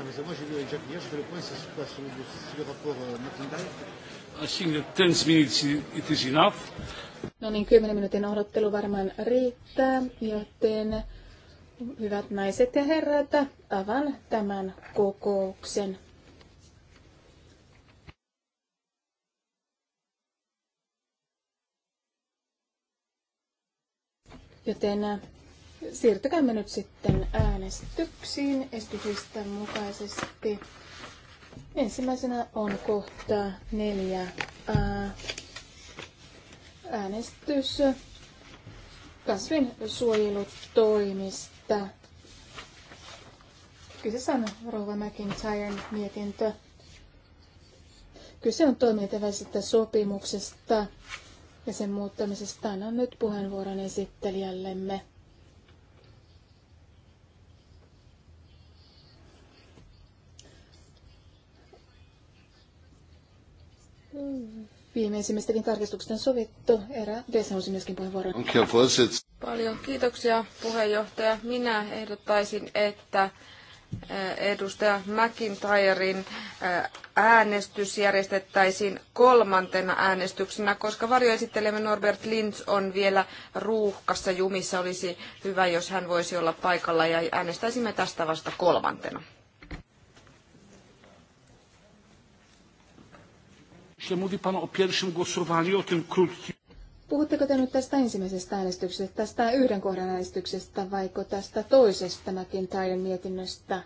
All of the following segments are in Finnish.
Non, mais moi j'ai lu avec Jacques hier, je fais le point sur, quoi, sur, le, sur le rapport euh, McIntyre. I think that 10 minutes it is enough. No niin, 10 minuutin odottelu varmaan riittää, joten hyvät naiset ja herrat, avan tämän kokouksen. Joten Siirtykäämme nyt sitten äänestyksiin esityslistan mukaisesti. Ensimmäisenä on kohta 4 äänestys kasvinsuojelutoimista. Kyseessä on Rova McIntyren mietintö. Kyse on toimintaväisestä sopimuksesta ja sen muuttamisesta. Annan nyt puheenvuoron esittelijällemme. viimeisimmistäkin tarkistuksista on sovittu. Erä Desanusi myöskin puheenvuoron. Paljon kiitoksia puheenjohtaja. Minä ehdottaisin, että eh, edustaja McIntyren eh, äänestys järjestettäisiin kolmantena äänestyksenä, koska varjoesittelemme Norbert Linz on vielä ruuhkassa jumissa. Olisi hyvä, jos hän voisi olla paikalla ja äänestäisimme tästä vasta kolmantena. że mówi Pan o pierwszym głosowaniu, o tym krótkim. Puhutteko te nyt tästä ensimmäisestä äänestyksestä, tästä yhden kohdan äänestyksestä, vaiko tästä toisesta McIntyren mietinnöstä,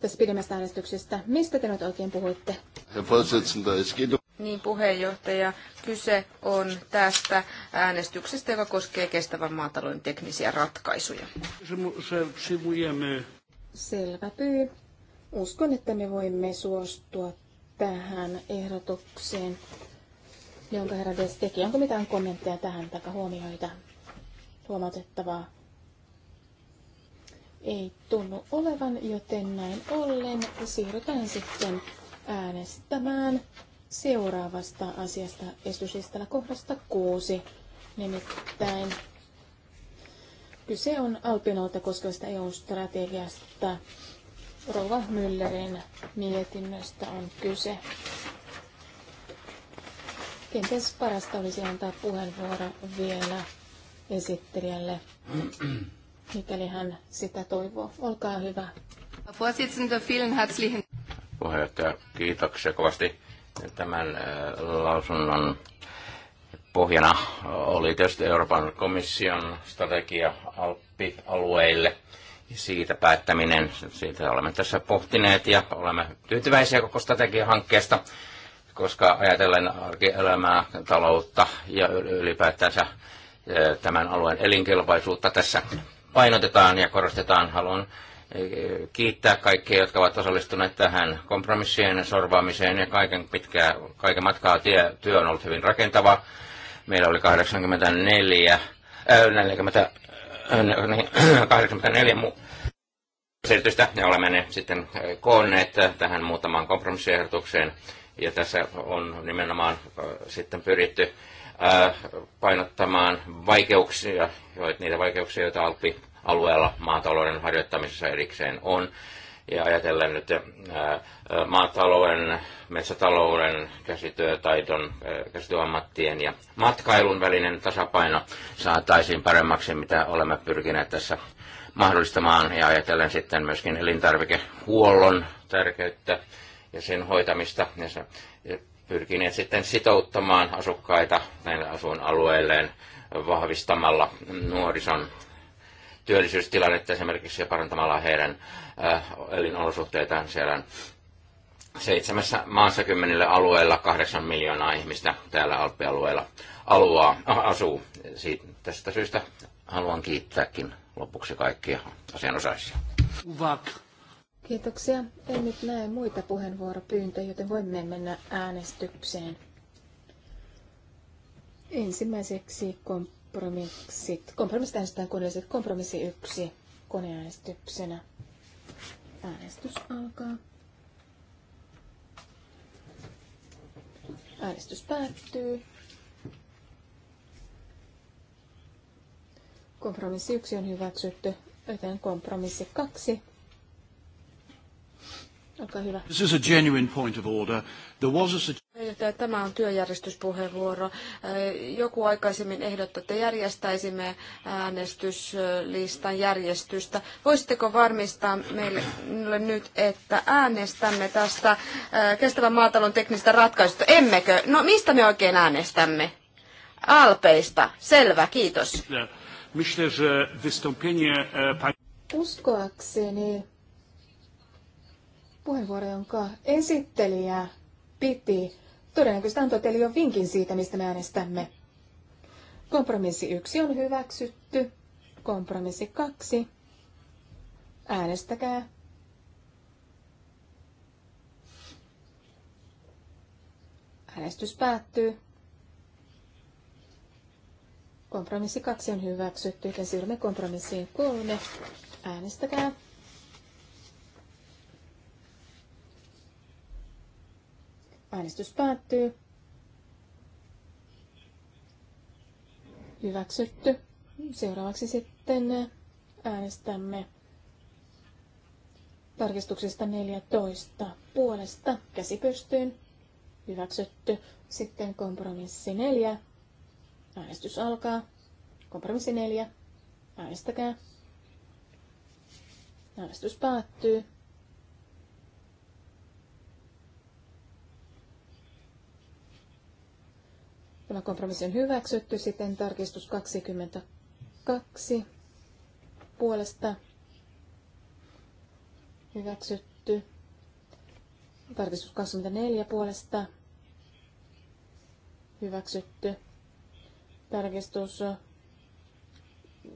tästä pidemmästä äänestyksestä? Mistä te nyt oikein puhuitte? Um- niin, puheenjohtaja, kyse on tästä äänestyksestä, joka koskee kestävän maatalouden teknisiä ratkaisuja. Selvä pyy. Uskon, että me voimme suostua tähän ehdotukseen, jonka herra Des teki. Onko mitään kommentteja tähän tai huomioita huomautettavaa? Ei tunnu olevan, joten näin ollen siirrytään sitten äänestämään seuraavasta asiasta esityslistalla kohdasta kuusi. Nimittäin kyse on alpinoita koskevasta EU-strategiasta Rova Müllerin mietinnöstä on kyse. Kenties parasta olisi antaa puheenvuoro vielä esittelijälle, mikäli hän sitä toivoo. Olkaa hyvä. Puheenjohtaja, kiitoksia kovasti tämän äh, lausunnon pohjana oli tietysti Euroopan komission strategia Alppi-alueille – siitä päättäminen. Siitä olemme tässä pohtineet ja olemme tyytyväisiä koko strategiahankkeesta, koska ajatellen arkielämää, taloutta ja ylipäätänsä tämän alueen elinkelpoisuutta tässä painotetaan ja korostetaan. Haluan kiittää kaikkia, jotka ovat osallistuneet tähän kompromissien ja sorvaamiseen ja kaiken, pitkää, kaiken matkaa tie, työ on ollut hyvin rakentava. Meillä oli 84 äh, 40 84 niin, mu- selitystä ja olemme ne sitten äh, koonneet äh, tähän muutamaan kompromissiehdotukseen. Ja tässä on nimenomaan äh, sitten pyritty painottamaan vaikeuksia, niitä vaikeuksia, joita Alppi alueella maatalouden harjoittamisessa erikseen on. Ja ajatellen nyt maatalouden metsätalouden, käsityötaidon, käsityöammattien ja matkailun välinen tasapaino saataisiin paremmaksi, mitä olemme pyrkineet tässä mahdollistamaan ja ajatellen sitten myöskin elintarvikehuollon tärkeyttä ja sen hoitamista ja se, pyrkineet sitten sitouttamaan asukkaita näille asuinalueilleen vahvistamalla nuorison työllisyystilannetta esimerkiksi ja parantamalla heidän elinolosuhteitaan siellä seitsemässä maassa kymmenillä alueella kahdeksan miljoonaa ihmistä täällä Alppialueella aluaa, äh, asuu. Siit, tästä syystä haluan kiittääkin lopuksi kaikkia asianosaisia. Vak. Kiitoksia. En nyt näe muita puheenvuoropyyntöjä, joten voimme mennä äänestykseen. Ensimmäiseksi kompromissit. Kompromissit äänestetään koneelliset. Kompromissi yksi koneäänestyksenä. Äänestys alkaa. Äänestys päättyy. Kompromissi 1 on hyväksytty, joten kompromissi 2. Olkaa hyvä. This is a genuine point of order. There was a Tämä on työjärjestyspuheenvuoro. Äh, joku aikaisemmin ehdotti, että järjestäisimme äänestyslistan järjestystä. Voisitteko varmistaa meille nyt, että äänestämme tästä äh, kestävän maatalon teknistä ratkaisusta? Emmekö? No mistä me oikein äänestämme? Alpeista. Selvä, kiitos. E, Uskoakseni puheenvuoro, jonka esittelijä piti todennäköisesti antoi teille jo vinkin siitä, mistä me äänestämme. Kompromissi yksi on hyväksytty. Kompromissi kaksi Äänestäkää. Äänestys päättyy. Kompromissi kaksi on hyväksytty, joten siirrymme kompromissiin kolme, Äänestäkää. Äänestys päättyy. Hyväksytty. Seuraavaksi sitten äänestämme tarkistuksesta 14 puolesta käsi pystyyn. Hyväksytty. Sitten kompromissi 4. Äänestys alkaa. Kompromissi 4. Äänestäkää. Äänestys päättyy. Tämä kompromissi on hyväksytty. Sitten tarkistus 22 puolesta hyväksytty. Tarkistus 24 puolesta hyväksytty. Tarkistus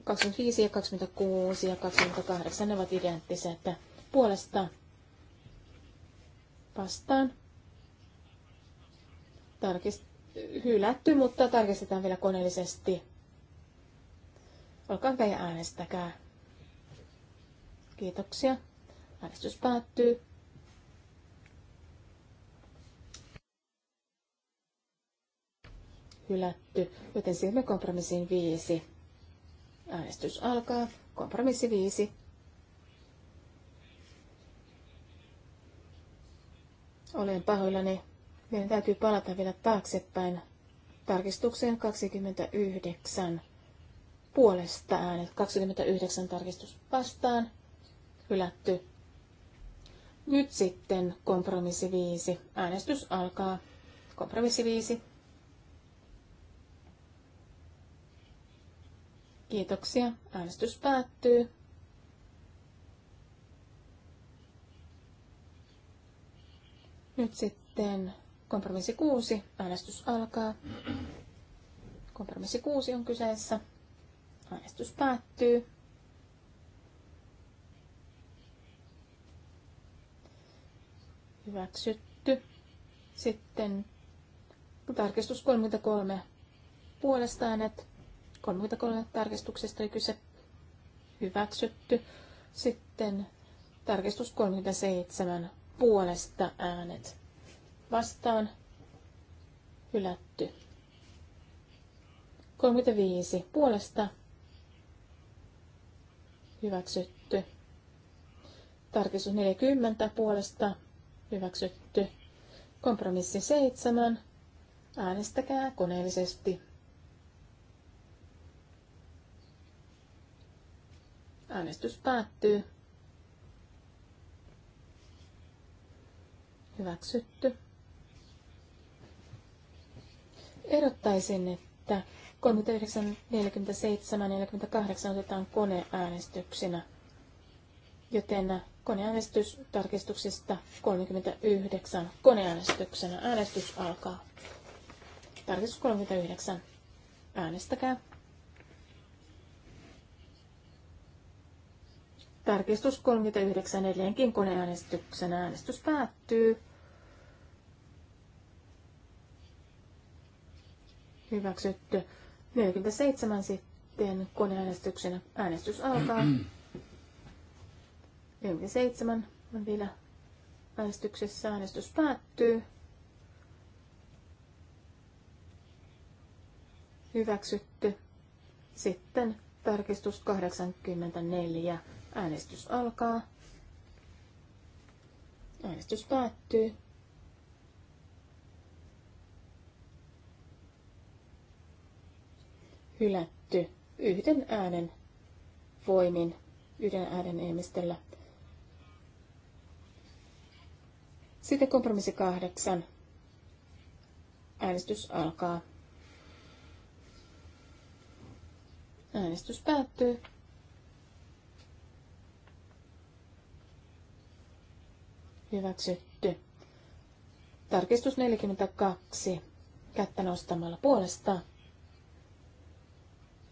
25 ja 26 ja 28 ne ovat identtiset. Että puolesta vastaan. tarkistus hylätty, mutta tarkistetaan vielä koneellisesti. Olkaa hyvä ja äänestäkää. Kiitoksia. Äänestys päättyy. Hylätty, joten siirrymme kompromissiin 5. Äänestys alkaa. Kompromissi 5. Olen pahoillani. Meidän täytyy palata vielä taaksepäin tarkistukseen 29 puolesta äänet. 29 tarkistus vastaan, hylätty. Nyt sitten kompromissi 5. Äänestys alkaa. Kompromissi 5. Kiitoksia. Äänestys päättyy. Nyt sitten Kompromissi 6. Äänestys alkaa. Kompromissi 6 on kyseessä. Äänestys päättyy. Hyväksytty. Sitten tarkistus 33 puolesta äänet. 33 tarkistuksesta oli kyse hyväksytty. Sitten tarkistus 37 puolesta äänet vastaan hylätty. 35 puolesta hyväksytty. Tarkistus 40 puolesta hyväksytty. Kompromissi 7. Äänestäkää koneellisesti. Äänestys päättyy. Hyväksytty. Erottaisin, että 39, 47, 48 otetaan koneäänestyksenä, joten tarkistuksista 39 koneäänestyksenä äänestys alkaa. Tarkistus 39. Äänestäkää. Tarkistus 39 edelleenkin koneäänestyksen äänestys päättyy. hyväksytty. 47 sitten koneäänestyksen äänestys alkaa. 47 on vielä äänestyksessä. Äänestys päättyy. Hyväksytty. Sitten tarkistus 84. Äänestys alkaa. Äänestys päättyy. hylätty yhden äänen voimin, yhden äänen enemmistöllä. Sitten kompromissi kahdeksan. Äänestys alkaa. Äänestys päättyy. Hyväksytty. Tarkistus 42. Kättä nostamalla puolesta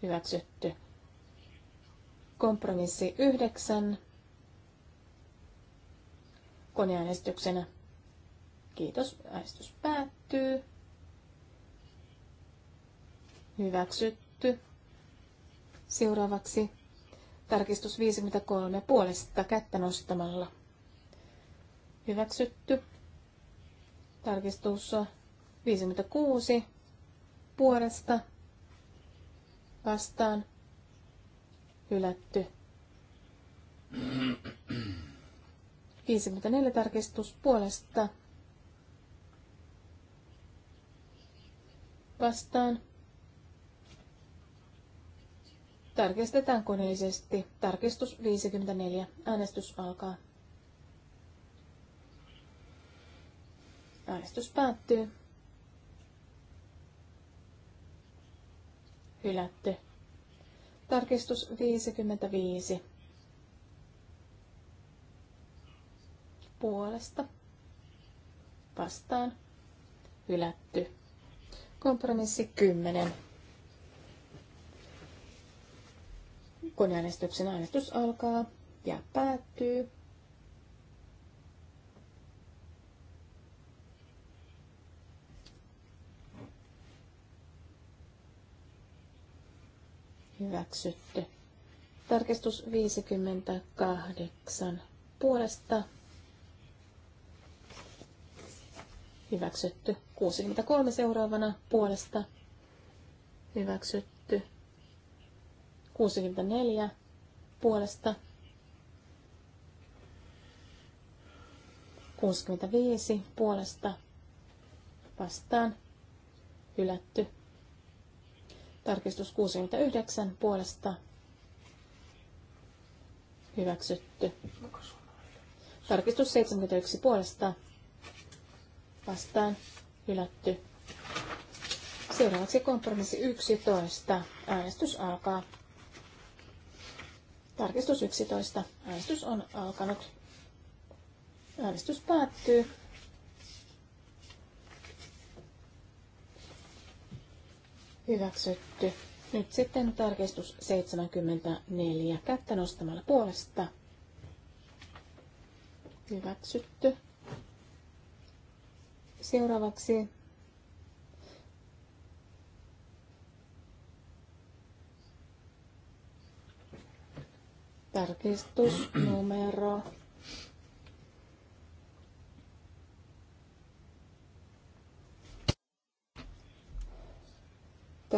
hyväksytty. Kompromissi 9 koneäänestyksenä. Kiitos. Äänestys päättyy. Hyväksytty. Seuraavaksi tarkistus 53 puolesta kättä nostamalla. Hyväksytty. Tarkistus 56 puolesta vastaan hylätty. 54 tarkistus puolesta vastaan. Tarkistetaan koneellisesti. Tarkistus 54. Äänestys alkaa. Äänestys päättyy. hylätty. Tarkistus 55 puolesta vastaan hylätty. Kompromissi 10. äänestyksen äänestys alkaa ja päättyy. hyväksytty. Tarkistus 58 puolesta hyväksytty. 63 seuraavana puolesta hyväksytty. 64 puolesta 65 puolesta vastaan hylätty Tarkistus 69 puolesta hyväksytty. Tarkistus 71 puolesta vastaan hylätty. Seuraavaksi kompromissi 11. Äänestys alkaa. Tarkistus 11. Äänestys on alkanut. Äänestys päättyy. Hyväksytty. Nyt sitten tarkistus 74. Kättä nostamalla puolesta. Hyväksytty. Seuraavaksi tarkistus numero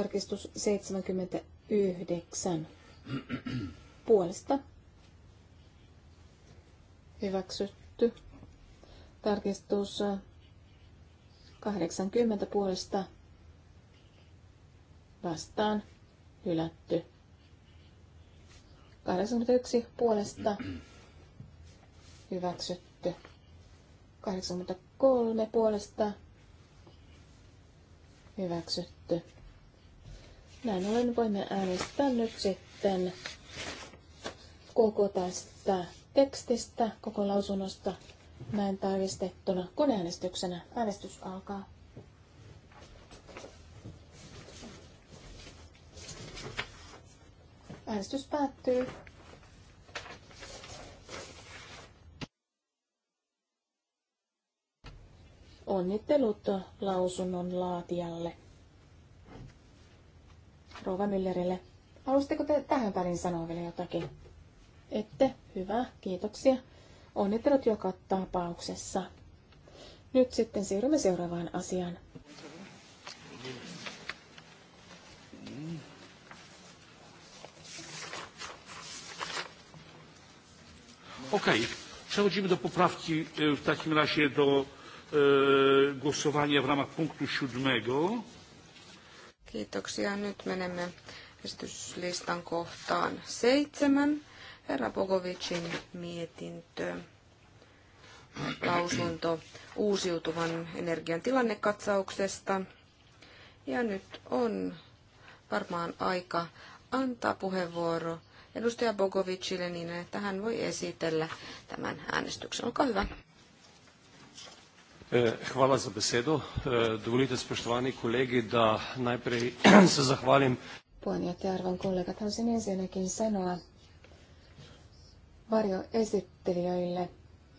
tarkistus 79 puolesta. Hyväksytty. Tarkistus 80 puolesta vastaan hylätty. 81 puolesta hyväksytty. 83 puolesta hyväksytty. Näin ollen voimme äänestää nyt sitten koko tästä tekstistä, koko lausunnosta näin tarkistettuna koneäänestyksenä. Äänestys alkaa. Äänestys päättyy. Onnittelut lausunnon laatijalle rouva Müllerille. Haluaisitteko te tähän väliin sanoa vielä jotakin? Ette? Hyvä, kiitoksia. Onnittelut joka tapauksessa. Nyt sitten siirrymme seuraavaan asiaan. Okei, okay. przechodzimy do poprawki e, w takim razie do e, głosowania w ramach punktu siódmego. Kiitoksia. Nyt menemme esityslistan kohtaan seitsemän. Herra Bogovicin mietintö. Lausunto uusiutuvan energian tilannekatsauksesta. Ja nyt on varmaan aika antaa puheenvuoro edustaja Bogovicille niin, että hän voi esitellä tämän äänestyksen. Olkaa hyvä. Eh, hvala za besedo. Eh, dovolite, spoštovani kolegi, da najprej se zahvalim. varjoesittelijöille,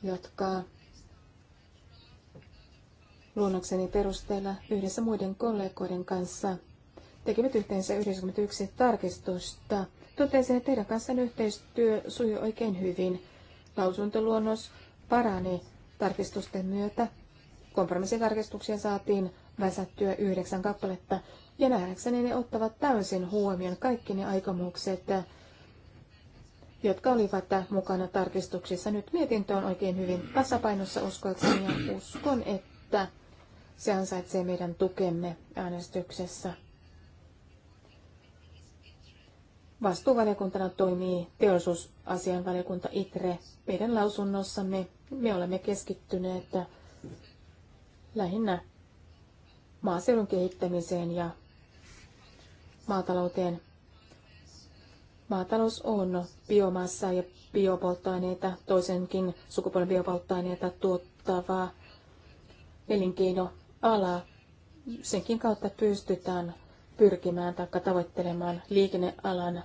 jotka luonnokseni perusteella yhdessä muiden kollegoiden kanssa tekivät yhteensä 91 tarkistusta. Totesin, että teidän kanssa yhteistyö sujui oikein hyvin. Lausuntoluonnos parani tarkistusten myötä Kompromissitarkistuksia saatiin väsättyä yhdeksän kappaletta, ja nähdäkseni ne ottavat täysin huomioon kaikki ne aikomukset, jotka olivat mukana tarkistuksissa. Nyt mietintö on oikein hyvin tasapainossa uskoakseni ja uskon, että se ansaitsee meidän tukemme äänestyksessä. Vastuuvaliokuntana toimii teollisuusasianvaliokunta ITRE. Meidän lausunnossamme me olemme keskittyneet lähinnä maaseudun kehittämiseen ja maatalouteen. Maatalous on biomassaa ja biopolttoaineita, toisenkin sukupolven biopolttoaineita tuottavaa elinkeinoalaa. Senkin kautta pystytään pyrkimään tai tavoittelemaan liikennealan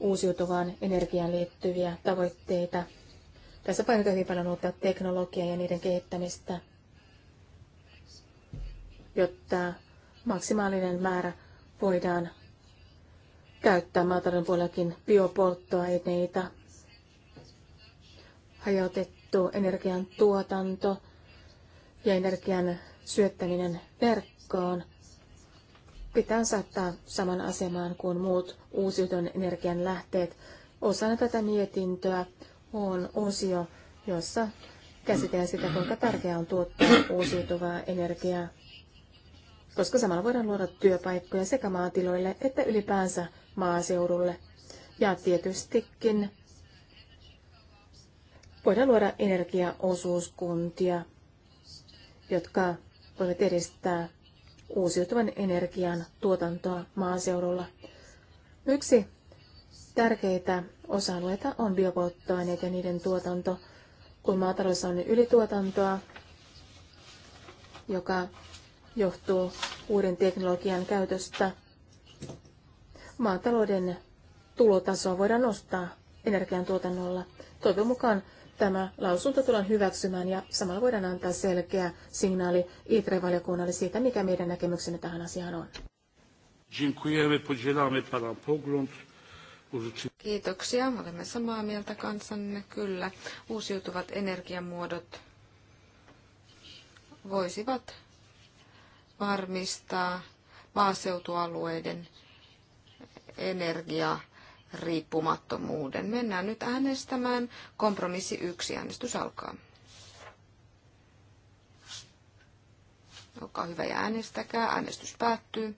uusiutuvaan energiaan liittyviä tavoitteita. Tässä painotetaan hyvin paljon uutta teknologiaa ja niiden kehittämistä jotta maksimaalinen määrä voidaan käyttää maatalouden puolellakin biopolttoaineita, hajautettu energian tuotanto ja energian syöttäminen verkkoon pitää saattaa saman asemaan kuin muut uusiutun energian lähteet. Osana tätä mietintöä on osio, jossa käsitellään sitä, kuinka tärkeää on tuottaa uusiutuvaa energiaa koska samalla voidaan luoda työpaikkoja sekä maatiloille että ylipäänsä maaseudulle. Ja tietystikin voidaan luoda energiaosuuskuntia, jotka voivat edistää uusiutuvan energian tuotantoa maaseudulla. Yksi tärkeitä osa-alueita on biopolttoaineet ja niiden tuotanto. Kun maataloudessa on ylituotantoa, joka johtuu uuden teknologian käytöstä. Maatalouden tulotasoa voidaan nostaa energiantuotannolla. Toivon mukaan tämä lausunto tullaan hyväksymään ja samalla voidaan antaa selkeä signaali ITRE-valiokunnalle siitä, mikä meidän näkemyksemme tähän asiaan on. Kiitoksia. Olemme samaa mieltä kansanne. Kyllä, uusiutuvat energiamuodot voisivat varmistaa maaseutualueiden riippumattomuuden Mennään nyt äänestämään. Kompromissi yksi Äänestys alkaa. Olkaa hyvä ja äänestäkää. Äänestys päättyy.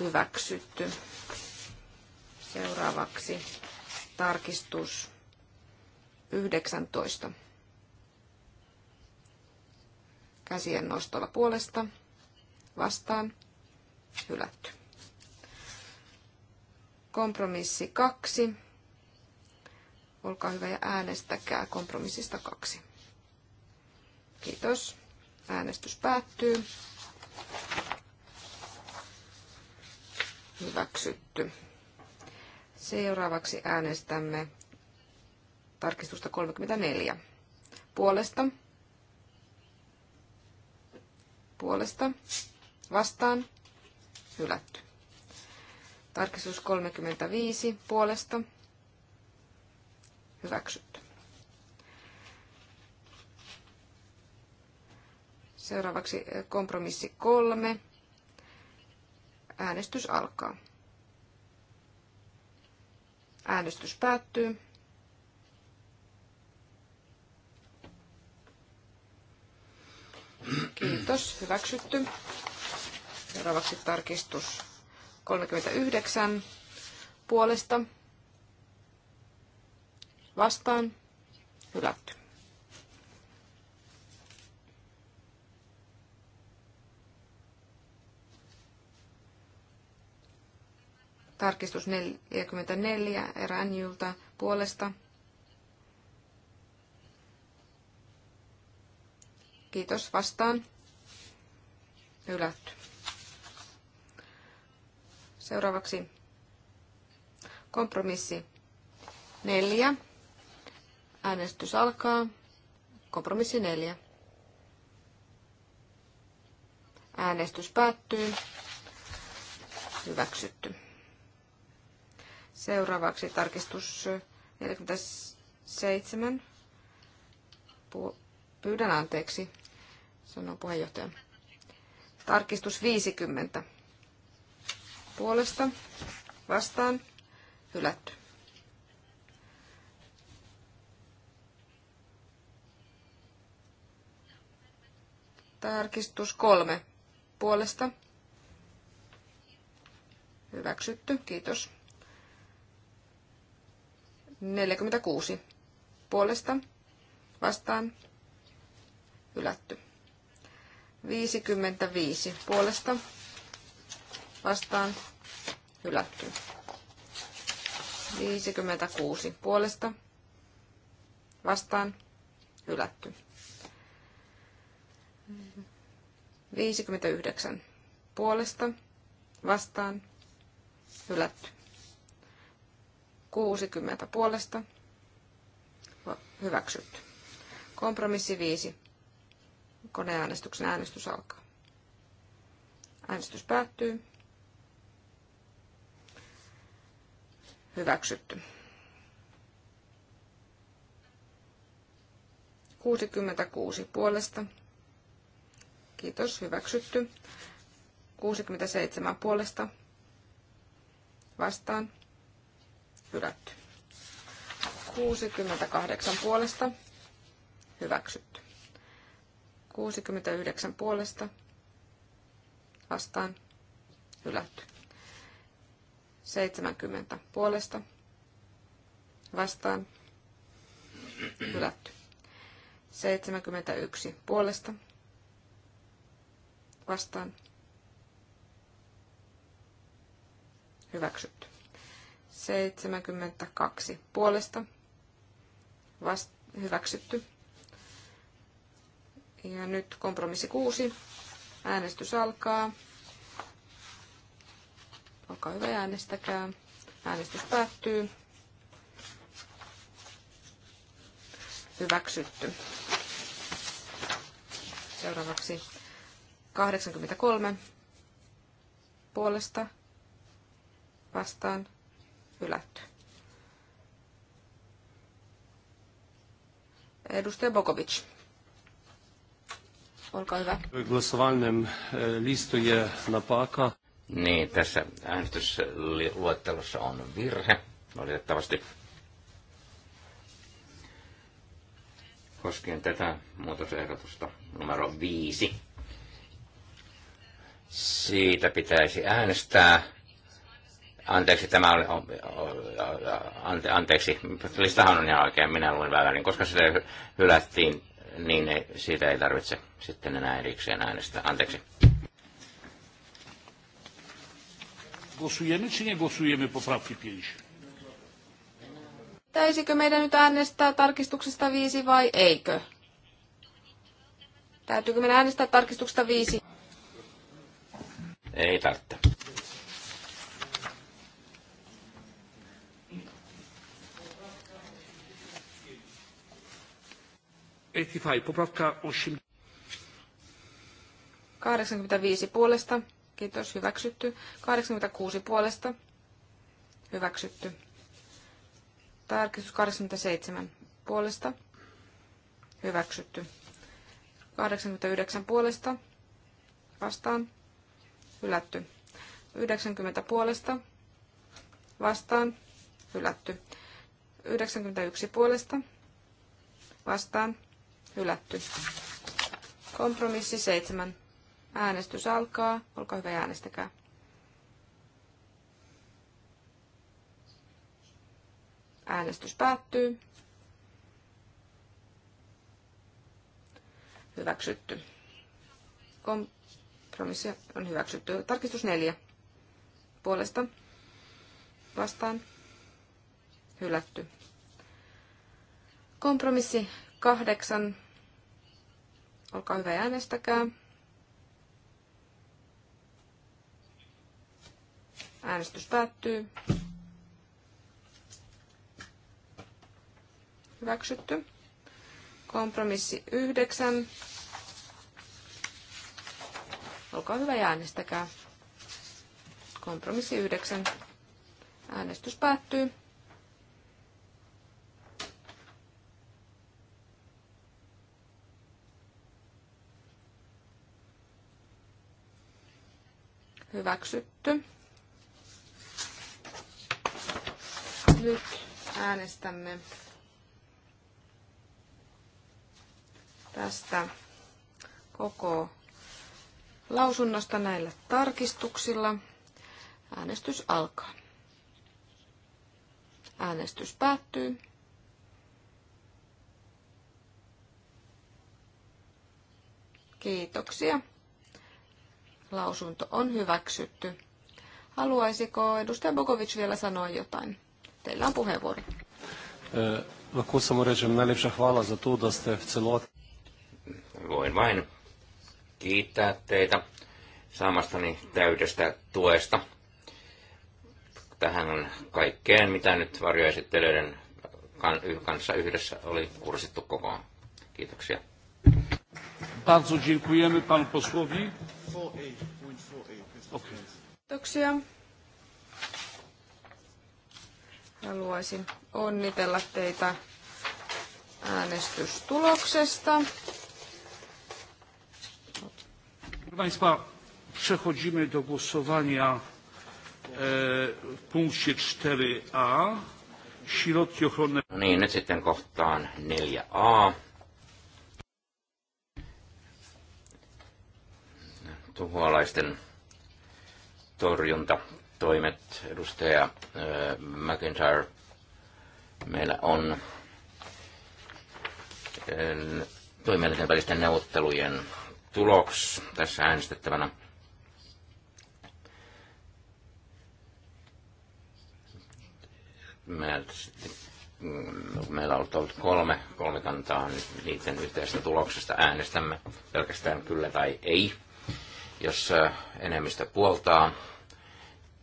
Hyväksytty. Seuraavaksi tarkistus 19 käsien nostolla puolesta vastaan hylätty. Kompromissi kaksi. Olkaa hyvä ja äänestäkää kompromissista kaksi. Kiitos. Äänestys päättyy. Hyväksytty. Seuraavaksi äänestämme tarkistusta 34. Puolesta puolesta vastaan hylätty. Tarkistus 35 puolesta hyväksytty. Seuraavaksi eh, kompromissi 3. Äänestys alkaa. Äänestys päättyy. Kiitos. Hyväksytty. Seuraavaksi tarkistus 39 puolesta. Vastaan. Hylätty. Tarkistus 44 Eränjyltä puolesta Kiitos vastaan. Hylätty. Seuraavaksi kompromissi neljä. Äänestys alkaa. Kompromissi neljä. Äänestys päättyy. Hyväksytty. Seuraavaksi tarkistus 47. Pyydän anteeksi sanoo puheenjohtaja. Tarkistus 50. Puolesta vastaan hylätty. Tarkistus kolme puolesta. Hyväksytty, kiitos. 46 puolesta vastaan hylätty. 55 puolesta vastaan hylätty. 56 puolesta vastaan hylätty. 59 puolesta vastaan hylätty. 60 puolesta hyväksytty. Kompromissi 5 Koneäänestyksen äänestys alkaa. Äänestys päättyy. Hyväksytty. 66 puolesta. Kiitos, hyväksytty. 67 puolesta. Vastaan. Hylätty. 68 puolesta. Hyväksytty. 69 puolesta vastaan hylätty. 70 puolesta vastaan hylätty. 71 puolesta vastaan hyväksytty. 72 puolesta vast, hyväksytty. Ja nyt kompromissi kuusi. Äänestys alkaa. Olkaa hyvä ja äänestäkää. Äänestys päättyy. Hyväksytty. Seuraavaksi 83 puolesta vastaan hylätty. Edustaja Bokovic. Olkaa hyvä. E, napaka. Niin, tässä äänestysluettelossa on virhe, valitettavasti. Koskien tätä muutosehdotusta numero viisi. Siitä pitäisi äänestää. Anteeksi, tämä oli, ante, anteeksi, listahan on ihan oikein, minä luin väärin, koska se hylättiin niin ei, siitä ei tarvitse sitten enää erikseen äänestää. Anteeksi. Głosujemy czy nie głosujemy Täisikö meidän nyt äänestää tarkistuksesta viisi vai eikö? Täytyykö meidän äänestää tarkistuksesta viisi? Ei tarvitse. 85, poprawka 8. 85 puolesta. Kiitos, hyväksytty. 86 puolesta. Hyväksytty. Tarkistus 87 puolesta. Hyväksytty. 89 puolesta. Vastaan. Hylätty. 90 puolesta. Vastaan. Hylätty. 91 puolesta. Vastaan. Hylätty. Kompromissi seitsemän. Äänestys alkaa. Olkaa hyvä ja äänestäkää. Äänestys päättyy. Hyväksytty. Kompromissi on hyväksytty. Tarkistus neljä. Puolesta. Vastaan. Hylätty. Kompromissi kahdeksan Olkaa hyvä ja äänestäkää. Äänestys päättyy. Hyväksytty. Kompromissi 9. Olkaa hyvä ja äänestäkää. Kompromissi 9. Äänestys päättyy. Hyväksytty. Nyt äänestämme tästä koko lausunnosta näillä tarkistuksilla. Äänestys alkaa. Äänestys päättyy. Kiitoksia lausunto on hyväksytty. Haluaisiko edustaja Bogovic vielä sanoa jotain? Teillä on puheenvuoro. Eh, Voin vain kiittää teitä saamastani täydestä tuesta. Tähän on kaikkeen, mitä nyt varjoesittelyiden kanssa yhdessä oli kursittu kokoon. Kiitoksia. Bardzo dziękujemy panu posłowi. Okay. Kiitoksia. Haluaisin onnitella teitä äänestystuloksesta. Proszę Państwa, przechodzimy do głosowania e, w punkcie 4a. Środki ochronne. No niin, nyt sitten kohtaan 4a. tuholaisten torjuntatoimet. Edustaja äh, McIntyre, meillä on äh, toimielinten välisten neuvottelujen tuloks tässä äänestettävänä. Meillä, mm, on ollut kolme kolmikantaa, niiden yhteisestä tuloksesta äänestämme pelkästään kyllä tai ei. Jos enemmistö puoltaa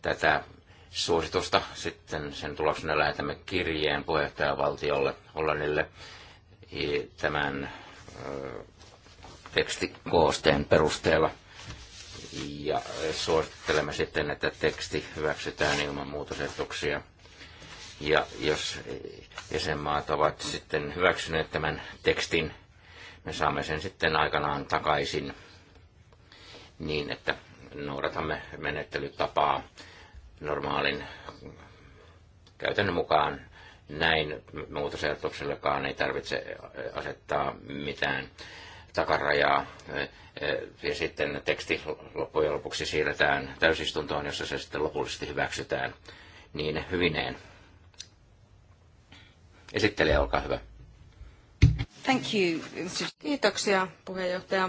tätä suositusta, sitten sen tuloksena lähetämme kirjeen puheenjohtajavaltiolle Hollannille tämän tekstikoosteen perusteella. Ja suosittelemme sitten, että teksti hyväksytään ilman muutosehdotuksia. Ja jos jäsenmaat ovat sitten hyväksyneet tämän tekstin, me saamme sen sitten aikanaan takaisin niin, että noudatamme menettelytapaa normaalin käytännön mukaan. Näin muutosehdotuksellekaan ei tarvitse asettaa mitään takarajaa. Ja sitten teksti loppujen lopuksi siirretään täysistuntoon, jossa se sitten lopullisesti hyväksytään niin hyvineen. Esittelijä, olkaa hyvä. Thank you. Kiitoksia puheenjohtaja.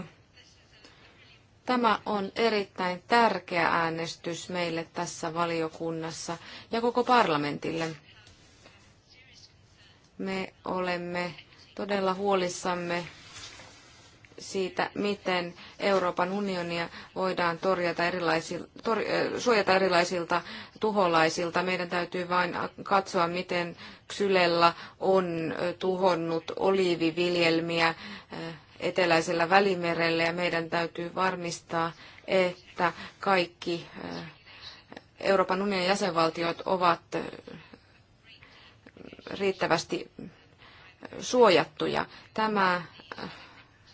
Tämä on erittäin tärkeä äänestys meille tässä valiokunnassa ja koko parlamentille. Me olemme todella huolissamme siitä, miten Euroopan unionia voidaan torjata erilaisil, tor, suojata erilaisilta tuholaisilta. Meidän täytyy vain katsoa, miten Xylella on tuhonnut oliiviviljelmiä eteläisellä välimerellä ja meidän täytyy varmistaa, että kaikki eh, Euroopan unionin jäsenvaltiot ovat eh, riittävästi eh, suojattuja. Tämä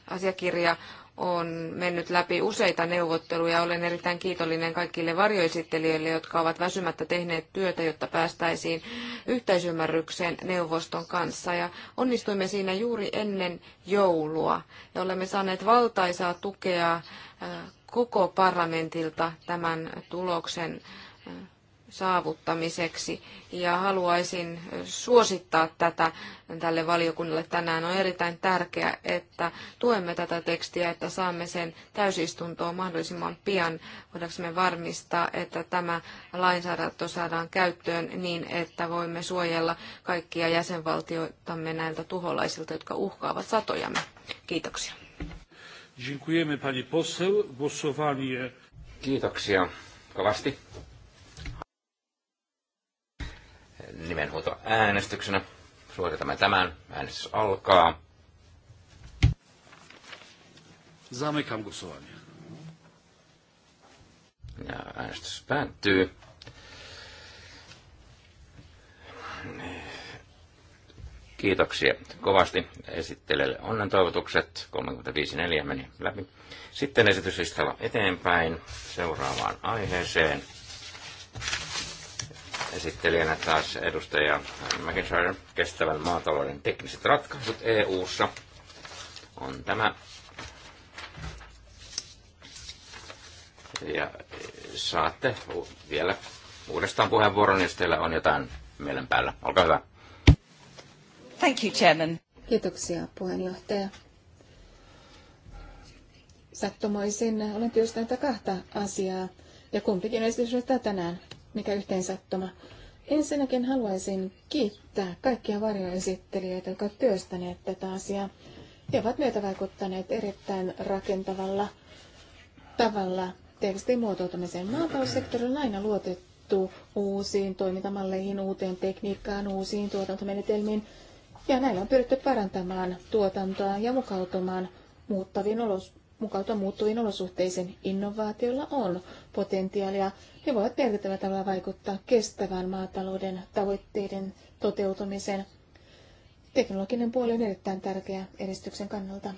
asiakirja on mennyt läpi useita neuvotteluja. Olen erittäin kiitollinen kaikille varjoesittelijöille, jotka ovat väsymättä tehneet työtä, jotta päästäisiin yhteisymmärrykseen neuvoston kanssa. Ja onnistuimme siinä juuri ennen joulua ja olemme saaneet valtaisaa tukea koko parlamentilta tämän tuloksen saavuttamiseksi. Ja haluaisin suosittaa tätä tälle valiokunnalle tänään. On erittäin tärkeää, että tuemme tätä tekstiä, että saamme sen täysistuntoon mahdollisimman pian. Voidaanko me varmistaa, että tämä lainsäädäntö saadaan käyttöön niin, että voimme suojella kaikkia jäsenvaltioitamme näiltä tuholaisilta, jotka uhkaavat satojamme. Kiitoksia. Dziękujemy pani poseł. Głosowanie. Kiitoksia kovasti nimenhuuto äänestyksenä. Suoritamme tämän. Äänestys alkaa. Zamykam głosowanie. Ja äänestys päättyy. Kiitoksia kovasti esittelijälle onnen toivotukset. 35.4 meni läpi. Sitten esityslistalla eteenpäin seuraavaan aiheeseen esittelijänä taas edustaja McIntyre, kestävän maatalouden tekniset ratkaisut EU-ssa on tämä. Ja saatte vielä uudestaan puheenvuoron, jos teillä on jotain mielen päällä. Olkaa hyvä. Thank you, Chairman. Kiitoksia, puheenjohtaja. Sattumoisin olen työstänyt kahta asiaa, ja kumpikin esitys tänään mikä yhteensattuma. Ensinnäkin haluaisin kiittää kaikkia varjoesittelijöitä, jotka ovat työstäneet tätä asiaa. He ovat vaikuttaneet erittäin rakentavalla tavalla tekstin muotoutumiseen. Maataloussektori on aina luotettu uusiin toimintamalleihin, uuteen tekniikkaan, uusiin tuotantomenetelmiin. Ja näillä on pyritty parantamaan tuotantoa ja mukautumaan muuttaviin olos, mukautua muuttuviin olosuhteisiin. Innovaatiolla on potentiaalia. Ne voivat merkittävällä tavalla vaikuttaa kestävän maatalouden tavoitteiden toteutumiseen. Teknologinen puoli on erittäin tärkeä edistyksen kannalta.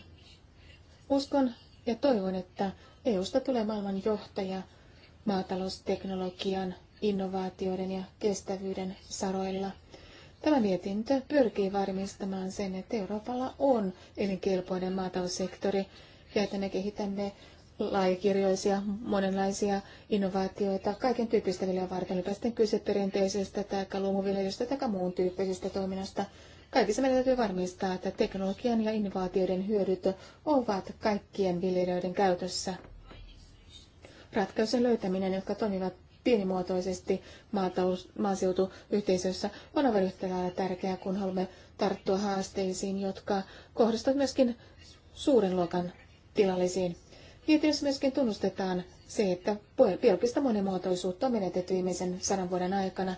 Uskon ja toivon, että EUsta tulee maailman johtaja maatalousteknologian, innovaatioiden ja kestävyyden saroilla. Tämä mietintö pyrkii varmistamaan sen, että Euroopalla on elinkelpoinen maataloussektori ja että me kehitämme laajakirjoisia, monenlaisia innovaatioita, kaiken tyyppistä viljaa varten, olipa sitten kyse perinteisestä tai luomuviljelystä tai muun tyyppisestä toiminnasta. Kaikissa meidän täytyy varmistaa, että teknologian ja innovaatioiden hyödyt ovat kaikkien viljelijöiden käytössä. Ratkaisujen löytäminen, jotka toimivat pienimuotoisesti maatalous, maaseutuyhteisössä, on aivan yhtä lailla tärkeää, kun haluamme tarttua haasteisiin, jotka kohdistuvat myöskin suuren luokan tilallisiin. Mietinnössä myöskin tunnustetaan se, että biologista monimuotoisuutta on menetetty viimeisen sadan vuoden aikana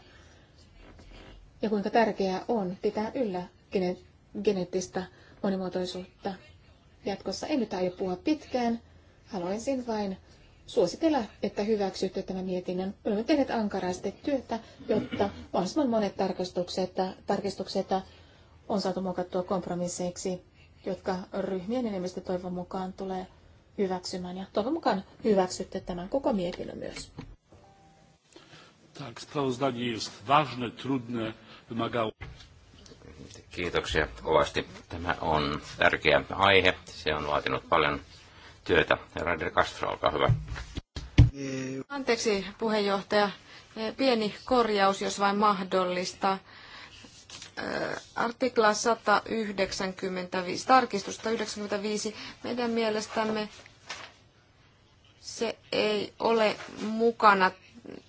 ja kuinka tärkeää on pitää yllä gene- geneettistä monimuotoisuutta. Jatkossa en nyt aio puhua pitkään. Haluaisin vain suositella, että hyväksytte tämän mietinnön. Olemme tehneet ankaraasti työtä, jotta mahdollisimman monet tarkistukset, tarkistukset on saatu muokattua kompromisseiksi, jotka ryhmien enemmistö toivon mukaan tulee hyväksymään ja toivon mukaan hyväksytte tämän koko mietinnön myös. Tak, sprawozdanie jest ważne, trudne, wymagało. Kiitoksia kovasti. Tämä on tärkeä aihe. Se on vaatinut paljon työtä. Raider Castro, olkaa hyvä. Anteeksi puheenjohtaja. Eh, pieni korjaus, jos vain mahdollista. Eh, artikla 195, tarkistusta 195. Meidän mielestämme se ei ole mukana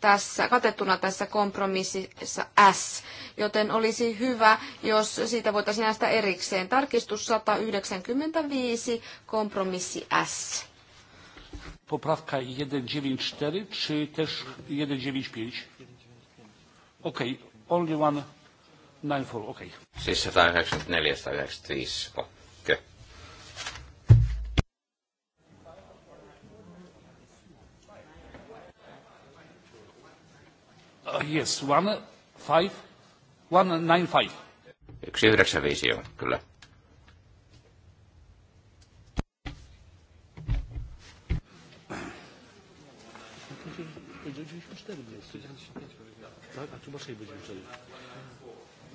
tässä, katettuna tässä kompromississa S, joten olisi hyvä, jos siitä voitaisiin näistä erikseen. Tarkistus 195, kompromissi S. Poprawka 194 czy też 195? Okei, okay. only one, nine four, okei. Okay. Siis 194, 195. Yes, one five, one nine five. Yksi yhdeksän viisi on, kyllä.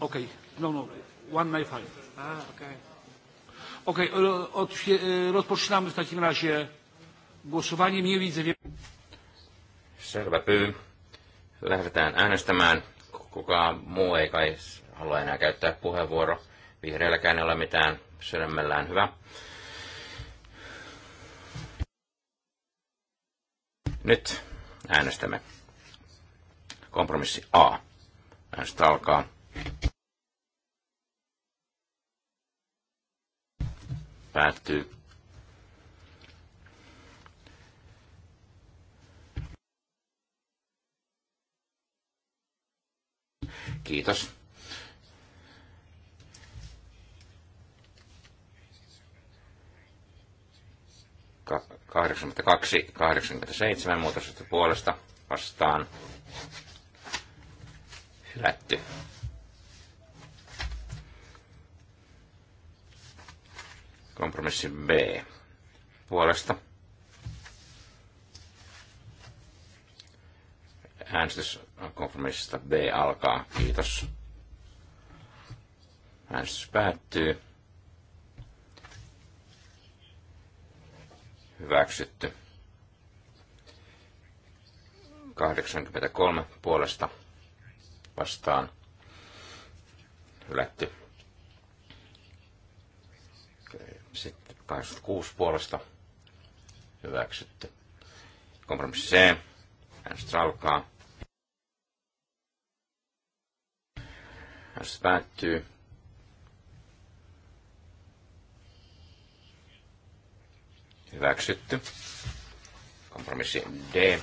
Okej, no no, one nine five. Ah, okej. Okay. Okej, okay, e, rozpoczynamy w takim razie głosowanie. Nie widzę... Selvä pyy lähdetään äänestämään. Kukaan muu ei kai halua enää käyttää puheenvuoro. Vihreälläkään ei ole mitään sydämellään hyvä. Nyt äänestämme. Kompromissi A. Äänestä alkaa. Päättyy. Kiitos. Ka- 82, 87 muutosta puolesta vastaan hylätty. Kompromissi B puolesta. Äänestys Kompromissista B alkaa. Kiitos. Äänestys päättyy. Hyväksytty. 83 puolesta vastaan hylätty. Sitten 86 puolesta hyväksytty. Kompromissi C. Äänestys alkaa. Äänestys päättyy. Hyväksytty. Kompromissi D.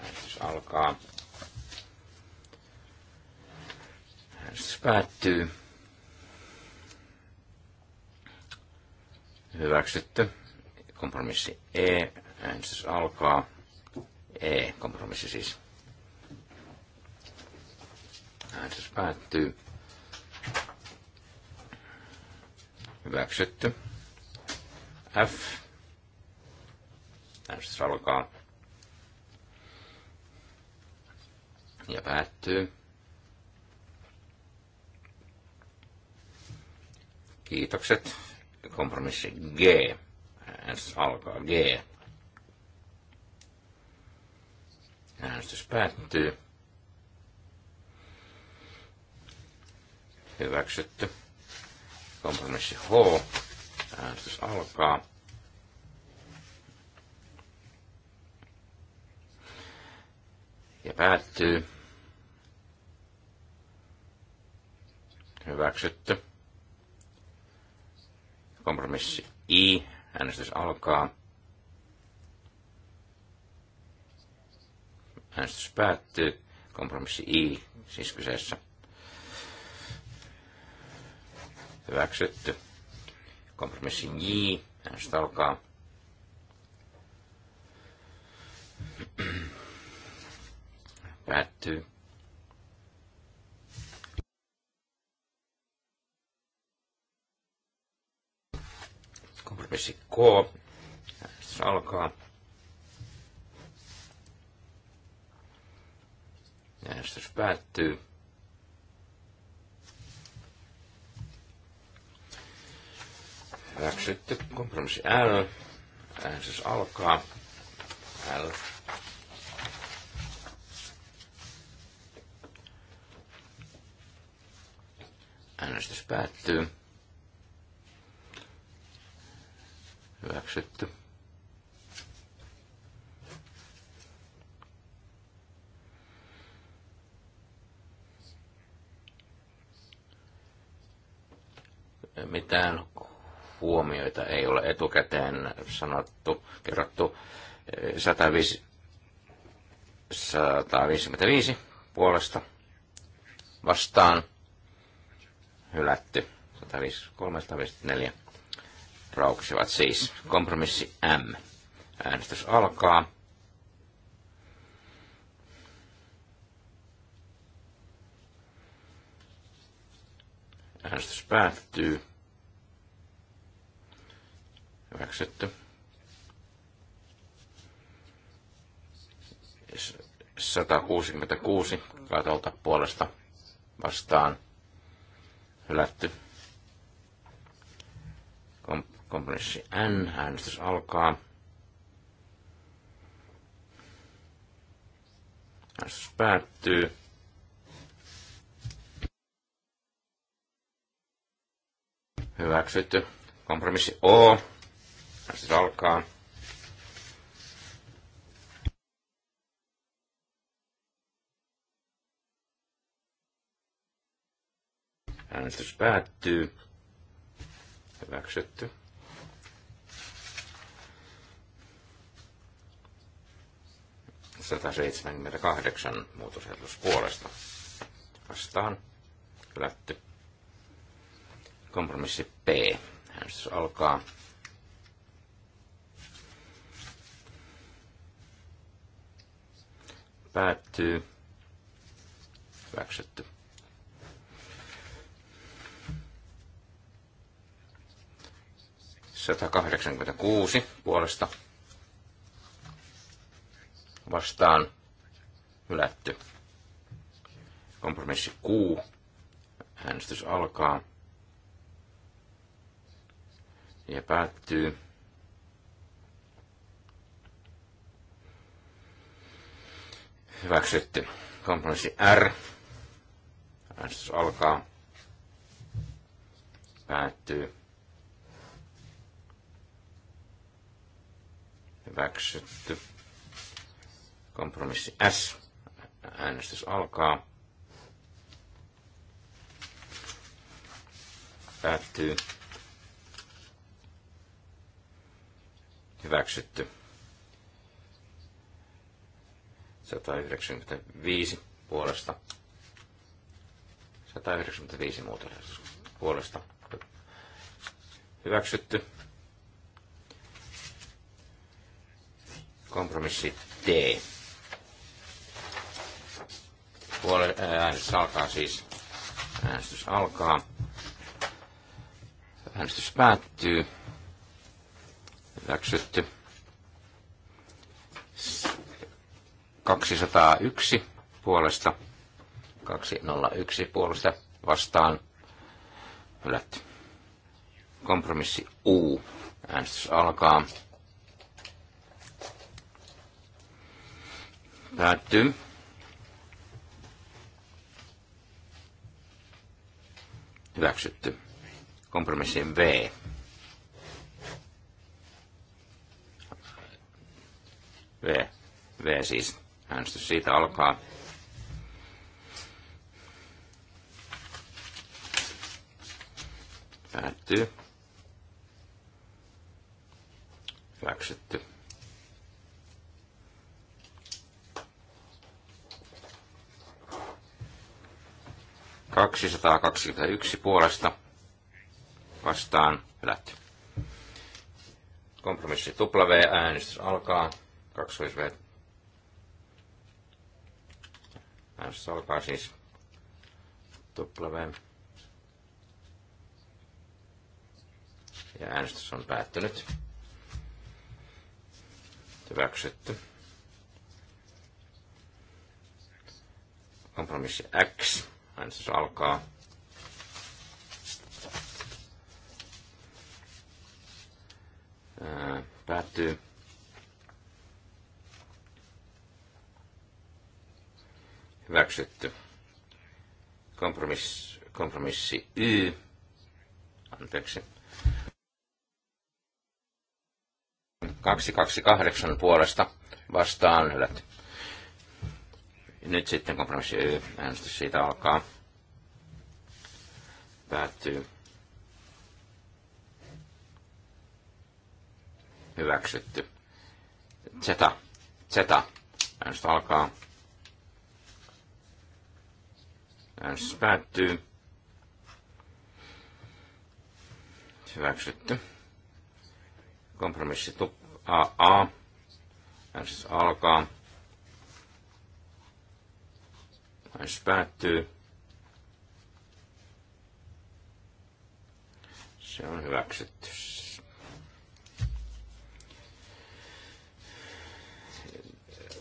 Äänestys alkaa. Äänestys päättyy. Hyväksytty. Kompromissi E. Äänestys alkaa. E. Kompromissi siis. Äänestys päättyy. Hyväksytty. F. Äänestys alkaa. Ja päättyy. Kiitokset. Kompromissi G. Äänestys alkaa G. Äänestys päättyy. Hyväksytty. Kompromissi H. Äänestys alkaa. Ja päättyy. Hyväksytty. Kompromissi I. Äänestys alkaa. Äänestys päättyy. Kompromissi I, siis kyseessä. hyväksytty. Kompromissi J, näistä alkaa. Päättyy. Kompromissi K, äänestys alkaa. Äänestys päättyy. Hyväksytty. Kompromissi L. Äänestys alkaa. L. Äänestys päättyy. Hyväksytty. mitään huomioita ei ole etukäteen sanottu, kerrottu 155 puolesta vastaan hylätty. 153-154 rauksivat siis. Kompromissi M. Äänestys alkaa. Äänestys päättyy. Hyväksytty. S 166 katolta puolesta vastaan hylätty. Kom- kompromissi N, äänestys alkaa. Äänestys päättyy. Hyväksytty. Kompromissi O, siis alkaa. Äänestys päättyy. Hyväksytty. kahdeksan muutosehdotus puolesta. Vastaan. Hylätty. Kompromissi P. Äänestys alkaa. Päättyy. Hyväksytty. Sata puolesta vastaan hylätty. Kompromissi Q. Äänestys alkaa ja päättyy. hyväksytty. Kompromissi R. Äänestys alkaa. Päättyy. Hyväksytty. Kompromissi S. Äänestys alkaa. Päättyy. Hyväksytty. 195 puolesta. 195 muutosehdotus puolesta. Hyväksytty. Kompromissi D. Puole, äänestys alkaa siis. Äänestys alkaa. Äänestys päättyy. Hyväksytty. 201 puolesta, 201 puolesta vastaan hylätty. Kompromissi U. Äänestys alkaa. Päättyy. Hyväksytty. Kompromissi V. V. V siis Äänestys siitä alkaa. Päättyy. Hyväksytty. Kaksisataakaksikymmentäyksi puolesta vastaan hylätty. Kompromissi W, äänestys alkaa. 2V Äänestys alkaa siis W. Ja äänestys on päättynyt. Hyväksytty. Kompromissi X. Äänestys alkaa. Ää, päättyy. hyväksytty. Kompromiss, kompromissi Y, anteeksi, 228 puolesta vastaan hylät. Nyt sitten kompromissi Y, äänestys siitä alkaa. Päättyy. Hyväksytty. Zeta. Zeta. Äänestys alkaa. Äänestys päättyy. Hyväksytty. Kompromissi AA. Äänestys alkaa. Äänestys päättyy. Se on hyväksytty.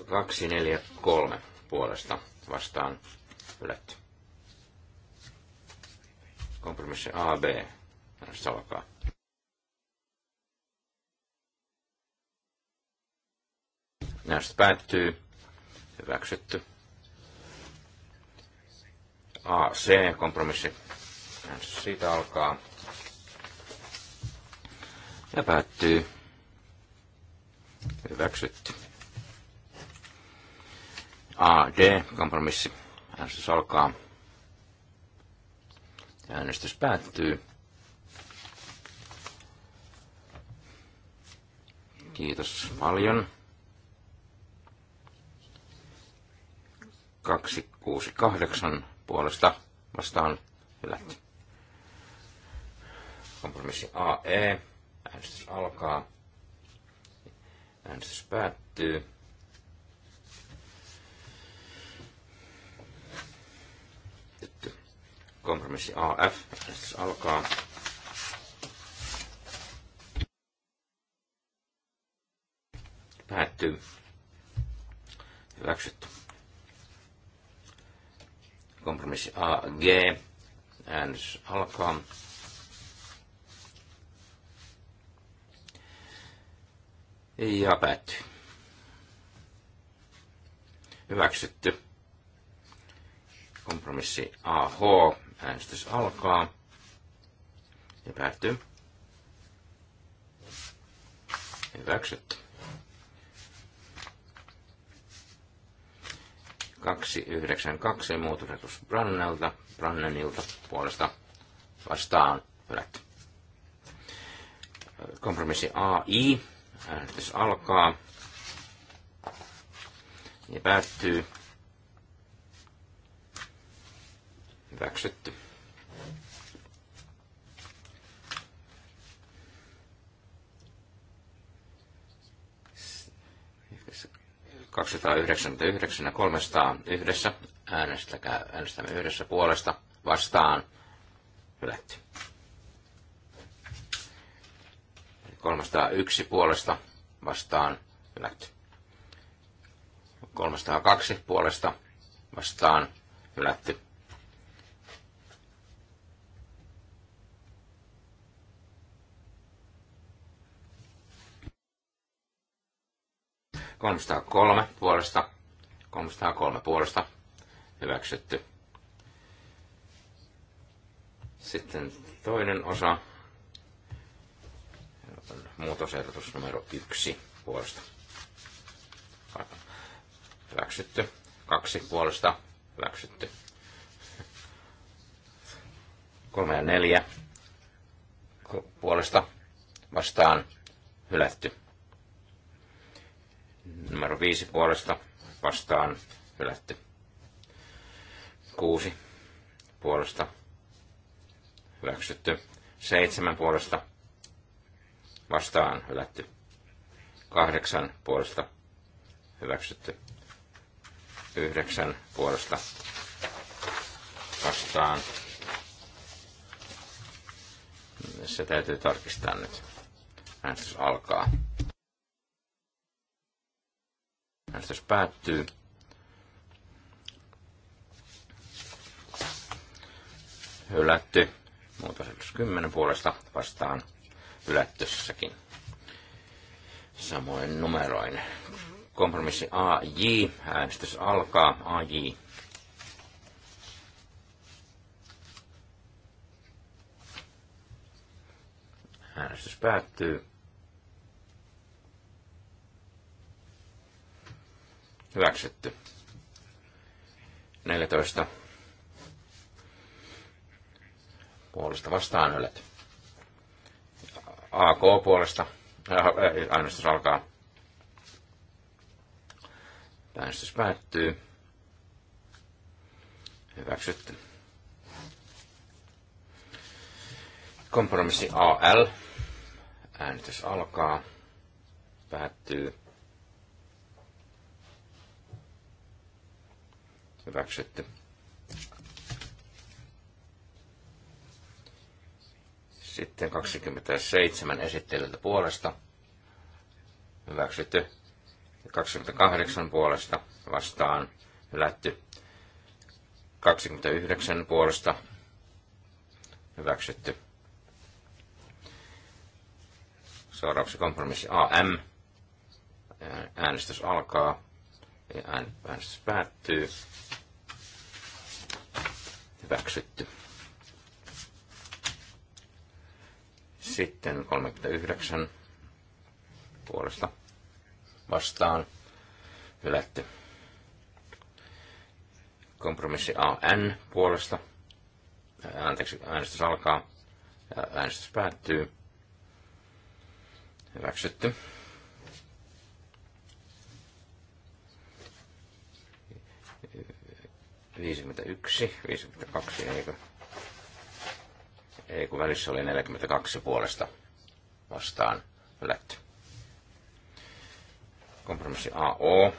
Kaksi, neljä, kolme puolesta vastaan hylätty. Kompromissi AB. salkaa. alkaa. päättyy. Hyväksytty. AC, kompromissi. siitä alkaa. Ja päättyy. Hyväksytty. AD, kompromissi. Äänestys alkaa. Äänestys päättyy. Kiitos paljon. 268 puolesta vastaan hylätty. Kompromissi AE. Äänestys alkaa. Äänestys päättyy. Kompromissi AF Tässä alkaa. Päättyy. Hyväksytty. Kompromissi AG Äänys alkaa. Ja päättyy. Hyväksytty. Kompromissi AH. Äänestys alkaa ja päättyy. Hyväksytty. Kaksi yhdeksän kaksi muutosehdotus Brannelta, Brannenilta puolesta vastaan hylätty. Kompromissi AI. Äänestys alkaa ja päättyy. hyväksytty. ja 300 yhdessä. Äänestäkää, äänestämme yhdessä puolesta vastaan. Hylätty. 301 puolesta vastaan hylätty. 302 puolesta vastaan hylätty. 303 puolesta. 303 puolesta. Hyväksytty. Sitten toinen osa. Muutosehdotus numero 1 puolesta. Hyväksytty. Kaksi puolesta. Hyväksytty. Kolme ja neljä puolesta vastaan hylätty. Numero 5 puolesta vastaan hylätty. 6 puolesta hyväksytty. 7 puolesta vastaan hylätty. 8 puolesta hyväksytty. 9 puolesta vastaan. Se täytyy tarkistaa nyt. Äänestys alkaa. Äänestys päättyy. Hylätty. Muutosehdotus 10 puolesta vastaan hylättössäkin. Samoin numeroin. Kompromissi AJ. Äänestys alkaa. AJ. Äänestys päättyy. hyväksytty. 14 puolesta vastaan ylet. AK puolesta äh, äh, äänestys alkaa. Äänestys päättyy. Hyväksytty. Kompromissi AL. Äänestys alkaa. Päättyy. hyväksytty. Sitten 27 esittelyltä puolesta hyväksytty. 28 puolesta vastaan hylätty. 29 puolesta hyväksytty. Seuraavaksi kompromissi AM. Äänestys alkaa ja äänestys päättyy hyväksytty. Sitten 39 puolesta vastaan hylätty. Kompromissi AN puolesta. Anteeksi, äänestys alkaa äänestys päättyy. Hyväksytty. 51, 52, eikö? Ei, kun välissä oli 42 puolesta vastaan hylätty. Kompromissi AO.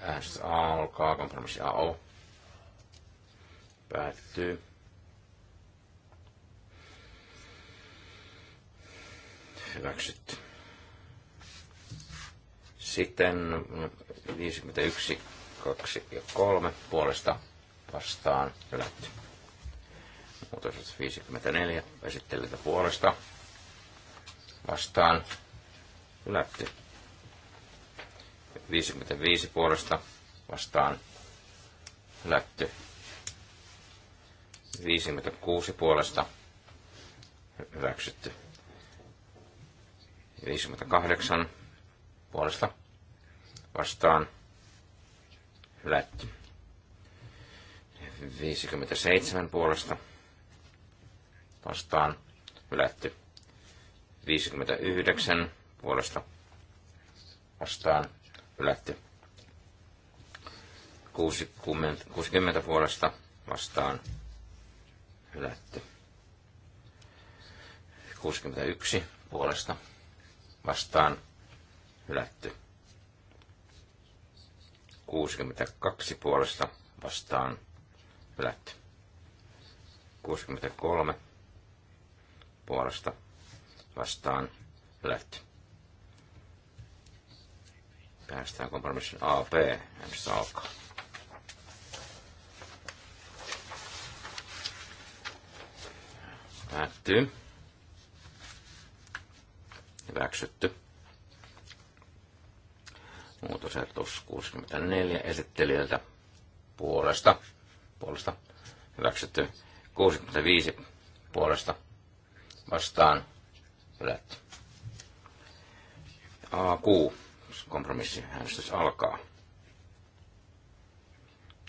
Äänestys A alkaa, kompromissi AO. Päättyy. Hyväksytty. Sitten 51 2 ja 3 puolesta vastaan hylätty. Muutos 54 esittelijältä puolesta vastaan hylätty. 55 puolesta vastaan hylätty. 56 puolesta hyväksytty. 58 puolesta vastaan hylätty hylätty. 57 puolesta vastaan hylätty. 59 puolesta vastaan hylätty. 60, 60 puolesta vastaan hylätty. 61 puolesta vastaan hylätty. 62 puolesta vastaan hylätty. 63 puolesta vastaan hylätty. Päästään kompromissin AP, missä alkaa. Päättyy. Hyväksytty. Muutosehdotus 64 esittelijältä puolesta, puolesta hyväksytty 65 puolesta vastaan hylätty. AQ, äänestys alkaa.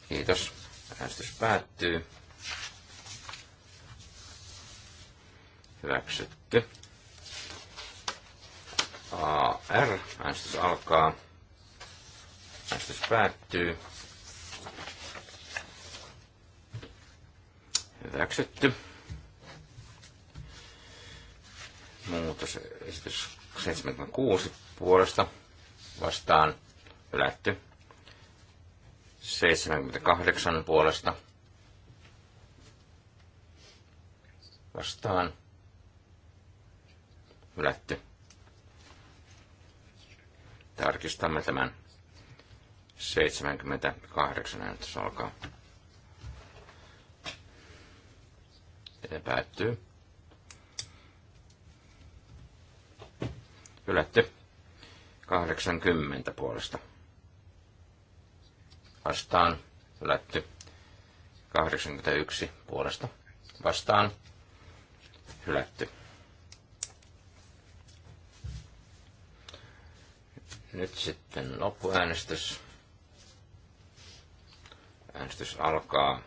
Kiitos. Äänestys päättyy. Hyväksytty. AR, äänestys alkaa. Äänestys päättyy. Hyväksytty. esitys 76 puolesta vastaan hylätty. 78 puolesta vastaan hylätty. Tarkistamme tämän 78 äänestys alkaa. Ja päättyy. Ylätty. 80 puolesta. Vastaan. Ylätty. 81 puolesta. Vastaan. Hylätty. Nyt sitten loppuäänestys. Äänestys alkaa.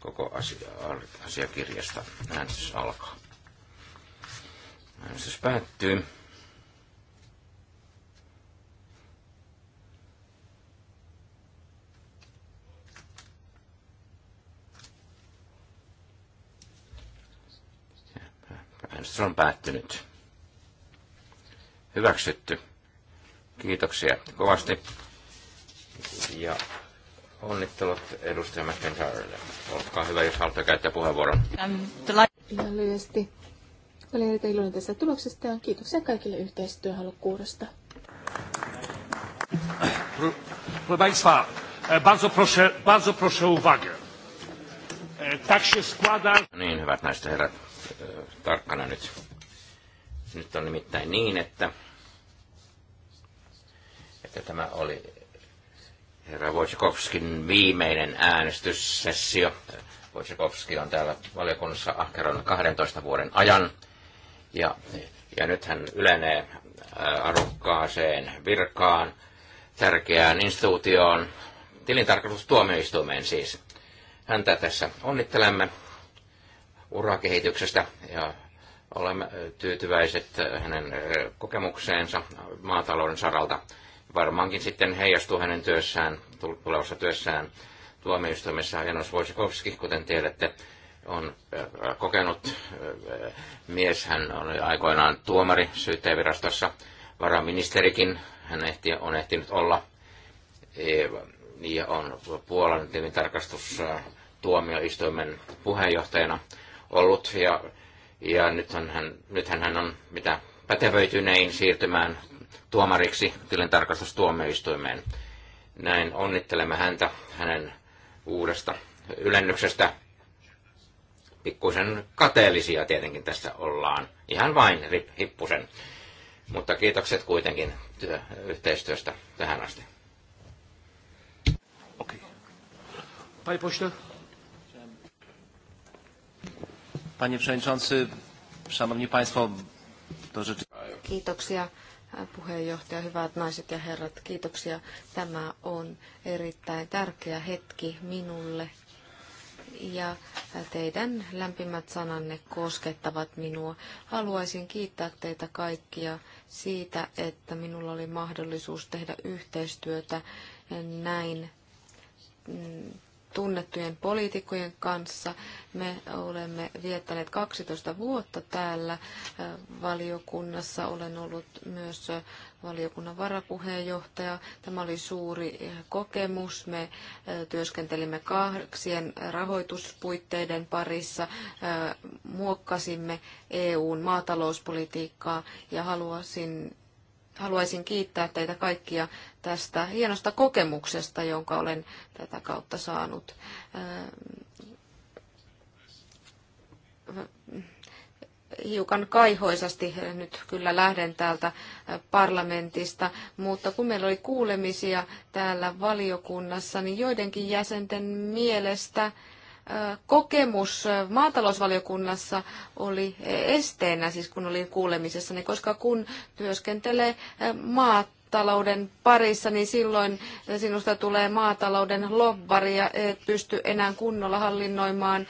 Koko asia, asiakirjasta äänestys alkaa. Äänestys päättyy. Äänestys on päättynyt. Hyväksytty. Kiitoksia kovasti. Ja onnittelut edustaja McIntyrelle. Olkaa hyvä, jos haluatte käyttää puheenvuoron. Ähm, Ihan lyhyesti. Olen erittäin iloinen tästä tuloksesta ja kiitoksia kaikille yhteistyöhalukkuudesta. Proszę Państwa, e, bardzo proszę, bardzo proszę uwagę. E, tak się składa... No niin, hyvät naiset herrat, e, tarkkana nyt. Nyt on nimittäin niin, että, että tämä oli herra Wojciechowskin viimeinen äänestyssessio. Wojciechowski on täällä valiokunnassa ahkeron 12 vuoden ajan. Ja, ja nyt hän ylenee äh, arvokkaaseen virkaan, tärkeään instituutioon, tilintarkastustuomioistuimeen siis. Häntä tässä onnittelemme urakehityksestä ja olemme tyytyväiset hänen äh, kokemukseensa maatalouden saralta varmaankin sitten heijastuu hänen työssään, tulevassa työssään tuomioistuimessa. Janos Wojcikowski, kuten tiedätte, on äh, äh, kokenut äh, mies. Hän on aikoinaan tuomari syyttäjävirastossa, varaministerikin. Hän ehti, on ehtinyt olla e, ja on Puolan tilintarkastustuomioistuimen puheenjohtajana ollut. Ja, ja nythän, hän, nythän hän on mitä pätevöitynein siirtymään tuomariksi tilintarkastustuomioistuimeen. Näin onnittelemme häntä hänen uudesta ylennyksestä. Pikkuisen kateellisia tietenkin tässä ollaan. Ihan vain hippusen. Mutta kiitokset kuitenkin työ, yhteistyöstä tähän asti. Okei. Okay. Panie Przewodniczący, Szanowni Państwo, to rzeczywiście... Kiitoksia puheenjohtaja, hyvät naiset ja herrat, kiitoksia. Tämä on erittäin tärkeä hetki minulle ja teidän lämpimät sananne koskettavat minua. Haluaisin kiittää teitä kaikkia siitä, että minulla oli mahdollisuus tehdä yhteistyötä näin mm, tunnettujen poliitikkojen kanssa. Me olemme viettäneet 12 vuotta täällä äh, valiokunnassa. Olen ollut myös äh, valiokunnan varapuheenjohtaja. Tämä oli suuri äh, kokemus. Me työskentelimme kahdeksien rahoituspuitteiden parissa, muokkasimme EUn maatalouspolitiikkaa ja haluaisin haluaisin kiittää teitä kaikkia tästä hienosta kokemuksesta, jonka olen tätä kautta saanut. Öö, hiukan kaihoisasti nyt kyllä lähden täältä parlamentista, mutta kun meillä oli kuulemisia täällä valiokunnassa, niin joidenkin jäsenten mielestä kokemus maatalousvaliokunnassa oli esteenä, siis kun olin kuulemisessa, niin koska kun työskentelee maat, maatalouden parissa, niin silloin sinusta tulee maatalouden lobbari ja et pysty enää kunnolla hallinnoimaan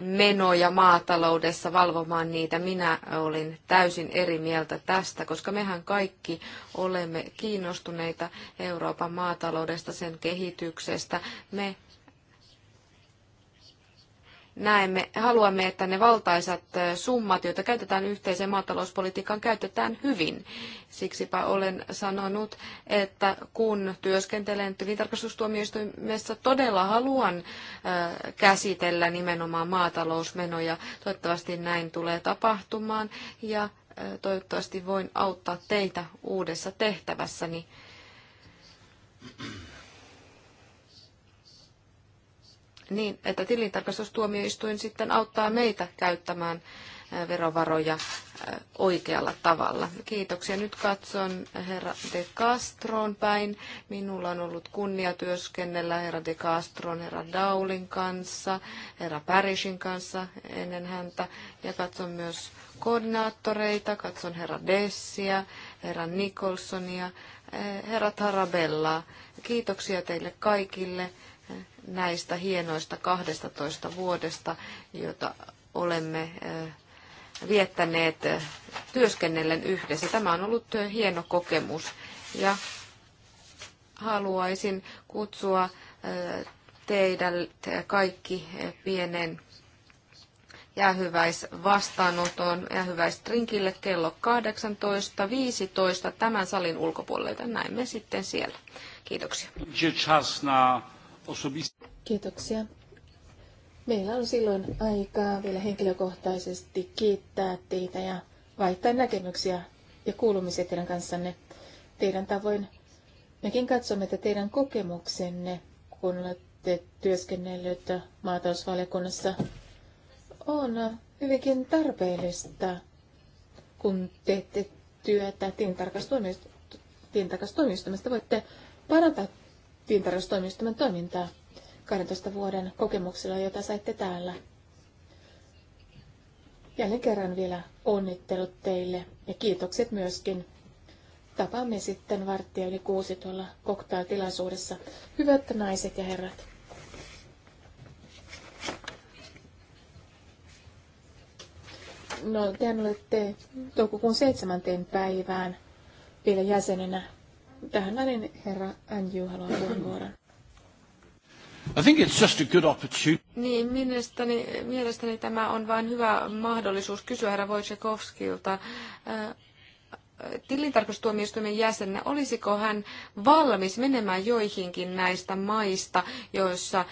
menoja maataloudessa, valvomaan niitä. Minä olin täysin eri mieltä tästä, koska mehän kaikki olemme kiinnostuneita Euroopan maataloudesta, sen kehityksestä. Me näemme, haluamme, että ne valtaisat summat, joita käytetään yhteiseen maatalouspolitiikkaan, käytetään hyvin. Siksipä olen sanonut, että kun työskentelen tilintarkastustuomioistuimessa, todella haluan käsitellä nimenomaan maatalousmenoja. Toivottavasti näin tulee tapahtumaan ja toivottavasti voin auttaa teitä uudessa tehtävässäni. niin että tilintarkastustuomioistuin sitten auttaa meitä käyttämään verovaroja oikealla tavalla. Kiitoksia. Nyt katson herra de Castron päin. Minulla on ollut kunnia työskennellä herra de Castron, herra Daulin kanssa, herra Parishin kanssa ennen häntä. Ja katson myös koordinaattoreita, katson herra Dessia, herra Nicholsonia, herra Tarabellaa. Kiitoksia teille kaikille näistä hienoista 12 vuodesta, joita olemme viettäneet työskennellen yhdessä. Tämä on ollut hieno kokemus ja haluaisin kutsua teidät kaikki pienen jäähyväisvastaanoton jäähyväistrinkille kello 18.15 tämän salin ulkopuolelta. Näemme sitten siellä. Kiitoksia. Kiitoksia. Meillä on silloin aikaa vielä henkilökohtaisesti kiittää teitä ja vaihtaa näkemyksiä ja kuulumisia teidän kanssanne. Teidän tavoin mekin katsomme, että teidän kokemuksenne, kun olette työskennellyt maatalousvaliokunnassa, on hyvinkin tarpeellista, kun teette työtä tilintarkastustoimistomista. Voitte parantaa tilintarkastustoimistomen toimintaa 12 vuoden kokemuksella, jota saitte täällä. Jälleen kerran vielä onnittelut teille ja kiitokset myöskin. Tapaamme sitten varttia yli kuusi tuolla koktailtilaisuudessa. Hyvät naiset ja herrat. No, tehän olette toukokuun seitsemänteen päivään vielä jäsenenä tähän väliin herra Andrew haluaa puheenvuoron. I think it's just a good opportunity. Niin, mielestäni, mielestäni tämä on vain hyvä mahdollisuus kysyä herra Wojciechowskilta. Äh, tilintarkastustuomioistuimen jäsenenä, olisiko hän valmis menemään joihinkin näistä maista, joissa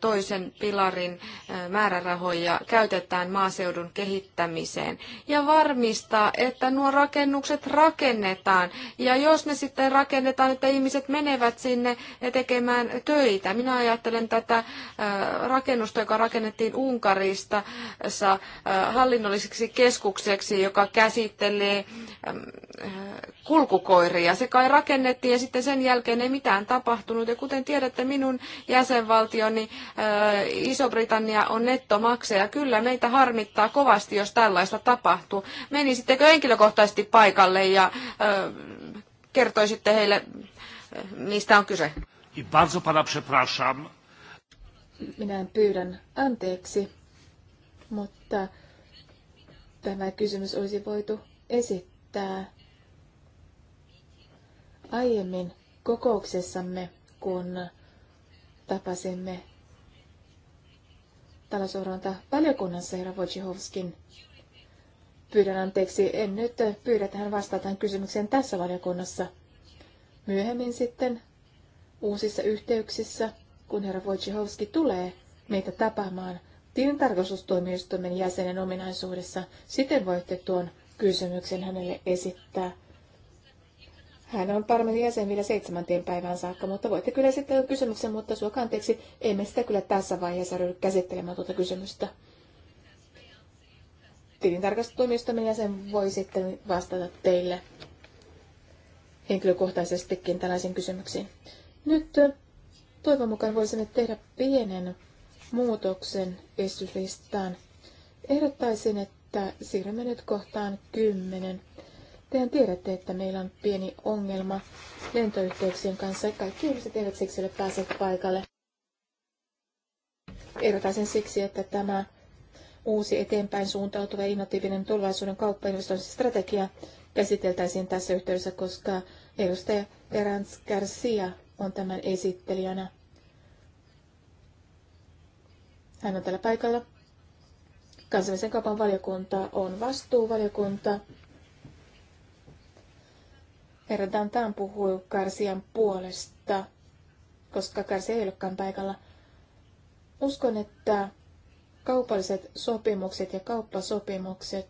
toisen pilarin määrärahoja käytetään maaseudun kehittämiseen ja varmistaa, että nuo rakennukset rakennetaan. Ja jos ne sitten rakennetaan, että ihmiset menevät sinne e, tekemään töitä. Minä ajattelen tätä rakennusta, joka rakennettiin Unkarista hallinnolliseksi keskukseksi, joka käsittelee Äh, kulkukoiria. Se kai rakennettiin ja sitten sen jälkeen ei mitään tapahtunut. Ja kuten tiedätte, minun jäsenvaltioni äh, Iso-Britannia on nettomaksaja. Kyllä meitä harmittaa kovasti, jos tällaista tapahtuu. Menisittekö henkilökohtaisesti paikalle ja äh, kertoisitte heille, mistä on kyse? Minä pyydän anteeksi, mutta tämä kysymys olisi voitu esittää aiemmin kokouksessamme, kun tapasimme talousoranta valiokunnassa herra Wojciechowskin. Pyydän anteeksi, en nyt pyydä tähän vastataan kysymykseen tässä valiokunnassa. Myöhemmin sitten uusissa yhteyksissä, kun herra Wojciechowski tulee meitä tapaamaan tilintarkastustuomioistuimen jäsenen ominaisuudessa, siten voitte tuon kysymyksen hänelle esittää. Hän on parlamentin jäsen vielä seitsemänteen päivään saakka, mutta voitte kyllä esittää kysymyksen, mutta suokaa anteeksi, emme sitä kyllä tässä vaiheessa ryhdy käsittelemään tuota kysymystä. Tilintarkastustoimistomme jäsen voi sitten vastata teille henkilökohtaisestikin tällaisiin kysymyksiin. Nyt äh, toivon mukaan voisimme tehdä pienen muutoksen esityslistaan. Ehdottaisin, että siirrymme nyt kohtaan 10 Tehän tiedätte, että meillä on pieni ongelma lentoyhteyksien kanssa, kaikki ihmiset eivät siksi ole pääse paikalle. Erotan sen siksi, että tämä uusi eteenpäin suuntautuva innovatiivinen tulevaisuuden kauppainvestointistrategia käsiteltäisiin tässä yhteydessä, koska edustaja Terence Garcia on tämän esittelijänä. Hän on tällä paikalla. Kansainvälisen kaupan valiokunta on vastuuvaliokunta Herra Dantan puhui Karsian puolesta, koska Karsia ei olekaan paikalla. Uskon, että kaupalliset sopimukset ja kauppasopimukset,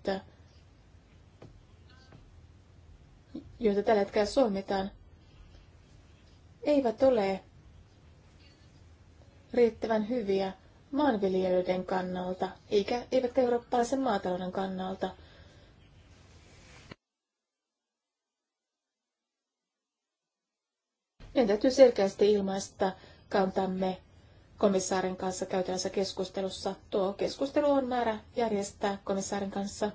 joita tällä hetkellä solmitaan, eivät ole riittävän hyviä maanviljelijöiden kannalta, eikä, eivätkä eurooppalaisen maatalouden kannalta. Meidän täytyy selkeästi ilmaista kantamme komissaarin kanssa käytävässä keskustelussa. Tuo keskustelu on määrä järjestää komissaarin kanssa.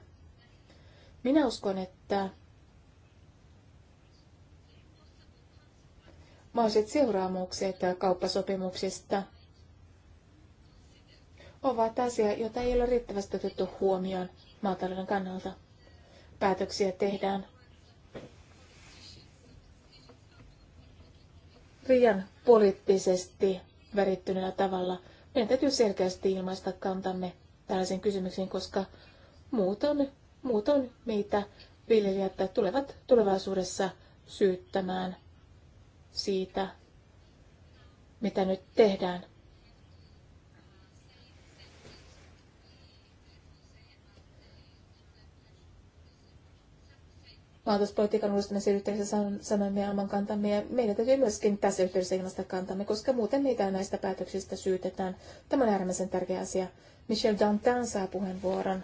Minä uskon, että mahdolliset seuraamukset kauppasopimuksista ovat asia, jota ei ole riittävästi otettu huomioon maatalouden kannalta. Päätöksiä tehdään liian poliittisesti värittyneellä tavalla. Meidän täytyy selkeästi ilmaista kantamme tällaisen kysymyksiin, koska muutoin, muutoin meitä viljelijät tulevat tulevaisuudessa syyttämään siitä, mitä nyt tehdään. maatalouspolitiikan uudistamisen yhteydessä sanomme oman kantamme ja meidän täytyy myöskin tässä yhteydessä ilmaista kantamme, koska muuten meitä näistä päätöksistä syytetään. Tämä on äärimmäisen tärkeä asia. Michel Dantin saa puheenvuoron.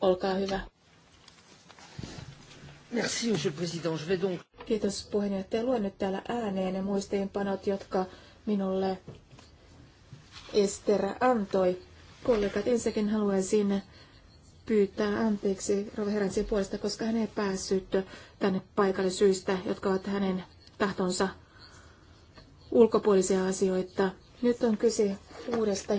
Olkaa hyvä. Merci, monsieur le président. Je vais donc... Kiitos puheenjohtaja. Luen nyt täällä ääneen ne muistiinpanot, jotka minulle Ester antoi. Kollegat, ensinnäkin haluaisin pyytää anteeksi Rova Heransin puolesta, koska hän ei päässyt tänne paikalle syistä, jotka ovat hänen tahtonsa ulkopuolisia asioita. Nyt on kyse uudesta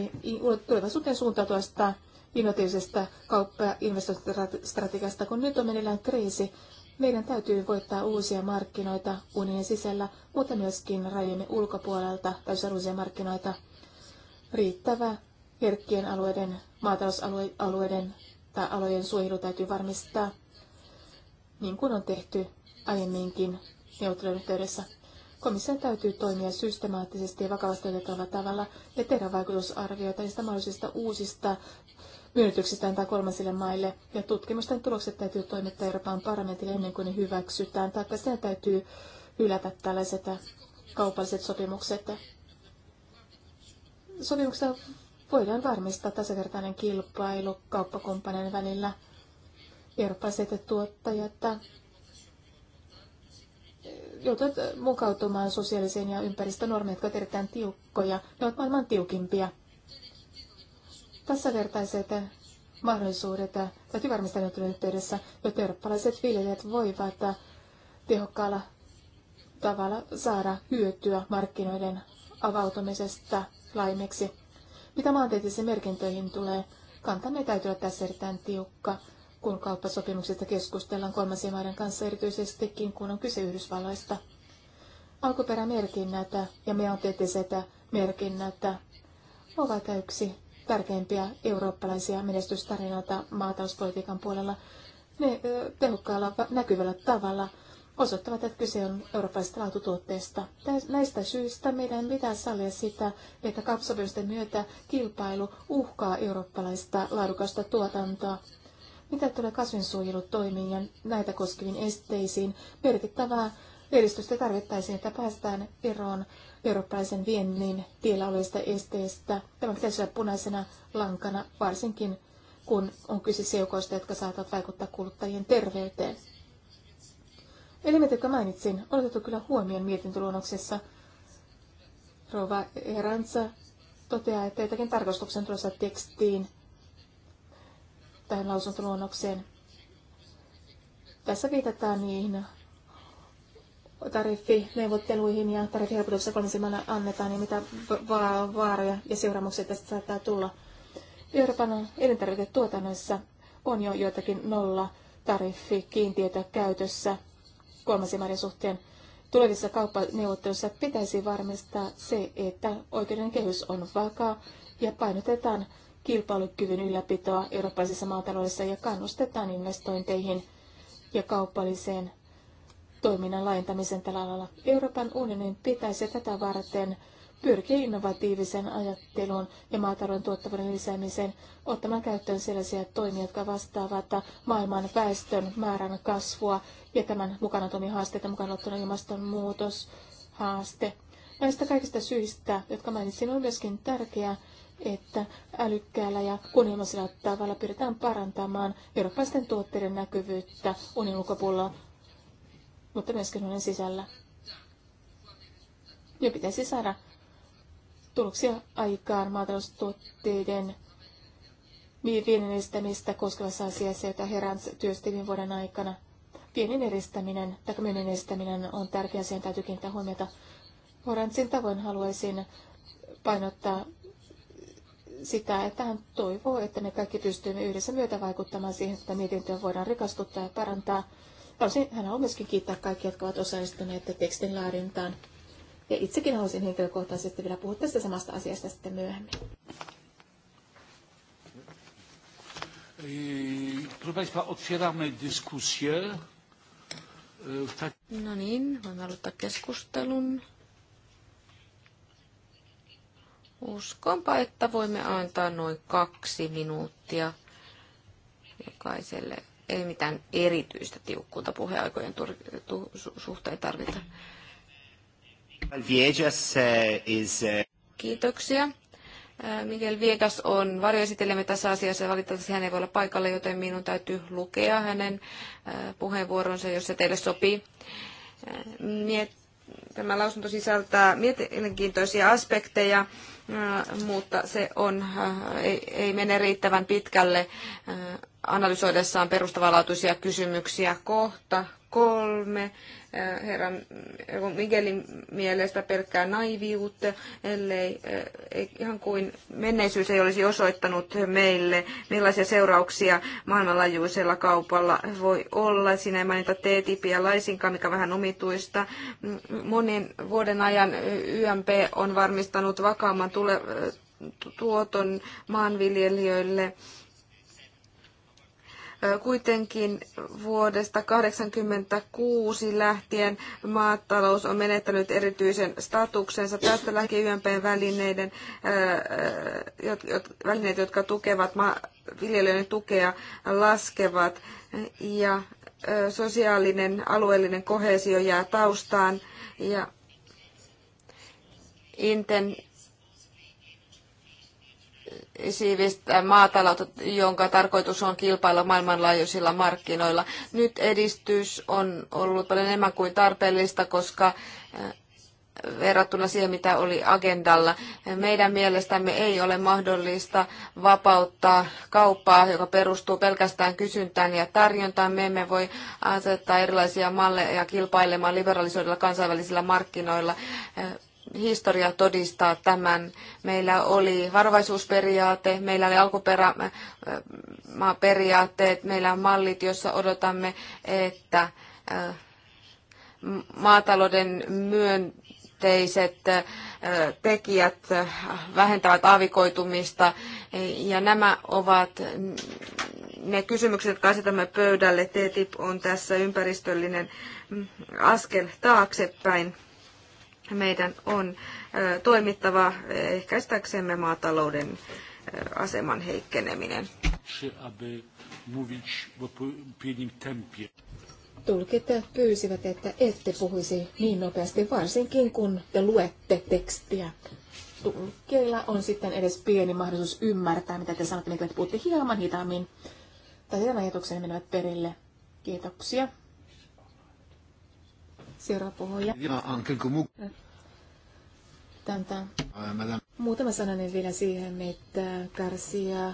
tulevaisuuteen suuntautuvasta innovatiivisesta kauppa- ja investointistrategiasta, kun nyt on meneillään kriisi. Meidän täytyy voittaa uusia markkinoita unien sisällä, mutta myöskin rajojemme ulkopuolelta täysin uusia markkinoita. Riittävä herkkien alueiden, maatalousalueiden että alojen suojelu täytyy varmistaa, niin kuin on tehty aiemminkin neuvotteluyhteydessä. Komission täytyy toimia systemaattisesti ja vakavasti otettavalla tavalla ja tehdä vaikutusarvioita niistä mahdollisista uusista myönnytyksistään tai kolmansille maille, ja tutkimusten tulokset täytyy toimittaa Euroopan parlamentille ennen kuin ne hyväksytään, taikka sen täytyy hylätä tällaiset kaupalliset sopimukset. Sopimuksesta voidaan varmistaa tasavertainen kilpailu kauppakumppanien välillä. Eurooppalaiset tuottajat eh, joutuvat mukautumaan sosiaaliseen ja ympäristönormeihin, jotka ovat erittäin tiukkoja. Ne ovat maailman tiukimpia. Tasavertaiset mahdollisuudet täytyy varmistaa neuvottelujen yhteydessä, jotta eurooppalaiset viljelijät voivat tehokkaalla tavalla saada hyötyä markkinoiden avautumisesta laimeksi. Mitä maantieteellisiin merkintöihin tulee, kantamme täytyy olla tässä erittäin tiukka, kun kauppasopimuksista keskustellaan kolmansien maiden kanssa erityisestikin, kun on kyse Yhdysvalloista. Alkuperämerkinnät ja maantieteelliset merkinnät ovat yksi tärkeimpiä eurooppalaisia menestystarinoita maatalouspolitiikan puolella. Ne tehokkaalla näkyvällä tavalla – osoittavat, että kyse on eurooppalaisesta laatutuotteesta. Näistä syistä meidän pitää sallia sitä, että kapsopimusten myötä kilpailu uhkaa eurooppalaista laadukasta tuotantoa. Mitä tulee kasvinsuojelutoimiin ja näitä koskeviin esteisiin, merkittävää edistystä tarvittaisiin, että päästään eroon eurooppalaisen viennin tiellä olevista esteistä. Tämä pitäisi olla punaisena lankana, varsinkin kun on kyse seukoista, jotka saattavat vaikuttaa kuluttajien terveyteen. Elimet, jotka mainitsin, on otettu kyllä huomioon mietintöluonnoksessa. Rova Eransa, toteaa, että jotakin tarkoituksen tulossa tekstiin tähän lausuntoluonnokseen. Tässä viitataan niihin tariffineuvotteluihin ja tariffihelpotuksessa kolmisimmalle annetaan ja mitä va- vaaroja ja seuraamuksia tästä saattaa tulla. Euroopan elintarviketuotannossa on jo joitakin nolla tariffikiintiötä käytössä – kolmansien maiden suhteen tulevissa kauppaneuvotteluissa pitäisi varmistaa se, että oikeuden kehys on vakaa ja painotetaan kilpailukyvyn ylläpitoa eurooppalaisessa maataloudessa ja kannustetaan investointeihin ja kaupalliseen toiminnan laajentamisen tällä alalla. Euroopan unionin pitäisi tätä varten pyrkiä innovatiivisen ajatteluun ja maatalouden tuottavuuden lisäämiseen ottamaan käyttöön sellaisia toimia, jotka vastaavat maailman väestön määrän kasvua ja tämän mukana toimia haasteita, mukaan ottuna ilmastonmuutos, haaste. Näistä kaikista syistä, jotka mainitsin, on myöskin tärkeää, että älykkäällä ja kunnianhimoisella tavalla pyritään parantamaan eurooppalaisten tuotteiden näkyvyyttä unin ulkopuolella, mutta myöskin unin sisällä. Jo pitäisi saada tuloksia aikaan maataloustuotteiden viennin koskevassa asiassa, jota herän työstivin vuoden aikana – Pienin eristäminen, tai myynnin on tärkeää, siihen täytyy kiinnittää huomiota. Morantsin tavoin haluaisin painottaa sitä, että hän toivoo, että me kaikki pystymme yhdessä vaikuttamaan siihen, että mietintöä voidaan rikastuttaa ja parantaa. Hän on myöskin kiittää kaikki, jotka ovat osallistuneet tekstin laadintaan. Ja itsekin haluaisin henkilökohtaisesti vielä puhua tästä samasta asiasta sitten myöhemmin. Proszę Państwa, otwieramy dyskusję. No niin, voimme aloittaa keskustelun. Uskonpa, että voimme antaa noin kaksi minuuttia jokaiselle. Ei mitään erityistä tiukkuutta puheaikojen suhteen tarvita. Eh, eh, Kiitoksia. Miguel Viegas on varjoesittelemme tässä asiassa ja valitettavasti hän ei voi olla paikalla, joten minun täytyy lukea hänen puheenvuoronsa, jos se teille sopii. Tämä lausunto sisältää mielenkiintoisia aspekteja, mutta se on, ei, ei mene riittävän pitkälle analysoidessaan perustavanlaatuisia kysymyksiä kohta kolme. Äh, herran äh, Miguelin mielestä pelkkää naiviutta, ellei äh, ihan kuin menneisyys ei olisi osoittanut meille, millaisia seurauksia maailmanlaajuisella kaupalla voi olla. Siinä ei mainita TTIPiä laisinkaan, mikä vähän omituista. Mm, monen vuoden ajan YMP on varmistanut vakaamman tule- tuoton maanviljelijöille Kuitenkin vuodesta 1986 lähtien maatalous on menettänyt erityisen statuksensa. Tästä lähtien ymp välineiden, välineet, jotka tukevat viljelijöiden tukea, laskevat ja sosiaalinen alueellinen kohesio jää taustaan ja inten intensiivistä maataloutta, jonka tarkoitus on kilpailla maailmanlaajuisilla markkinoilla. Nyt edistys on ollut paljon enemmän kuin tarpeellista, koska eh, verrattuna siihen, mitä oli agendalla. Meidän mielestämme ei ole mahdollista vapauttaa kauppaa, joka perustuu pelkästään kysyntään ja tarjontaan. Me emme voi asettaa erilaisia malleja kilpailemaan liberalisoidulla kansainvälisillä markkinoilla eh, historia todistaa tämän. Meillä oli varovaisuusperiaate, meillä oli alkuperämaaperiaatteet, äh, meillä on mallit, joissa odotamme, että äh, maatalouden myönteiset äh, tekijät vähentävät aavikoitumista. Ja nämä ovat ne kysymykset, jotka asetamme pöydälle. TTIP on tässä ympäristöllinen mm, askel taaksepäin meidän on toimittava ehkäistäksemme maatalouden aseman heikkeneminen. Tulkit pyysivät, että ette puhuisi niin nopeasti, varsinkin kun te luette tekstiä. Tulkeilla on sitten edes pieni mahdollisuus ymmärtää, mitä te sanotte, mikä puhutte hieman hitaammin. Tai ajatukseni menevät perille. Kiitoksia. Seuraava puhuja. Tanta. Muutama sananen vielä siihen, mitä Garcia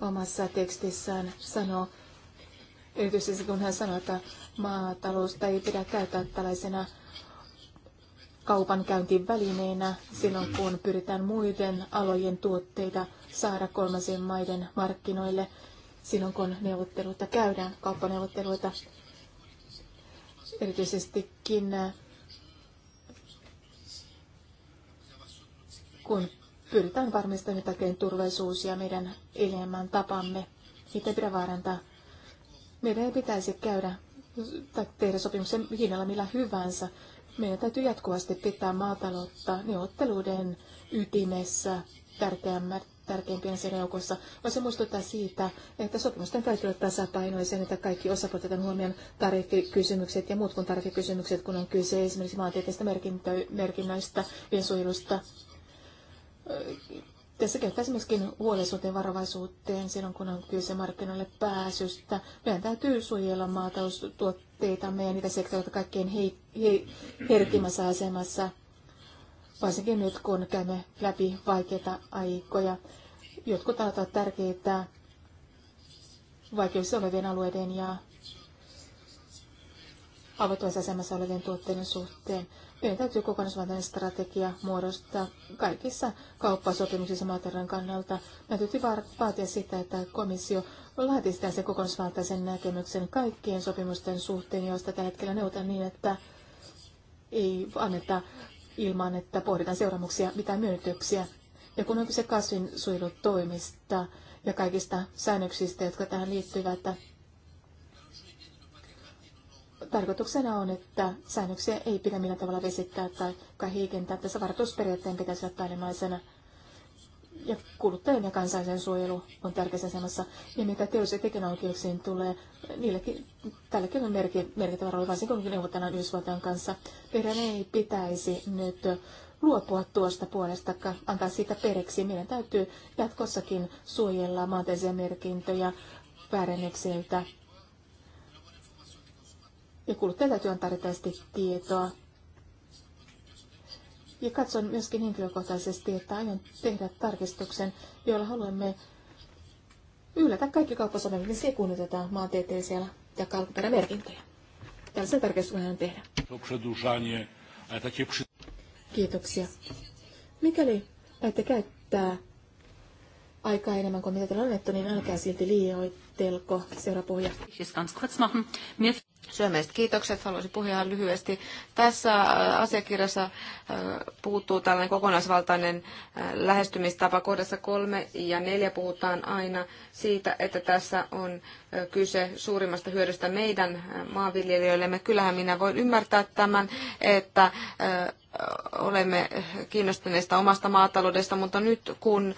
omassa tekstissään sanoo. Erityisesti kun hän sanoo, että maatalousta ei pidä käyttää tällaisena kaupankäyntin välineenä silloin, kun pyritään muiden alojen tuotteita saada kolmansien maiden markkinoille silloin, kun neuvotteluita käydään, kauppaneuvotteluita erityisestikin äh, kun pyritään varmistamaan takien turvallisuus ja meidän tapamme, Niitä ei pidä vaarantaa. Meidän ei pitäisi käydä tai tehdä sopimuksen hinnalla millä hyvänsä. Meidän täytyy jatkuvasti pitää maataloutta neuvotteluiden ytimessä tärkeämmät tärkeimpien sen joukossa, on se muistuttaa siitä, että sopimusten täytyy olla tasapainoisen, että kaikki osapuolet otetaan huomioon tarvikekysymykset ja muut kuin tarvikekysymykset, kun on kyse esimerkiksi maantieteistä merkinnöistä, viensuojelusta. Tässä käyttäisiin myöskin huolellisuuteen varovaisuuteen silloin, kun on kyse markkinoille pääsystä. Meidän täytyy suojella maataloustuotteita meidän niitä sektoreita kaikkein hei, hei, herkimmässä asemassa – varsinkin nyt kun käymme läpi vaikeita aikoja. Jotkut ovat tärkeitä vaikeissa olevien alueiden ja avotuessa asemassa olevien tuotteiden suhteen. Meidän täytyy kokonaisvaltainen strategia muodostaa kaikissa kauppasopimuksissa maatalouden kannalta. Meidän täytyy vaatia sitä, että komissio laatii sen kokonaisvaltaisen näkemyksen kaikkien sopimusten suhteen, joista tällä hetkellä neuvotaan niin, että ei anneta ilman, että pohditaan seuraamuksia, mitään myönnytyksiä. Ja kun on kyse kasvinsuojelutoimista ja kaikista säännöksistä, jotka tähän liittyvät, tarkoituksena on, että säännöksiä ei pidä millään tavalla vesittää tai heikentää. Tässä varoitusperiaatteen pitäisi olla päällimmäisenä ja kuluttajien ja kansallisen suojelu on tärkeässä asemassa. Ja mitä teollisuus- ja tekijänoikeuksiin tulee, niilläkin tälläkin on merkittävä rooli, varsinkin kun neuvotellaan Yhdysvaltain kanssa. Meidän ei pitäisi nyt luopua tuosta puolesta, antaa siitä pereksi. Meidän täytyy jatkossakin suojella maanteisia merkintöjä väärenneksiltä. Ja kuluttajille täytyy antaa tietoa ja katson myöskin henkilökohtaisesti, että aion tehdä tarkistuksen, jolla haluamme yllätä kaikki kauppasopimuksia, kun otetaan maantieteellisiä ja alkuperämerkintöjä. Tällaisen tarkistuksen aion tehdä. Kiitoksia. Mikäli ette käyttää aikaa enemmän kuin mitä teillä on annettu, niin älkää silti liioittaa Telko, puhuja. Syömeistä kiitokset. Haluaisin puhua lyhyesti. Tässä äh, asiakirjassa äh, puuttuu tällainen kokonaisvaltainen äh, lähestymistapa. Kohdassa kolme ja neljä puhutaan aina siitä, että tässä on kyse suurimmasta hyödystä meidän maanviljelijöillemme. Kyllähän minä voin ymmärtää tämän, että olemme kiinnostuneista omasta maataloudesta, mutta nyt kun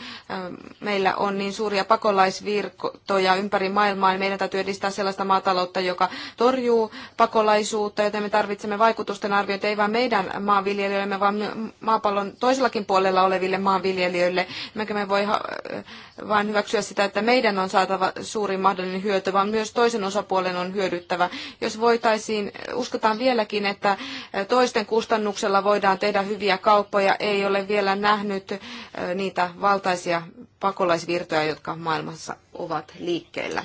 meillä on niin suuria pakolaisvirtoja ympäri maailmaa, niin meidän täytyy edistää sellaista maataloutta, joka torjuu pakolaisuutta, joten me tarvitsemme vaikutusten arviointia ei vain meidän maanviljelijöillemme, vaan maapallon toisellakin puolella oleville maanviljelijöille. Emmekä me voi vain hyväksyä sitä, että meidän on saatava suurin mahdollinen hyöty, vaan myös toisen osapuolen on hyödyttävä. Jos voitaisiin, uskotaan vieläkin, että toisten kustannuksella voidaan voidaan tehdä hyviä kauppoja, ei ole vielä nähnyt niitä valtaisia pakolaisvirtoja, jotka maailmassa ovat liikkeellä.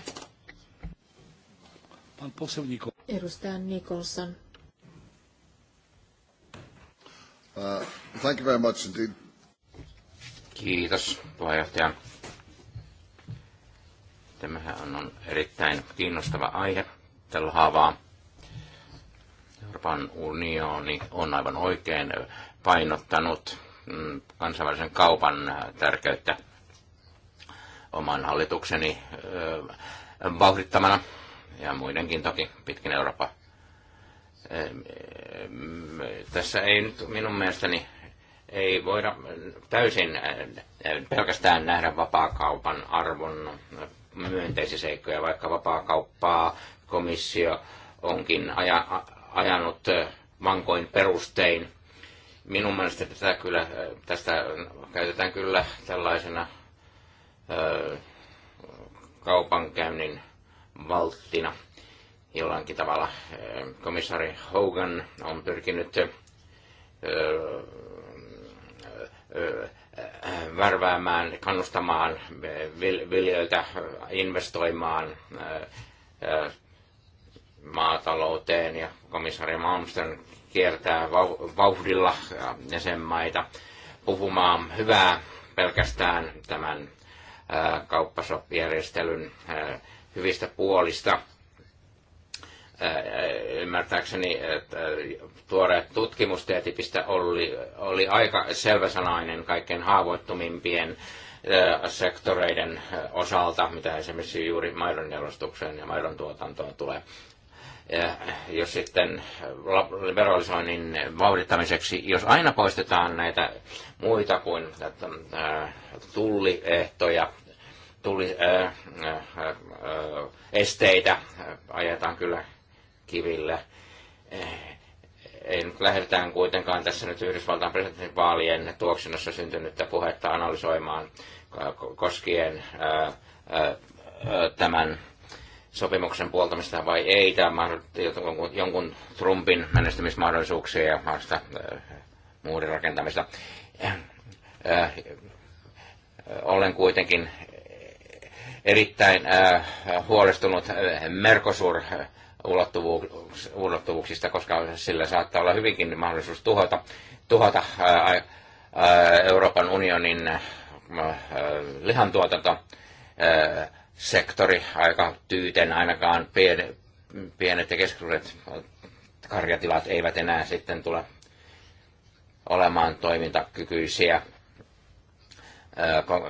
Edustaja Nicholson. Uh, thank you very much indeed. Kiitos puheenjohtaja. Tämähän on erittäin kiinnostava aihe tällä haavaa Euroopan unioni on aivan oikein painottanut mm, kansainvälisen kaupan äh, tärkeyttä oman hallitukseni äh, vauhdittamana ja muidenkin toki pitkin Eurooppa ähm, äh, Tässä ei nyt minun mielestäni ei voida täysin pelkästään nähdä vapaakaupan arvon myönteisiä seikkoja, vaikka vapaakauppaa komissio onkin aja, ajanut mankoin perustein. Minun mielestä tätä kyllä, tästä käytetään kyllä tällaisena kaupankäynnin valttina jollakin tavalla. Komissaari Hogan on pyrkinyt värväämään, kannustamaan viljöitä investoimaan maatalouteen ja komissaari Malmström kiertää vauhdilla jäsenmaita puhumaan hyvää pelkästään tämän kauppasopijärjestelyn hyvistä puolista. Ymmärtääkseni että tuore tutkimustietipistä oli, oli aika selväsanainen kaikkein haavoittumimpien sektoreiden osalta, mitä esimerkiksi juuri maidon ja maidon tuotantoon tulee jos sitten liberalisoinnin vauhdittamiseksi, jos aina poistetaan näitä muita kuin äh, tulliehtoja, tulli, äh, äh, esteitä, ajetaan kyllä kivillä. Ei nyt lähdetään kuitenkaan tässä nyt Yhdysvaltain presidentinvaalien tuoksinnassa syntynyttä puhetta analysoimaan koskien tämän sopimuksen puoltamista vai ei, tämä on jonkun Trumpin menestymismahdollisuuksia ja mahdollista äh, muurin rakentamista. Äh, äh, olen kuitenkin erittäin huolestunut Mercosur ulottuvuuksista, koska sillä saattaa olla hyvinkin mahdollisuus tuhota, tuhota Euroopan unionin lihantuotanto sektori aika tyyten, ainakaan pien, pienet ja keskisuuret karjatilat eivät enää sitten tule olemaan toimintakykyisiä.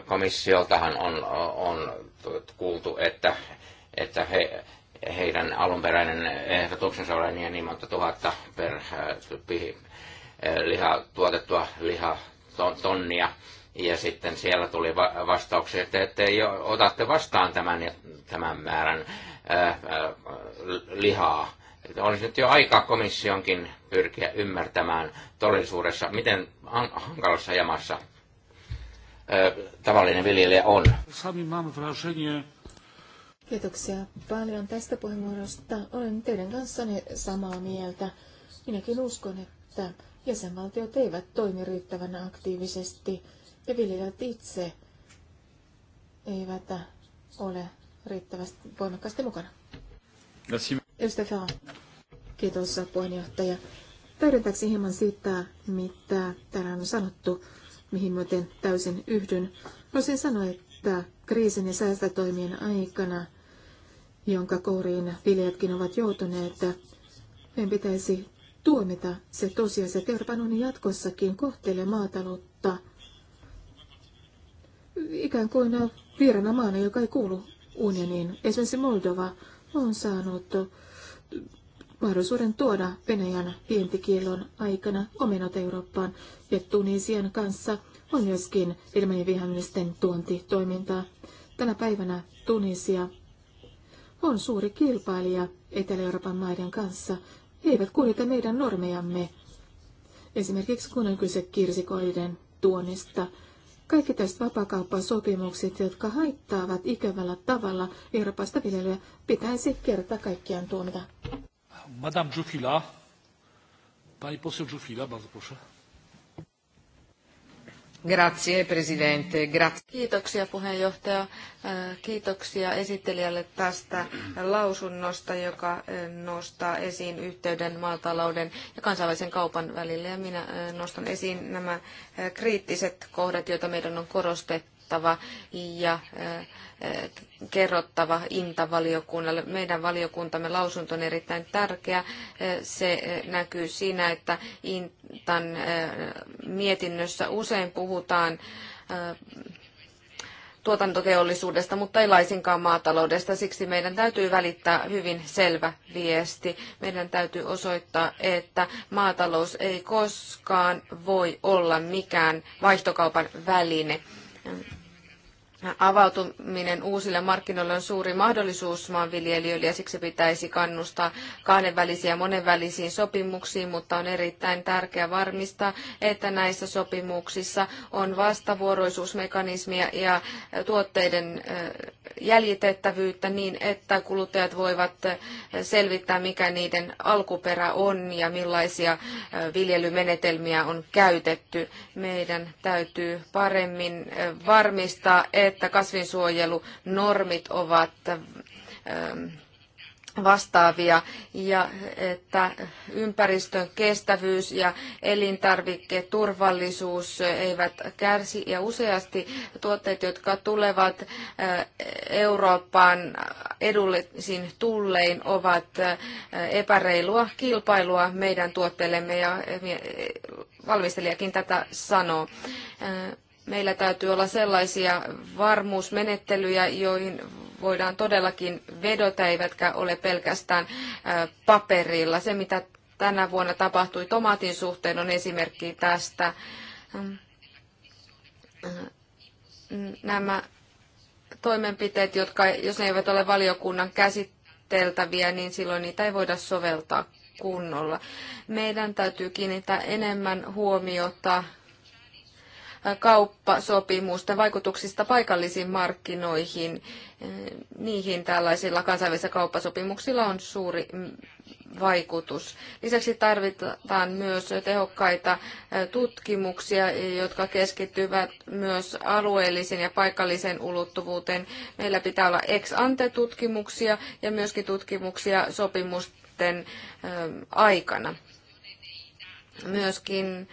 Komissioltahan on, on kuultu, että, että he, heidän alunperäinen ehdotuksensa oli niin, niin monta tuhatta per liha, tuotettua liha tonnia ja sitten siellä tuli vastauksia, että, että otatte vastaan tämän, tämän määrän ää, ää, lihaa. Että olisi nyt jo aika komissionkin pyrkiä ymmärtämään todellisuudessa, miten hankalassa jamassa ää, tavallinen viljelijä on. Kiitoksia paljon tästä puheenvuorosta. Olen teidän kanssanne samaa mieltä. Minäkin uskon, että jäsenvaltiot eivät toimi riittävän aktiivisesti ja viljelijät itse eivät ole riittävästi voimakkaasti mukana. Kiitos puheenjohtaja. Täydentääkseni hieman siitä, mitä täällä on sanottu, mihin muuten täysin yhdyn. Voisin sanoa, että kriisin ja säästötoimien aikana, jonka kouriin viljelijätkin ovat joutuneet, meidän pitäisi tuomita se tosiasia, että Euroopan jatkossakin kohtelee maataloutta – ikään kuin vieraana maana, joka ei kuulu unioniin. Esimerkiksi Moldova on saanut mahdollisuuden tuoda Venäjän vientikielon aikana omenot Eurooppaan ja Tunisian kanssa on myöskin ilman vihamisten tuontitoimintaa. Tänä päivänä Tunisia on suuri kilpailija Etelä-Euroopan maiden kanssa. He eivät kuljeta meidän normejamme. Esimerkiksi kun on kyse kirsikoiden tuonnista – kaikki tällaiset vapakauppasopimukset, jotka haittaavat ikävällä tavalla Euroopasta viljelyä, pitäisi kerta kaikkiaan tuomita. Madame Jufila, pari poseł Jufila, bardzo proszę. Grazie, presidente. Grazie. Kiitoksia puheenjohtaja. Äh, kiitoksia esittelijälle tästä lausunnosta, joka äh, nostaa esiin yhteyden maatalouden ja kansainvälisen kaupan välillä. Ja minä äh, nostan esiin nämä kriittiset kohdat, joita meidän on korostettu kerrottava ja eh, kerrottava Inta-valiokunnalle. Meidän valiokuntamme lausunto on erittäin tärkeä. Eh, se eh, näkyy siinä, että Intan mietinnössä usein puhutaan tuotantoteollisuudesta, mutta ei laisinkaan maataloudesta. Siksi meidän täytyy välittää hyvin selvä viesti. Meidän täytyy osoittaa, että maatalous ei koskaan voi olla mikään vaihtokaupan väline. Um, avautuminen uusille markkinoille on suuri mahdollisuus maanviljelijöille ja siksi pitäisi kannustaa kahdenvälisiin ja monenvälisiin sopimuksiin, mutta on erittäin tärkeää varmistaa, että näissä sopimuksissa on vastavuoroisuusmekanismia ja tuotteiden jäljitettävyyttä niin, että kuluttajat voivat selvittää, mikä niiden alkuperä on ja millaisia viljelymenetelmiä on käytetty. Meidän täytyy paremmin varmistaa, että että kasvinsuojelunormit ovat ähm, vastaavia ja että ympäristön kestävyys ja elintarviketurvallisuus eivät kärsi ja useasti tuotteet, jotka tulevat äh, Eurooppaan edullisin tullein, ovat äh, epäreilua kilpailua meidän tuotteillemme ja äh, valmistelijakin tätä sanoo meillä täytyy olla sellaisia varmuusmenettelyjä, joihin voidaan todellakin vedota, eivätkä ole pelkästään paperilla. Se, mitä tänä vuonna tapahtui tomaatin suhteen, on esimerkki tästä. Mm. Nämä toimenpiteet, jotka, jos ne eivät ole valiokunnan käsiteltäviä, niin silloin niitä ei voida soveltaa kunnolla. Meidän täytyy kiinnittää enemmän huomiota kauppasopimusta vaikutuksista paikallisiin markkinoihin. Niihin tällaisilla kansainvälisillä kauppasopimuksilla on suuri vaikutus. Lisäksi tarvitaan myös tehokkaita tutkimuksia, jotka keskittyvät myös alueellisen ja paikallisen ulottuvuuteen. Meillä pitää olla ex ante tutkimuksia ja myöskin tutkimuksia sopimusten aikana. Myöskin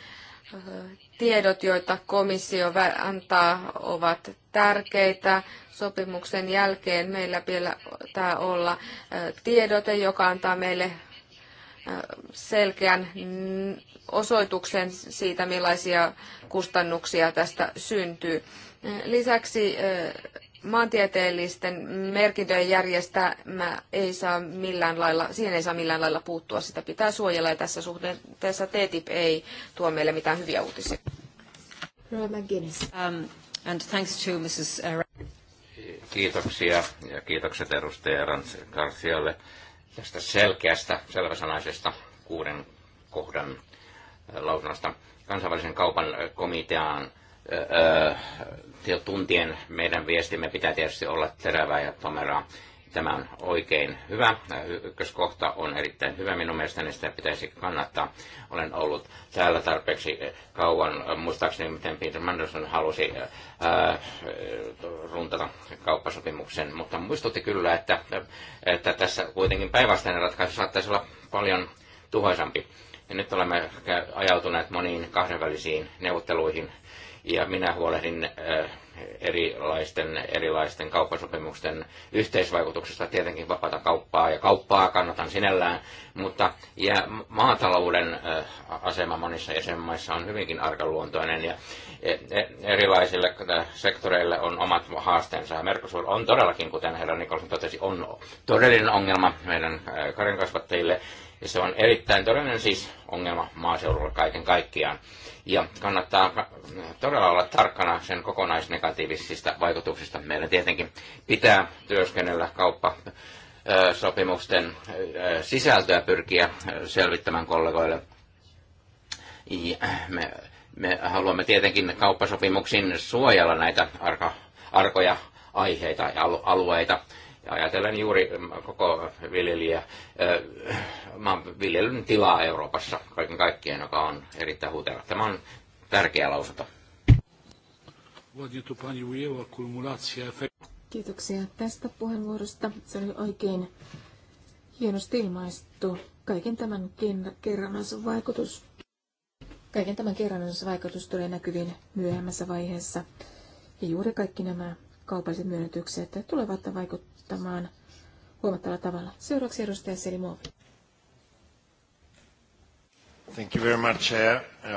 tiedot, joita komissio antaa, ovat tärkeitä. Sopimuksen jälkeen meillä pitää olla tiedote, joka antaa meille selkeän osoituksen siitä, millaisia kustannuksia tästä syntyy. Lisäksi maantieteellisten merkintöjen järjestelmä ei saa millään lailla, siihen ei saa millään lailla puuttua, sitä pitää suojella ja tässä suhteessa TTIP ei tuo meille mitään hyviä uutisia. Um, and thanks to Mrs. Kiitoksia ja kiitokset edustaja Garcialle tästä selkeästä, selväsanaisesta kuuden kohdan äh, lausunnosta. Kansainvälisen kaupan äh, komiteaan tuntien meidän viestimme pitää tietysti olla terävää ja tomeraa. Tämä on oikein hyvä. Ykköskohta on erittäin hyvä. Minun mielestäni sitä pitäisi kannattaa. Olen ollut täällä tarpeeksi kauan. Muistaakseni, miten Peter Manderson halusi runtata kauppasopimuksen, mutta muistutti kyllä, että, että tässä kuitenkin päinvastainen ratkaisu saattaisi olla paljon tuhoisampi. Ja nyt olemme ajautuneet moniin kahdenvälisiin neuvotteluihin ja minä huolehdin äh, erilaisten, erilaisten kauppasopimusten yhteisvaikutuksesta tietenkin vapaata kauppaa ja kauppaa kannatan sinällään, mutta ja maatalouden äh, asema monissa jäsenmaissa on hyvinkin arkaluontoinen ja e, e, erilaisille äh, sektoreille on omat haasteensa ja Mercosur on todellakin, kuten herra Nikolson totesi, on todellinen ongelma meidän karjankasvattajille ja se on erittäin todellinen siis ongelma maaseudulla kaiken kaikkiaan. Ja kannattaa äh, todella olla tarkkana sen kokonaisnegatiivisista vaikutuksista. Meillä tietenkin pitää työskennellä kauppa sopimusten äh, sisältöä pyrkiä äh, selvittämään kollegoille. Ja me, me haluamme tietenkin kauppasopimuksin suojella näitä arka, arkoja aiheita ja alueita ajatellen juuri mm, koko viljelijä, viljelyn tilaa Euroopassa kaiken kaikkiaan, joka on erittäin huutera. Tämä on tärkeä lausunto. Kiitoksia tästä puheenvuorosta. Se oli oikein hienosti ilmaistu kaiken tämän vaikutus Kaiken tämän vaikutus tulee näkyviin myöhemmässä vaiheessa. Ja juuri kaikki nämä kaupalliset myönnytykset tulevat vaikuttaa vaikuttamaan huomattavalla tavalla. Seuraavaksi edustaja Selimov. Thank you very much.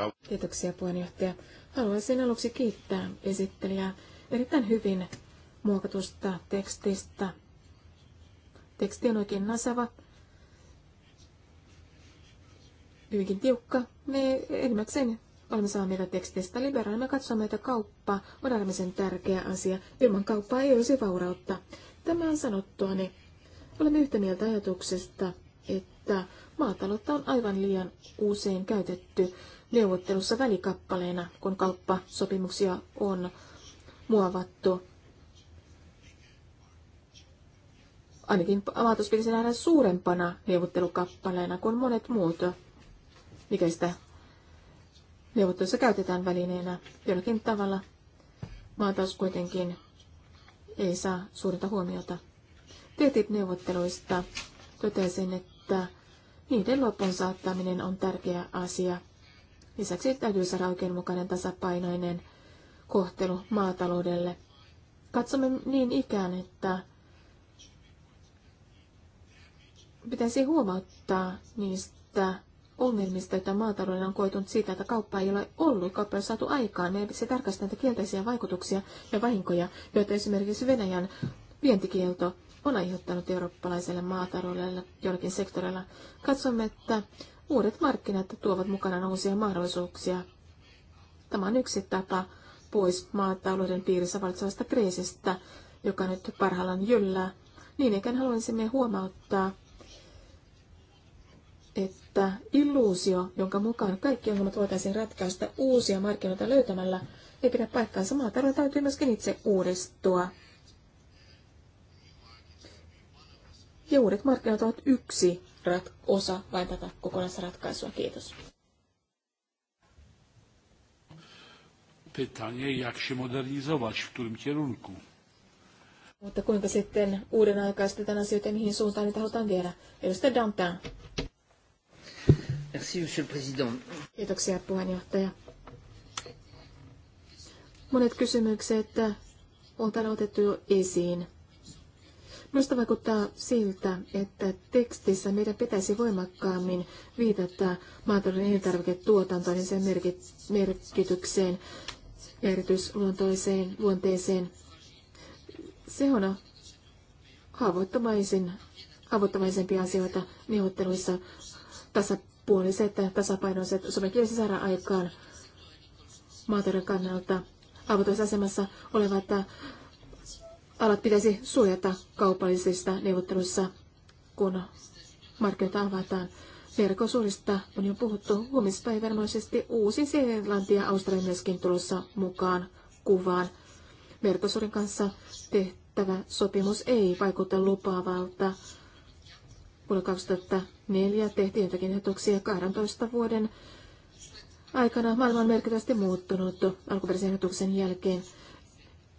Uh, Kiitoksia puheenjohtaja. Haluaisin aluksi kiittää esittelijää erittäin hyvin muokatusta tekstistä. Teksti on oikein nasava, hyvinkin tiukka. Me enimmäkseen olemme samaa mieltä tekstistä. Liberaalina katsomme, että kauppa on äärimmäisen tärkeä asia. Ilman kauppaa ei olisi vaurautta. Tämän sanottuani niin olemme yhtä mieltä ajatuksesta, että maataloutta on aivan liian usein käytetty neuvottelussa välikappaleena, kun kauppasopimuksia on muovattu. Ainakin maatalous pitäisi nähdä suurempana neuvottelukappaleena kuin monet muut, mikä sitä neuvottelussa käytetään välineenä. Jollakin tavalla maatalous kuitenkin ei saa suurta huomiota. TTIP-neuvotteluista totesin, että niiden loppuun saattaminen on tärkeä asia. Lisäksi täytyy saada oikeudenmukainen tasapainoinen kohtelu maataloudelle. Katsomme niin ikään, että pitäisi huomauttaa niistä ongelmista, joita maataloudella on koetunut siitä, että kauppa ei ole ollut, kauppa ei ole saatu aikaan. Meidän pitäisi tarkastaa näitä kielteisiä vaikutuksia ja vahinkoja, joita esimerkiksi Venäjän vientikielto on aiheuttanut eurooppalaiselle maataloudelle jollakin sektorilla. Katsomme, että uudet markkinat tuovat mukana uusia mahdollisuuksia. Tämä on yksi tapa pois maatalouden piirissä valitsevasta kriisistä, joka nyt parhaillaan jyllää. Niin ikään haluaisimme huomauttaa että illuusio, jonka mukaan kaikki ongelmat voitaisiin ratkaista uusia markkinoita löytämällä, ei pidä paikkaansa. Maatalo täytyy myöskin itse uudistua. Ja uudet markkinat ovat yksi rat- osa vain tätä kokonaisratkaisua. Kiitos. Pytanie, jak się modernizować, w którym kierunku? Mutta kuinka sitten uuden aikaistetaan asioita, mihin suuntaan niitä halutaan viedä? Edustaja Dantan. Merci, monsieur le président. Kiitoksia, puheenjohtaja. Monet kysymykset on täällä otettu jo esiin. Minusta vaikuttaa siltä, että tekstissä meidän pitäisi voimakkaammin viitata maatalouden elintarviketuotantoon ja sen merkitykseen ja erityisluontoiseen luonteeseen. Se on haavoittavaisempia asioita neuvotteluissa tasa, tasapuoliset, tasapainoiset sopimuksessa saada aikaan maatalouden kannalta. Avotuissa asemassa olevat äh, alat pitäisi suojata kaupallisista neuvotteluissa, kun markkinoita avataan. Verkosuurista on jo puhuttu huomispäivänmoisesti uusi Seelanti ja Australia myöskin tulossa mukaan kuvaan. Verkosuurin kanssa tehtävä sopimus ei vaikuta lupaavalta Vuonna 2004 tehtiin jotakin ehdotuksia 12 vuoden aikana. Maailma on merkittävästi muuttunut alkuperäisen ehdotuksen jälkeen.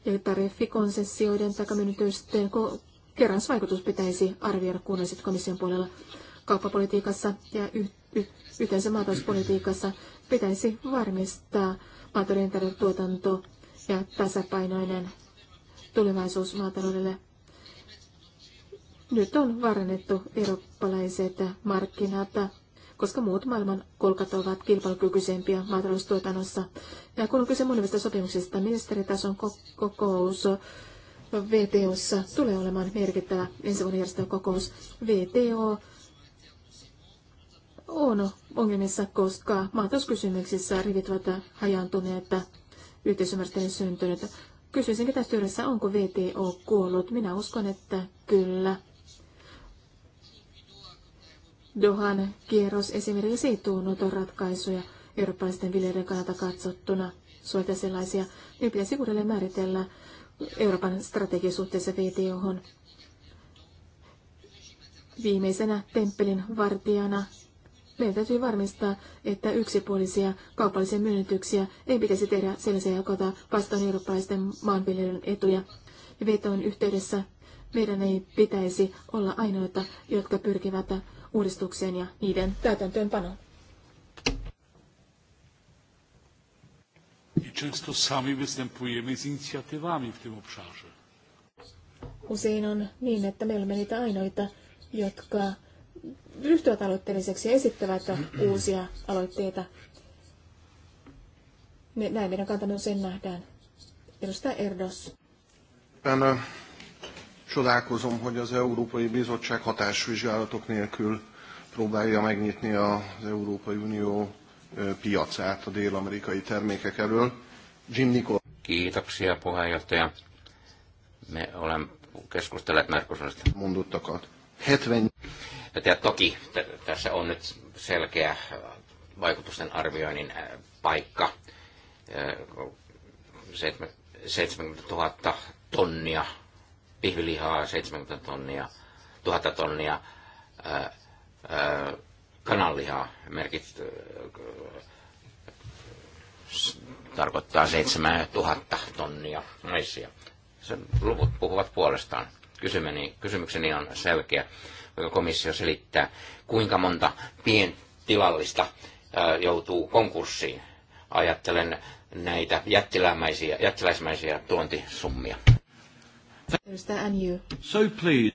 Ja tariffikonsessioiden takamynytysten kerransvaikutus pitäisi arvioida kunnalliset komission puolella kauppapolitiikassa ja y- y- yhteensä maatalouspolitiikassa pitäisi varmistaa maatalouden tuotanto ja tasapainoinen tulevaisuus maataloudelle. Nyt on varannettu eurooppalaiset markkinat, koska muut maailman kolkat ovat kilpailukykyisempiä maataloustuotannossa. Ja kun on kyse monivista sopimuksista, ministeritason kokous VTOssa tulee olemaan merkittävä ensi vuoden kokous. VTO on ongelmissa, koska maatalouskysymyksissä rivit ovat hajaantuneet, yhteisymmärrystä ei syntynyt. Kysyisin tässä työssä, onko VTO kuollut? Minä uskon, että kyllä. Dohan kierros esimerkiksi ei tuonut ratkaisuja eurooppalaisten viljelijöiden kannalta katsottuna Suolta sellaisia, niin pitäisi uudelleen määritellä Euroopan strategisuhteessa VTOhon. Viimeisenä temppelin vartijana meidän täytyy varmistaa, että yksipuolisia kaupallisia myönnytyksiä ei pitäisi tehdä sellaisia, jotka ottaa vastaan eurooppalaisten maanviljelijöiden etuja. vetoon yhteydessä meidän ei pitäisi olla ainoita, jotka pyrkivät uudistukseen ja niiden täytäntöönpanoon. I często sami występujemy z inicjatywami w tym obszarze. Usein on niin, että me olemme niitä ainoita, jotka ryhtyvät aloitteelliseksi ja esittävät uusia aloitteita. Me, näin meidän kantamme usein nähdään. Edustaja Erdos. Tänään Csodálkozom, hogy az Európai Bizottság hatásvizsgálatok nélkül próbálja megnyitni az Európai Unió piacát a dél-amerikai termékek elől. Jim Nicol. Kiitoksia puheenjohtaja. Me olem keskustelleet Mercosurista. Mondottakat. 70. Ja toki tässä on nyt selkeä vaikutusten arvioinnin paikka. 70 000 tonnia pihvilihaa 70 tonnia, 1000 tonnia, ää, ää, kananlihaa merkit, ää, tarkoittaa 7000 tonnia naisia. Sen luvut puhuvat puolestaan. Kysymeni, kysymykseni on selkeä, Voiko komissio selittää, kuinka monta pientilallista ää, joutuu konkurssiin. Ajattelen näitä jättiläismäisiä tuontisummia. So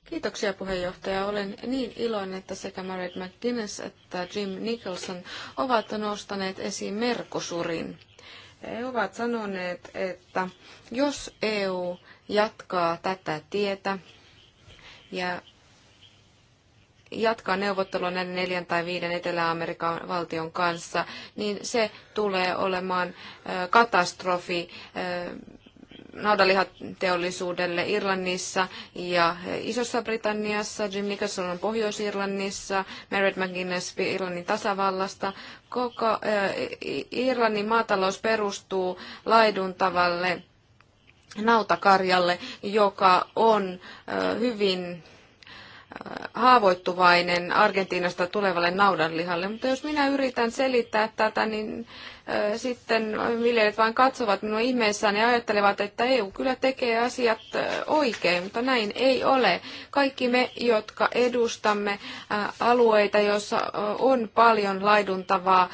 Kiitoksia puheenjohtaja. Olen niin iloinen, että sekä Margaret McGuinness että Jim Nicholson ovat nostaneet esiin Merkosurin. He ovat sanoneet, että jos EU jatkaa tätä tietä ja jatkaa neuvottelua näiden neljän tai viiden Etelä-Amerikan valtion kanssa, niin se tulee olemaan katastrofi naudanlihateollisuudelle Irlannissa ja Isossa Britanniassa, Jim Nicholson on Pohjois-Irlannissa, Merritt McGuinness Irlannin tasavallasta. Koko äh, Irlannin maatalous perustuu laiduntavalle nautakarjalle, joka on äh, hyvin haavoittuvainen Argentiinasta tulevalle naudanlihalle, mutta jos minä yritän selittää tätä, niin sitten viljelijät vain katsovat minua ihmeissään ja ajattelevat, että EU kyllä tekee asiat oikein, mutta näin ei ole. Kaikki me, jotka edustamme alueita, joissa on paljon laiduntavaa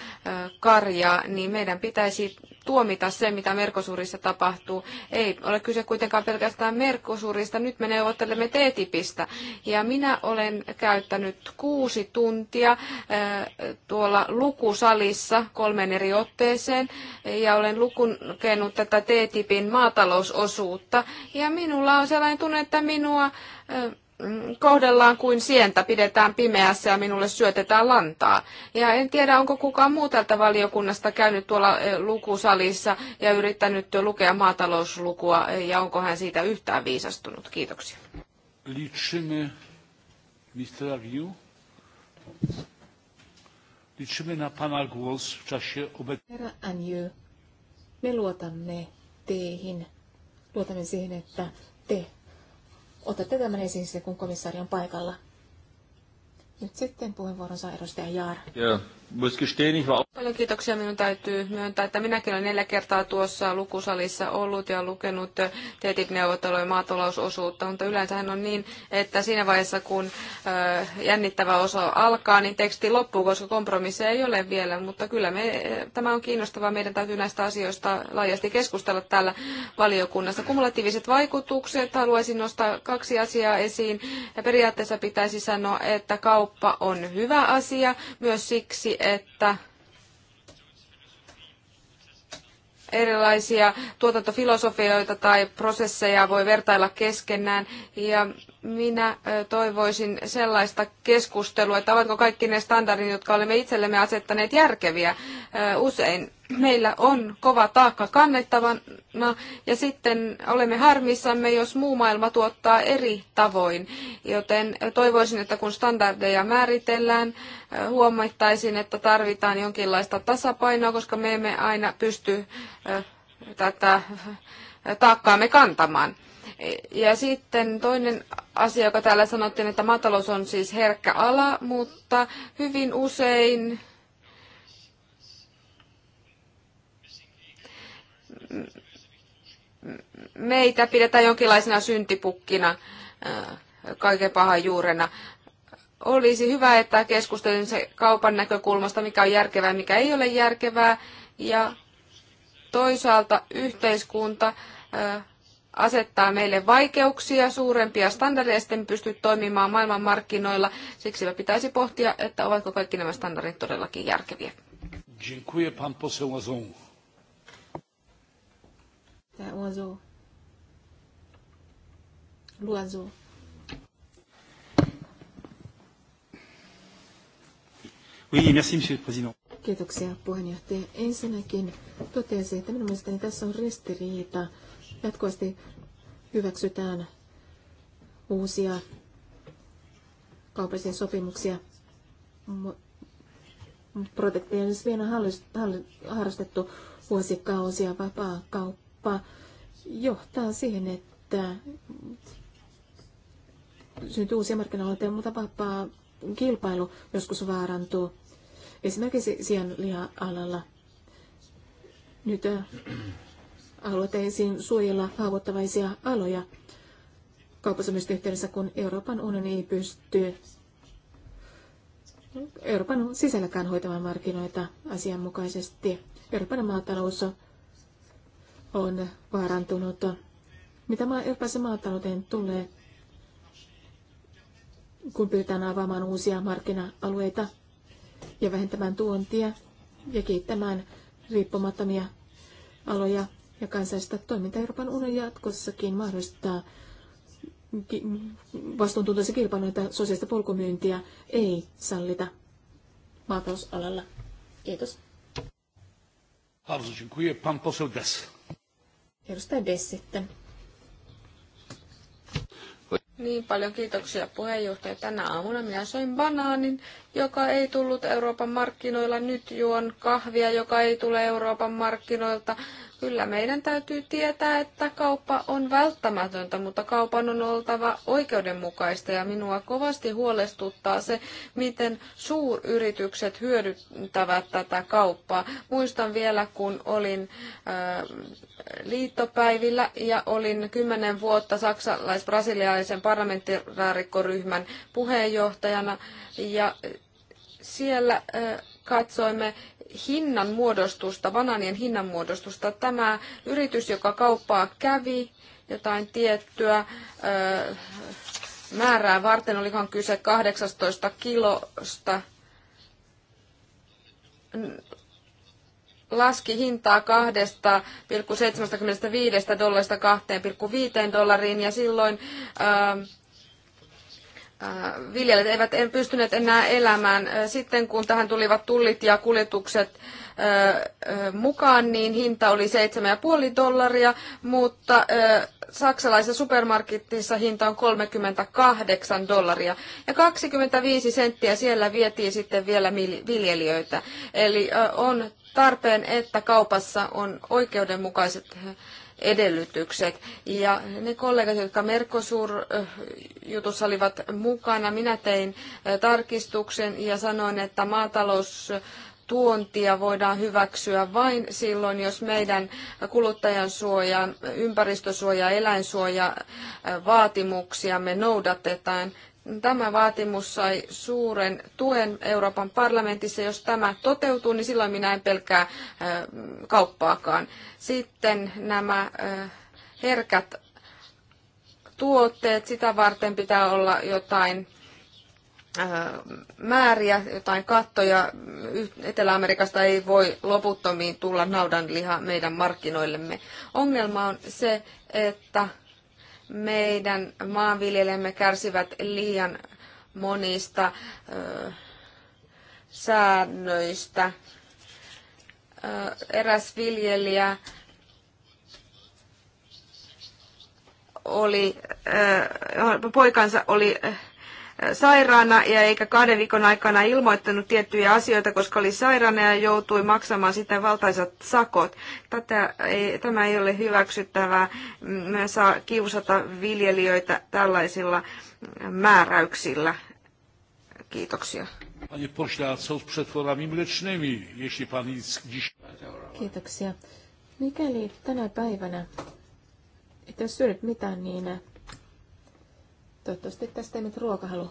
karjaa, niin meidän pitäisi tuomita se, mitä Merkosurissa tapahtuu. Ei ole kyse kuitenkaan pelkästään Merkosurista, nyt me neuvottelemme TTIPistä. Ja minä olen käyttänyt kuusi tuntia äh, tuolla lukusalissa kolmen eri otteeseen, ja olen lukenut tätä TTIPin maatalousosuutta. Ja minulla on sellainen tunne, että minua äh, kohdellaan kuin sientä, pidetään pimeässä ja minulle syötetään lantaa. Ja en tiedä, onko kukaan muu tältä valiokunnasta käynyt tuolla eh, lukusalissa ja yrittänyt lukea maatalouslukua, eh, ja onko hän siitä yhtään viisastunut. Kiitoksia. Liczymy, Mr. Agnew. na Pana głos w czasie Herra Agnew, me luotamme teihin. Luotamme siihen, että te Otatte tämän esiin sitten, kun komissaari on paikalla. Nyt sitten puheenvuoron saa edustaja Jaara. Yeah. Paljon kiitoksia. Minun täytyy myöntää, että minäkin olen neljä kertaa tuossa lukusalissa ollut ja lukenut TTIP-neuvottelujen maatalousosuutta, mutta yleensähän on niin, että siinä vaiheessa kun äh, jännittävä osa alkaa, niin teksti loppuu, koska kompromisseja ei ole vielä, mutta kyllä me, tämä on kiinnostavaa. Meidän täytyy näistä asioista laajasti keskustella täällä valiokunnassa. Kumulatiiviset vaikutukset, haluaisin nostaa kaksi asiaa esiin. ja Periaatteessa pitäisi sanoa, että kauppa kauppa on hyvä asia myös siksi, että erilaisia tuotantofilosofioita tai prosesseja voi vertailla keskenään. Ja minä toivoisin sellaista keskustelua, että ovatko kaikki ne standardit, jotka olemme itsellemme asettaneet järkeviä. Usein meillä on kova taakka kannettavana ja sitten olemme harmissamme, jos muu maailma tuottaa eri tavoin. Joten toivoisin, että kun standardeja määritellään, huomattaisin, että tarvitaan jonkinlaista tasapainoa, koska me emme aina pysty tätä taakkaamme kantamaan. Ja sitten toinen asia, joka täällä sanottiin, että maatalous on siis herkkä ala, mutta hyvin usein meitä pidetään jonkinlaisena syntipukkina äh, kaiken pahan juurena. Olisi hyvä, että keskustelisimme kaupan näkökulmasta, mikä on järkevää, mikä ei ole järkevää, ja toisaalta yhteiskunta äh, asettaa meille vaikeuksia, suurempia standardeja, sitten pysty toimimaan maailmanmarkkinoilla. Siksi me pitäisi pohtia, että ovatko kaikki nämä standardit todellakin järkeviä. Dziękuję pan poseł Ozon. L'oiseau. L'oiseau. Oui, merci, monsieur le président. Kiitoksia puheenjohtaja. Ensinnäkin totesin, että minun mielestäni tässä on ristiriita jatkuvasti hyväksytään uusia kaupallisia sopimuksia. Protektionismia on siis harrastettu vuosikausia vapaa kauppa johtaa siihen, että syntyy uusia markkinoita, mutta vapaa kilpailu joskus vaarantuu. Esimerkiksi sianliha-alalla. Nyt äh, haluatte ensin suojella haavoittavaisia aloja kauppasopimusten kun Euroopan unioni ei pysty Euroopan sisälläkään hoitamaan markkinoita asianmukaisesti. Euroopan maatalous on vaarantunut. Mitä Euroopan maatalouteen tulee, kun pyritään avaamaan uusia markkina-alueita ja vähentämään tuontia ja kiittämään riippumattomia aloja, ja kansallista toimintaa Euroopan unen jatkossakin mahdollistaa vastuuntuntoisen kilpailun, että sosiaalista polkumyyntiä ei sallita maatalousalalla. Kiitos. Edustaja Dess sitten. Niin paljon kiitoksia puheenjohtaja. Tänä aamuna minä soin banaanin, joka ei tullut Euroopan markkinoilla. Nyt juon kahvia, joka ei tule Euroopan markkinoilta. Kyllä meidän täytyy tietää, että kauppa on välttämätöntä, mutta kaupan on oltava oikeudenmukaista ja minua kovasti huolestuttaa se, miten suuryritykset hyödyttävät tätä kauppaa. Muistan vielä, kun olin äh, liittopäivillä ja olin kymmenen vuotta saksalais-brasilialaisen parlamenttiraarikkoryhmän puheenjohtajana ja siellä äh, katsoimme hinnan muodostusta, banaanien hinnan muodostusta. Tämä yritys, joka kauppaa kävi jotain tiettyä ö, määrää varten, olikohan kyse 18 kilosta, laski hintaa 2,75 dollarista 2,5 dollariin ja silloin ö, Äh, viljelijät eivät en pystyneet enää elämään. Äh, sitten kun tähän tulivat tullit ja kuljetukset äh, mukaan, niin hinta oli 7,5 dollaria, mutta saksalaisessa supermarketissa hinta on 38 dollaria. Ja 25 senttiä siellä vietiin sitten vielä viljelijöitä. Eli on tarpeen, että kaupassa on oikeudenmukaiset edellytykset. Ja ne kollegat, jotka merkosur jutussa olivat mukana, minä tein tarkistuksen ja sanoin, että maatalous tuontia voidaan hyväksyä vain silloin, jos meidän kuluttajan suoja, ympäristösuoja, eläinsuoja vaatimuksiamme noudatetaan. Tämä vaatimus sai suuren tuen Euroopan parlamentissa. Jos tämä toteutuu, niin silloin minä en pelkää kauppaakaan. Sitten nämä herkät tuotteet, sitä varten pitää olla jotain määriä, jotain kattoja. Etelä-Amerikasta ei voi loputtomiin tulla naudanliha meidän markkinoillemme. Ongelma on se, että meidän maanviljelijämme kärsivät liian monista ö, säännöistä. Ö, eräs viljelijä oli, ö, poikansa oli sairaana ja eikä kahden viikon aikana ilmoittanut tiettyjä asioita, koska oli sairaana ja joutui maksamaan sitten valtaisat sakot. Tätä ei, tämä ei ole hyväksyttävää. Me saa kiusata viljelijöitä tällaisilla määräyksillä. Kiitoksia. Kiitoksia. Mikäli tänä päivänä, että jos syödyt mitään, niin Toivottavasti tästä ei nyt ruokahalu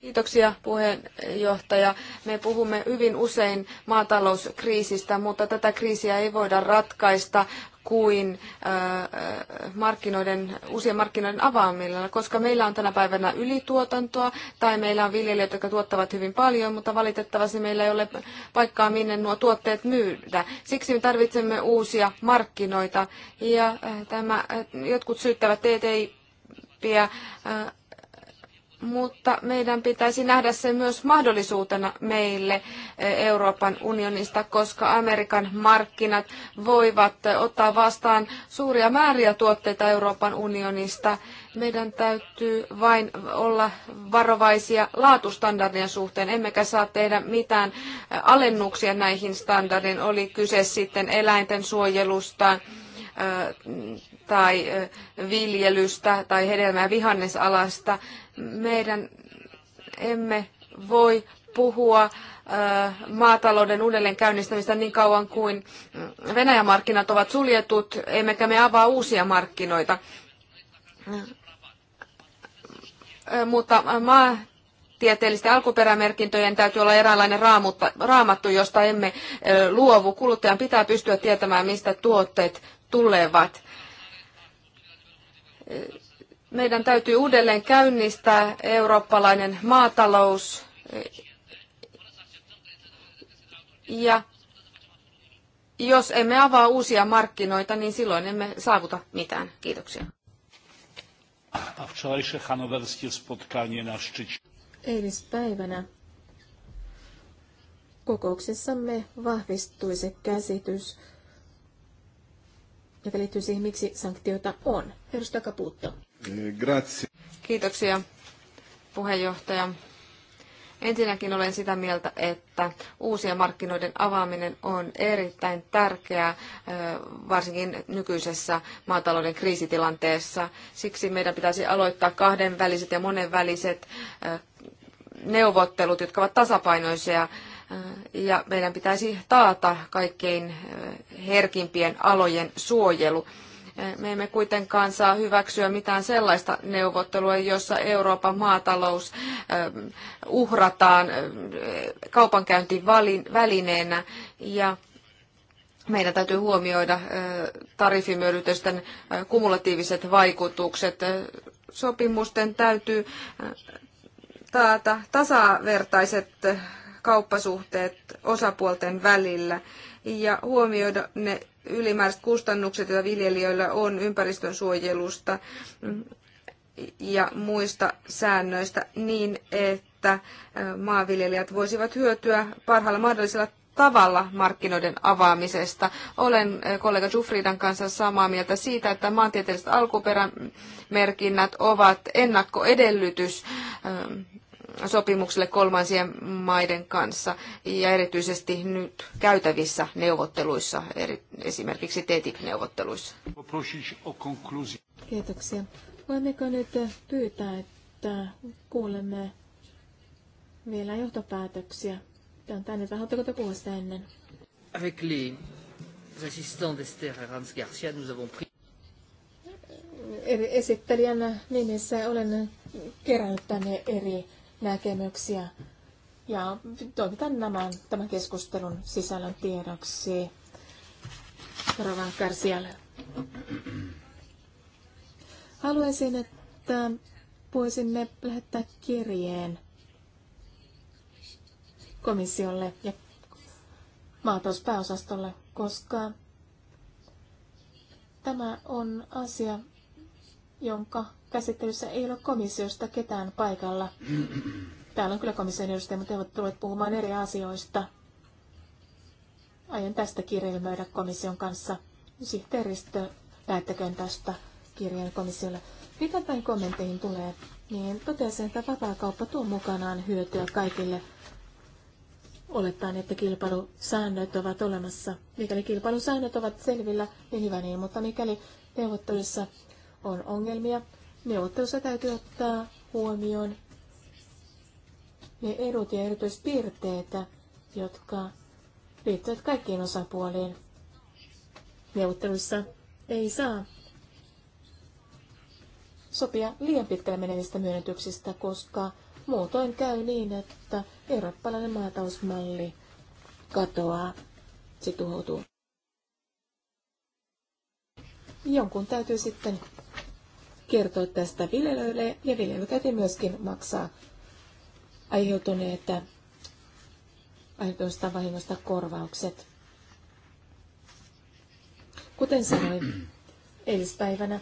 Kiitoksia puheenjohtaja. Me puhumme hyvin usein maatalouskriisistä, mutta tätä kriisiä ei voida ratkaista kuin äh, äh, markkinoiden, uusien markkinoiden avaamilla, koska meillä on tänä päivänä ylituotantoa tai meillä on viljelijöitä, jotka tuottavat hyvin paljon, mutta valitettavasti meillä ei ole paikkaa, minne nuo tuotteet myydä. Siksi me tarvitsemme uusia markkinoita ja äh, tämä, jotkut syyttävät TTIPiä mutta meidän pitäisi nähdä se myös mahdollisuutena meille eh, Euroopan unionista, koska Amerikan markkinat voivat eh, ottaa vastaan suuria määriä tuotteita Euroopan unionista. Meidän täytyy vain olla varovaisia laatustandardien suhteen, emmekä saa tehdä mitään eh, alennuksia näihin standardiin, oli kyse sitten eläinten suojelusta, tai viljelystä tai hedelmä- ja vihannesalasta. Meidän emme voi puhua maatalouden uudelleen käynnistämistä niin kauan kuin Venäjän markkinat ovat suljetut, emmekä me avaa uusia markkinoita. Mutta maatieteellisten alkuperämerkintöjen täytyy olla eräänlainen raamattu, josta emme luovu. Kuluttajan pitää pystyä tietämään, mistä tuotteet tulevat. Meidän täytyy uudelleen käynnistää eurooppalainen maatalous ja jos emme avaa uusia markkinoita, niin silloin emme saavuta mitään. Kiitoksia. Eilispäivänä kokouksessamme vahvistui se käsitys, joka liittyy siihen, miksi sanktioita on. Edustaja Caputo. Eh, grazie. Kiitoksia, puheenjohtaja. Ensinnäkin olen sitä mieltä, että uusien markkinoiden avaaminen on erittäin tärkeää, eh, varsinkin nykyisessä maatalouden kriisitilanteessa. Siksi meidän pitäisi aloittaa kahdenväliset ja monenväliset eh, neuvottelut, jotka ovat tasapainoisia, ja meidän pitäisi taata kaikkein herkimpien alojen suojelu. Me emme kuitenkaan saa hyväksyä mitään sellaista neuvottelua, jossa Euroopan maatalous uhrataan kaupankäyntivälineenä ja meidän täytyy huomioida tarifimyödytysten kumulatiiviset vaikutukset. Sopimusten täytyy taata tasavertaiset kauppasuhteet osapuolten välillä ja huomioida ne ylimääräiset kustannukset, joita viljelijöillä on ympäristönsuojelusta ja muista säännöistä niin, että maanviljelijät voisivat hyötyä parhaalla mahdollisella tavalla markkinoiden avaamisesta. Olen kollega Jufridan kanssa samaa mieltä siitä, että maantieteelliset alkuperämerkinnät ovat ennakkoedellytys sopimukselle kolmansien maiden kanssa ja erityisesti nyt käytävissä neuvotteluissa, esimerkiksi TTIP-neuvotteluissa. Kiitoksia. Voimmeko nyt pyytää, että kuulemme vielä johtopäätöksiä? Tämä on tänne, haluatteko te puhua sitä ennen? Avec les assistants d'Esther Garcia, nous avons pris eri esittelijän nimissä olen kerännyt tänne eri näkemyksiä ja toimitan nämä, tämän keskustelun sisällön tiedoksi Ravan Kärsijälle. Haluaisin, että voisimme lähettää kirjeen komissiolle ja maatalouspääosastolle, koska tämä on asia, jonka käsittelyssä ei ole komissiosta ketään paikalla. Täällä on kyllä komission edustaja, mutta he ovat tulleet puhumaan eri asioista. Aion tästä kirjelmöidä komission kanssa. Sihteeristö päättäköön tästä kirjeen komissiolle. Mitä päin kommentteihin tulee, niin totesin, että vapaakauppa tuo mukanaan hyötyä kaikille olettaen, että kilpailusäännöt ovat olemassa. Mikäli kilpailusäännöt ovat selvillä, niin hyvä niin, mutta mikäli neuvottelussa on ongelmia, Neuvottelussa täytyy ottaa huomioon ne edut ja erityispiirteitä, jotka liittyvät kaikkiin osapuoliin. Neuvotteluissa ei saa sopia liian pitkälle menevistä myönnytyksistä, koska muutoin käy niin, että eurooppalainen maatausmalli katoaa, se tuhoutuu. Jonkun täytyy sitten kertoa tästä viljelijöille ja viljelykäti myöskin maksaa aiheutuneita aiheutuneista vahingosta korvaukset. Kuten sanoin eilispäivänä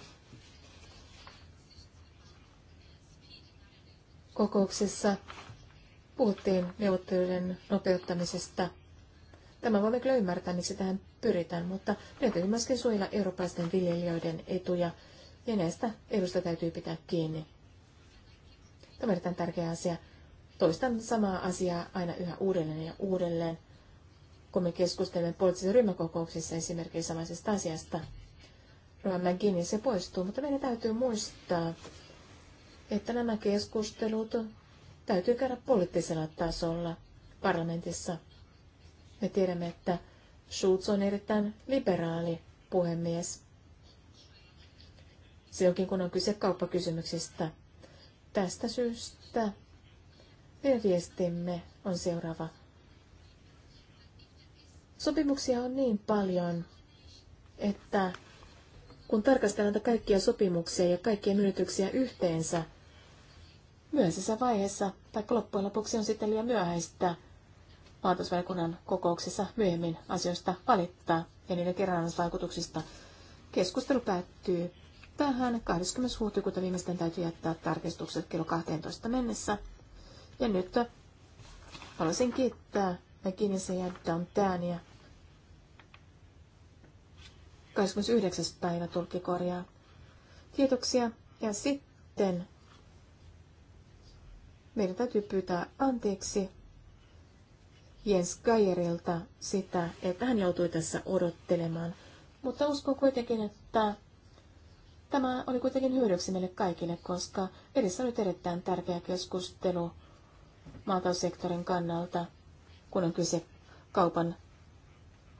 kokouksessa puhuttiin neuvottelujen nopeuttamisesta. Tämä voimme kyllä ymmärtää, miksi tähän pyritään, mutta täytyy myöskin suojella eurooppalaisten viljelijöiden etuja ja näistä edusta täytyy pitää kiinni. Tämä on erittäin tärkeä asia. Toistan samaa asiaa aina yhä uudelleen ja uudelleen, kun me keskustelemme poliittisissa ryhmäkokouksissa esimerkiksi samaisesta asiasta. Ryhmän kiinni se poistuu, mutta meidän täytyy muistaa, että nämä keskustelut täytyy käydä poliittisella tasolla parlamentissa. Me tiedämme, että Schulz on erittäin liberaali puhemies silloinkin kun on kyse kauppakysymyksistä. Tästä syystä meidän viestimme on seuraava. Sopimuksia on niin paljon, että kun tarkastellaan kaikkia sopimuksia ja kaikkia yrityksiä yhteensä, myöhäisessä vaiheessa tai loppujen lopuksi on sitten liian myöhäistä maatalousvaliokunnan kokouksessa myöhemmin asioista valittaa ja niiden kerrannaisvaikutuksista. Keskustelu päättyy Tähän 20. huhtikuuta viimeisten täytyy jättää tarkistukset kello 12 mennessä. Ja nyt haluaisin kiittää McKinsey ja Downtownia. 29. päivä tulkki korjaa. Kiitoksia. Ja sitten meidän täytyy pyytää anteeksi Jens Kajerilta sitä, että hän joutui tässä odottelemaan. Mutta uskon kuitenkin, että Tämä oli kuitenkin hyödyksi meille kaikille, koska edessä on nyt erittäin tärkeä keskustelu maataussektorin kannalta, kun on kyse kaupan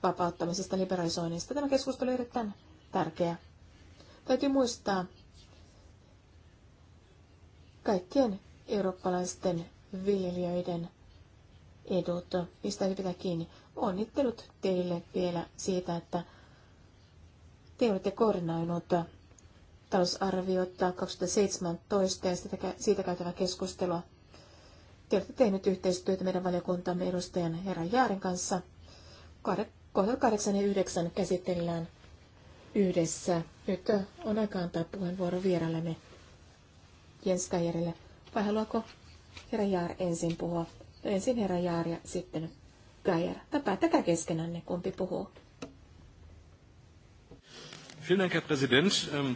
vapauttamisesta, liberalisoinnista. Tämä keskustelu on erittäin tärkeä. Täytyy muistaa kaikkien eurooppalaisten viljelijöiden edut. Mistä pitää kiinni? Onnittelut teille vielä siitä, että te olette koordinoinut talousarviota 2017 ja siitä käytävä keskustelua. Te olette tehneet yhteistyötä meidän valiokuntamme edustajan herran Jaaren kanssa. Kohdat 8 ja 9 käsitellään yhdessä. Nyt on aika antaa puheenvuoro vierallemme Jens Kajerille. Vai haluaako herra Jaar ensin puhua? Ensin herra Jaar ja sitten Kajer. Tai päättäkää keskenänne, kumpi puhuu. Vielen Dank, Herr Präsident. Ähm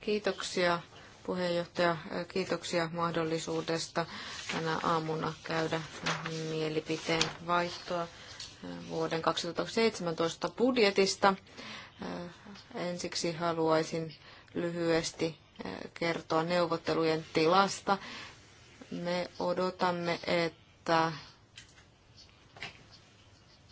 Kiitoksia puheenjohtaja, kiitoksia mahdollisuudesta tänä aamuna käydä mielipiteen vaihtoa vuoden 2017 budjetista. Ensiksi haluaisin lyhyesti kertoa neuvottelujen tilasta. Me odotamme, että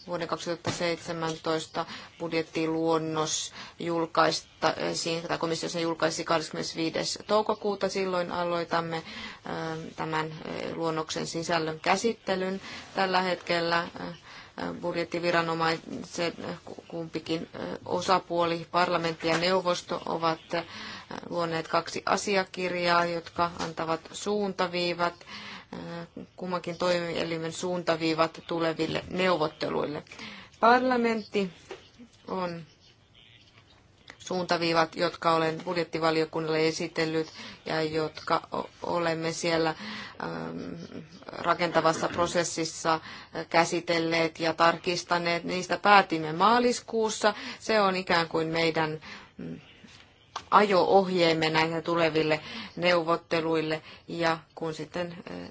vuoden 2017 budjettiluonnos julkaista, eh, tai komissiossa julkaisi 25. toukokuuta. Silloin aloitamme ähm, tämän eh, luonnoksen sisällön käsittelyn. Tällä hetkellä eh, budjettiviranomaiset, kumpikin osapuoli, parlamentti ja neuvosto ovat luoneet kaksi asiakirjaa, jotka antavat suuntaviivat kummankin toimielimen suuntaviivat tuleville neuvotteluille. Parlamentti on suuntaviivat, jotka olen budjettivaliokunnalle esitellyt ja jotka olemme siellä ähm, rakentavassa prosessissa käsitelleet ja tarkistaneet. Niistä päätimme maaliskuussa. Se on ikään kuin meidän mm, ajo-ohjeemme näille tuleville neuvotteluille. Ja kun sitten eh,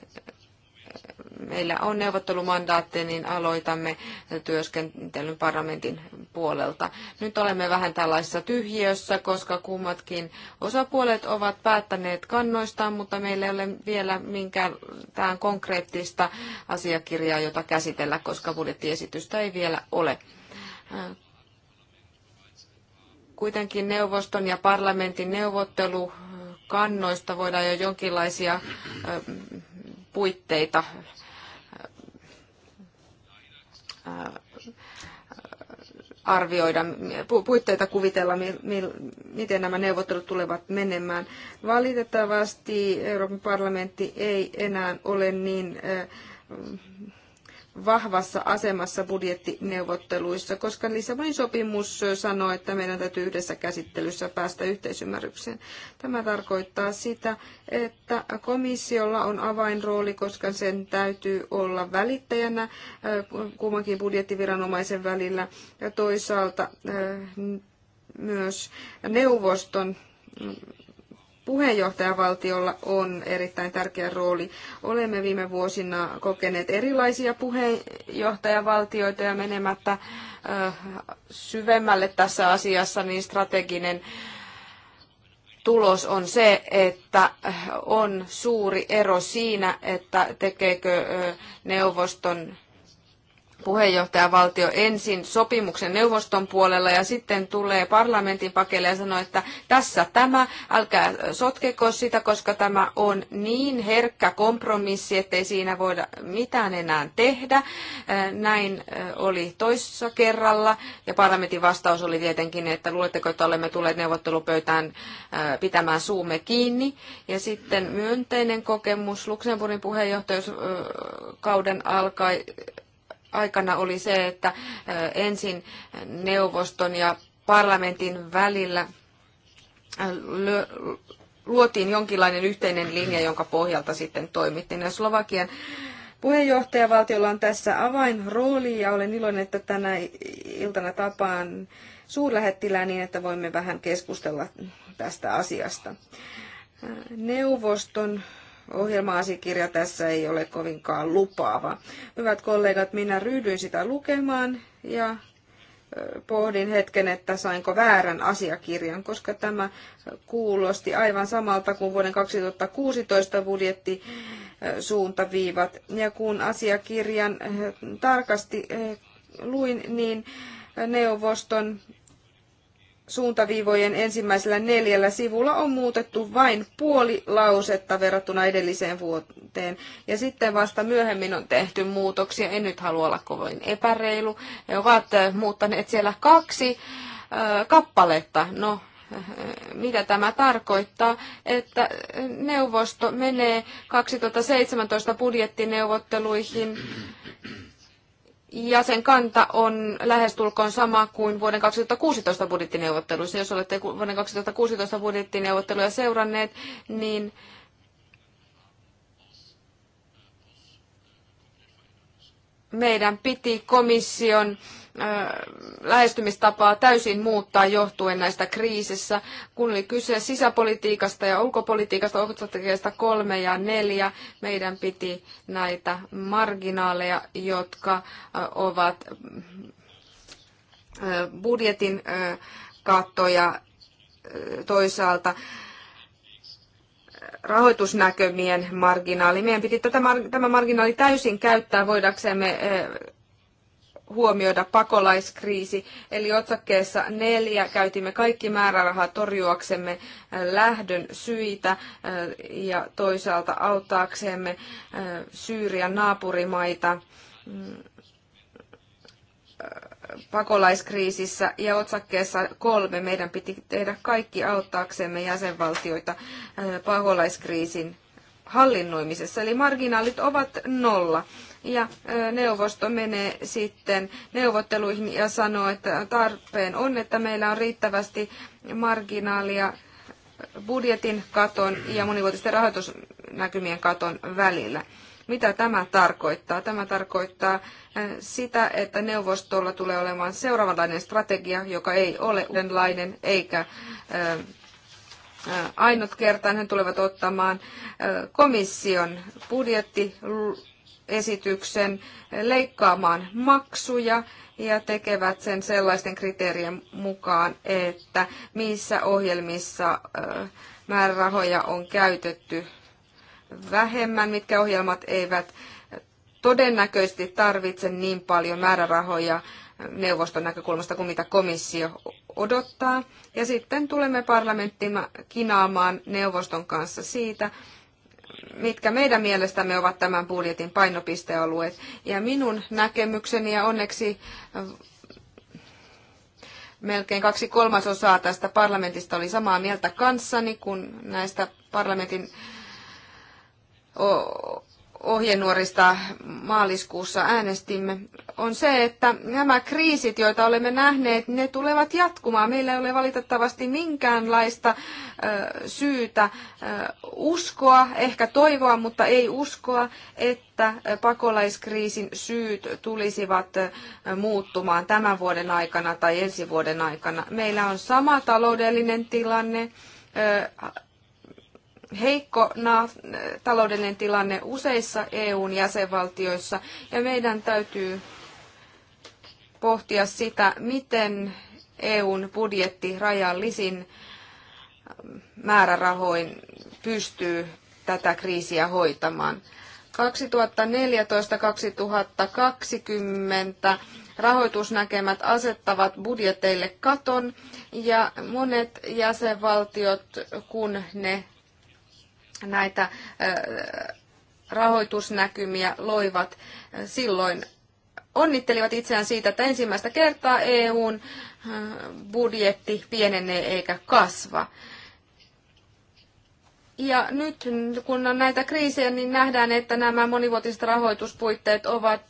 meillä on neuvottelumandaatti, niin aloitamme työskentelyn parlamentin puolelta. Nyt olemme vähän tällaisessa tyhjiössä, koska kummatkin osapuolet ovat päättäneet kannoistaan, mutta meillä ei ole vielä minkään konkreettista asiakirjaa, jota käsitellä, koska budjettiesitystä ei vielä ole. Kuitenkin neuvoston ja parlamentin neuvottelukannoista voidaan jo jonkinlaisia ähm, puitteita äh, arvioida, puitteita kuvitella, miten nämä neuvottelut tulevat menemään. Valitettavasti Euroopan parlamentti ei enää ole niin äh, vahvassa asemassa budjettineuvotteluissa, koska Lissabonin sopimus sanoo, että meidän täytyy yhdessä käsittelyssä päästä yhteisymmärrykseen. Tämä tarkoittaa sitä, että komissiolla on avainrooli, koska sen täytyy olla välittäjänä äh, kummankin budjettiviranomaisen välillä ja toisaalta äh, myös neuvoston puheenjohtajavaltiolla on erittäin tärkeä rooli. Olemme viime vuosina kokeneet erilaisia puheenjohtajavaltioita ja menemättä äh, syvemmälle tässä asiassa, niin strateginen tulos on se, että äh, on suuri ero siinä, että tekeekö äh, neuvoston puheenjohtajavaltio ensin sopimuksen neuvoston puolella ja sitten tulee parlamentin pakelle ja sanoo, että tässä tämä, älkää sotkeko sitä, koska tämä on niin herkkä kompromissi, ettei siinä voida mitään enää tehdä. Näin oli toissa kerralla ja parlamentin vastaus oli tietenkin, että luuletteko, että olemme tulleet neuvottelupöytään pitämään suumme kiinni. Ja sitten myönteinen kokemus Luxemburgin puheenjohtajuuskauden alkaa aikana oli se, että ensin neuvoston ja parlamentin välillä luotiin jonkinlainen yhteinen linja, jonka pohjalta sitten toimittiin. Ja Slovakian puheenjohtajavaltiolla on tässä avainrooli ja olen iloinen, että tänä iltana tapaan suurlähettilää niin, että voimme vähän keskustella tästä asiasta. Neuvoston ohjelma-asiakirja tässä ei ole kovinkaan lupaava. Hyvät kollegat, minä ryhdyin sitä lukemaan ja pohdin hetken, että sainko väärän asiakirjan, koska tämä kuulosti aivan samalta kuin vuoden 2016 budjetti suuntaviivat. Ja kun asiakirjan tarkasti luin, niin neuvoston suuntaviivojen ensimmäisellä neljällä sivulla on muutettu vain puoli lausetta verrattuna edelliseen vuoteen. Ja sitten vasta myöhemmin on tehty muutoksia. En nyt halua olla kovin epäreilu. He ovat muuttaneet siellä kaksi äh, kappaletta. No, äh, mitä tämä tarkoittaa, että neuvosto menee 2017 budjettineuvotteluihin ja sen kanta on lähestulkoon sama kuin vuoden 2016 budjettineuvotteluissa. Jos olette vuoden 2016 budjettineuvotteluja seuranneet, niin meidän piti komission lähestymistapaa täysin muuttaa johtuen näistä kriisissä. Kun oli kyse sisäpolitiikasta ja ulkopolitiikasta, ohjelmastrategiasta kolme ja neljä, meidän piti näitä marginaaleja, jotka ovat budjetin kattoja toisaalta rahoitusnäkömien marginaali. Meidän piti tämä marginaali täysin käyttää voidaksemme huomioida pakolaiskriisi. Eli otsakkeessa neljä käytimme kaikki määrärahat torjuaksemme äh, lähdön syitä äh, ja toisaalta auttaaksemme äh, Syyrian naapurimaita mm, pakolaiskriisissä ja otsakkeessa kolme meidän piti tehdä kaikki auttaaksemme jäsenvaltioita pakolaiskriisin hallinnoimisessa. Eli marginaalit ovat nolla ja neuvosto menee sitten neuvotteluihin ja sanoo, että tarpeen on, että meillä on riittävästi marginaalia budjetin katon ja monivuotisten rahoitusnäkymien katon välillä. Mitä tämä tarkoittaa? Tämä tarkoittaa sitä, että neuvostolla tulee olemaan seuraavanlainen strategia, joka ei ole uudenlainen eikä ainutkertainen. He tulevat ottamaan komission budjetti esityksen leikkaamaan maksuja ja tekevät sen sellaisten kriteerien mukaan, että missä ohjelmissa määrärahoja on käytetty vähemmän, mitkä ohjelmat eivät todennäköisesti tarvitse niin paljon määrärahoja neuvoston näkökulmasta kuin mitä komissio odottaa. Ja sitten tulemme parlamenttiin kinaamaan neuvoston kanssa siitä, mitkä meidän mielestämme ovat tämän budjetin painopistealueet. Ja minun näkemykseni ja onneksi äh, melkein kaksi kolmasosaa tästä parlamentista oli samaa mieltä kanssani, kun näistä parlamentin ohjenuorista maaliskuussa äänestimme, on se, että nämä kriisit, joita olemme nähneet, ne tulevat jatkumaan. Meillä ei ole valitettavasti minkäänlaista syytä uskoa, ehkä toivoa, mutta ei uskoa, että pakolaiskriisin syyt tulisivat muuttumaan tämän vuoden aikana tai ensi vuoden aikana. Meillä on sama taloudellinen tilanne heikko taloudellinen tilanne useissa EUn jäsenvaltioissa ja meidän täytyy pohtia sitä, miten EUn budjetti rajallisin ähm, määrärahoin pystyy tätä kriisiä hoitamaan. 2014-2020 rahoitusnäkemät asettavat budjeteille katon ja monet jäsenvaltiot, kun ne näitä rahoitusnäkymiä loivat, silloin onnittelivat itseään siitä, että ensimmäistä kertaa EUn budjetti pienenee eikä kasva. Ja nyt kun on näitä kriisejä, niin nähdään, että nämä monivuotiset rahoituspuitteet ovat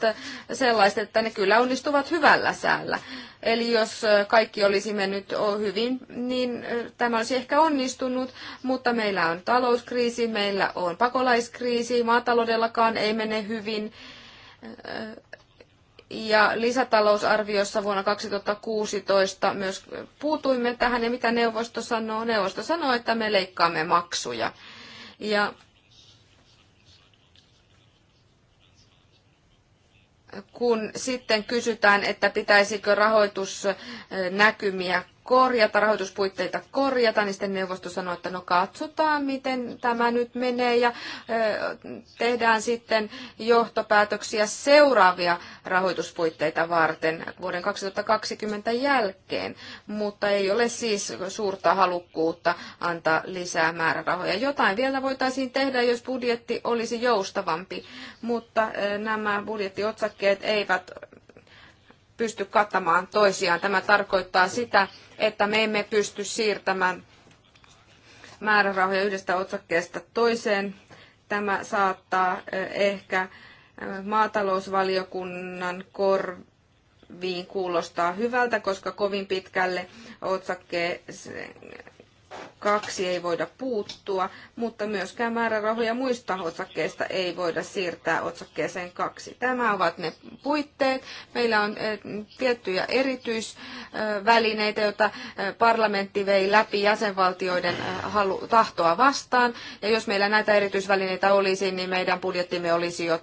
sellaiset, että ne kyllä onnistuvat hyvällä säällä. Eli jos kaikki olisi mennyt hyvin, niin tämä olisi ehkä onnistunut, mutta meillä on talouskriisi, meillä on pakolaiskriisi, maataloudellakaan ei mene hyvin ja lisätalousarviossa vuonna 2016 myös puutuimme tähän. Ja mitä neuvosto sanoo? Neuvosto sanoo, että me leikkaamme maksuja. Ja kun sitten kysytään, että pitäisikö rahoitusnäkymiä korjata, rahoituspuitteita korjata, niin sitten neuvosto sanoi, että no katsotaan, miten tämä nyt menee ja tehdään sitten johtopäätöksiä seuraavia rahoituspuitteita varten vuoden 2020 jälkeen, mutta ei ole siis suurta halukkuutta antaa lisää määrärahoja. Jotain vielä voitaisiin tehdä, jos budjetti olisi joustavampi, mutta nämä budjettiotsakkeet eivät pysty kattamaan toisiaan. Tämä tarkoittaa sitä, että me emme pysty siirtämään määrärahoja yhdestä otsakkeesta toiseen. Tämä saattaa ehkä maatalousvaliokunnan korviin kuulostaa hyvältä, koska kovin pitkälle otsakkeeseen kaksi ei voida puuttua, mutta myöskään määrärahoja muista otsakkeista ei voida siirtää otsakkeeseen kaksi. Tämä ovat ne puitteet. Meillä on eh, tiettyjä erityisvälineitä, joita eh, parlamentti vei läpi jäsenvaltioiden eh, tahtoa vastaan. Ja jos meillä näitä erityisvälineitä olisi, niin meidän budjettimme olisi jo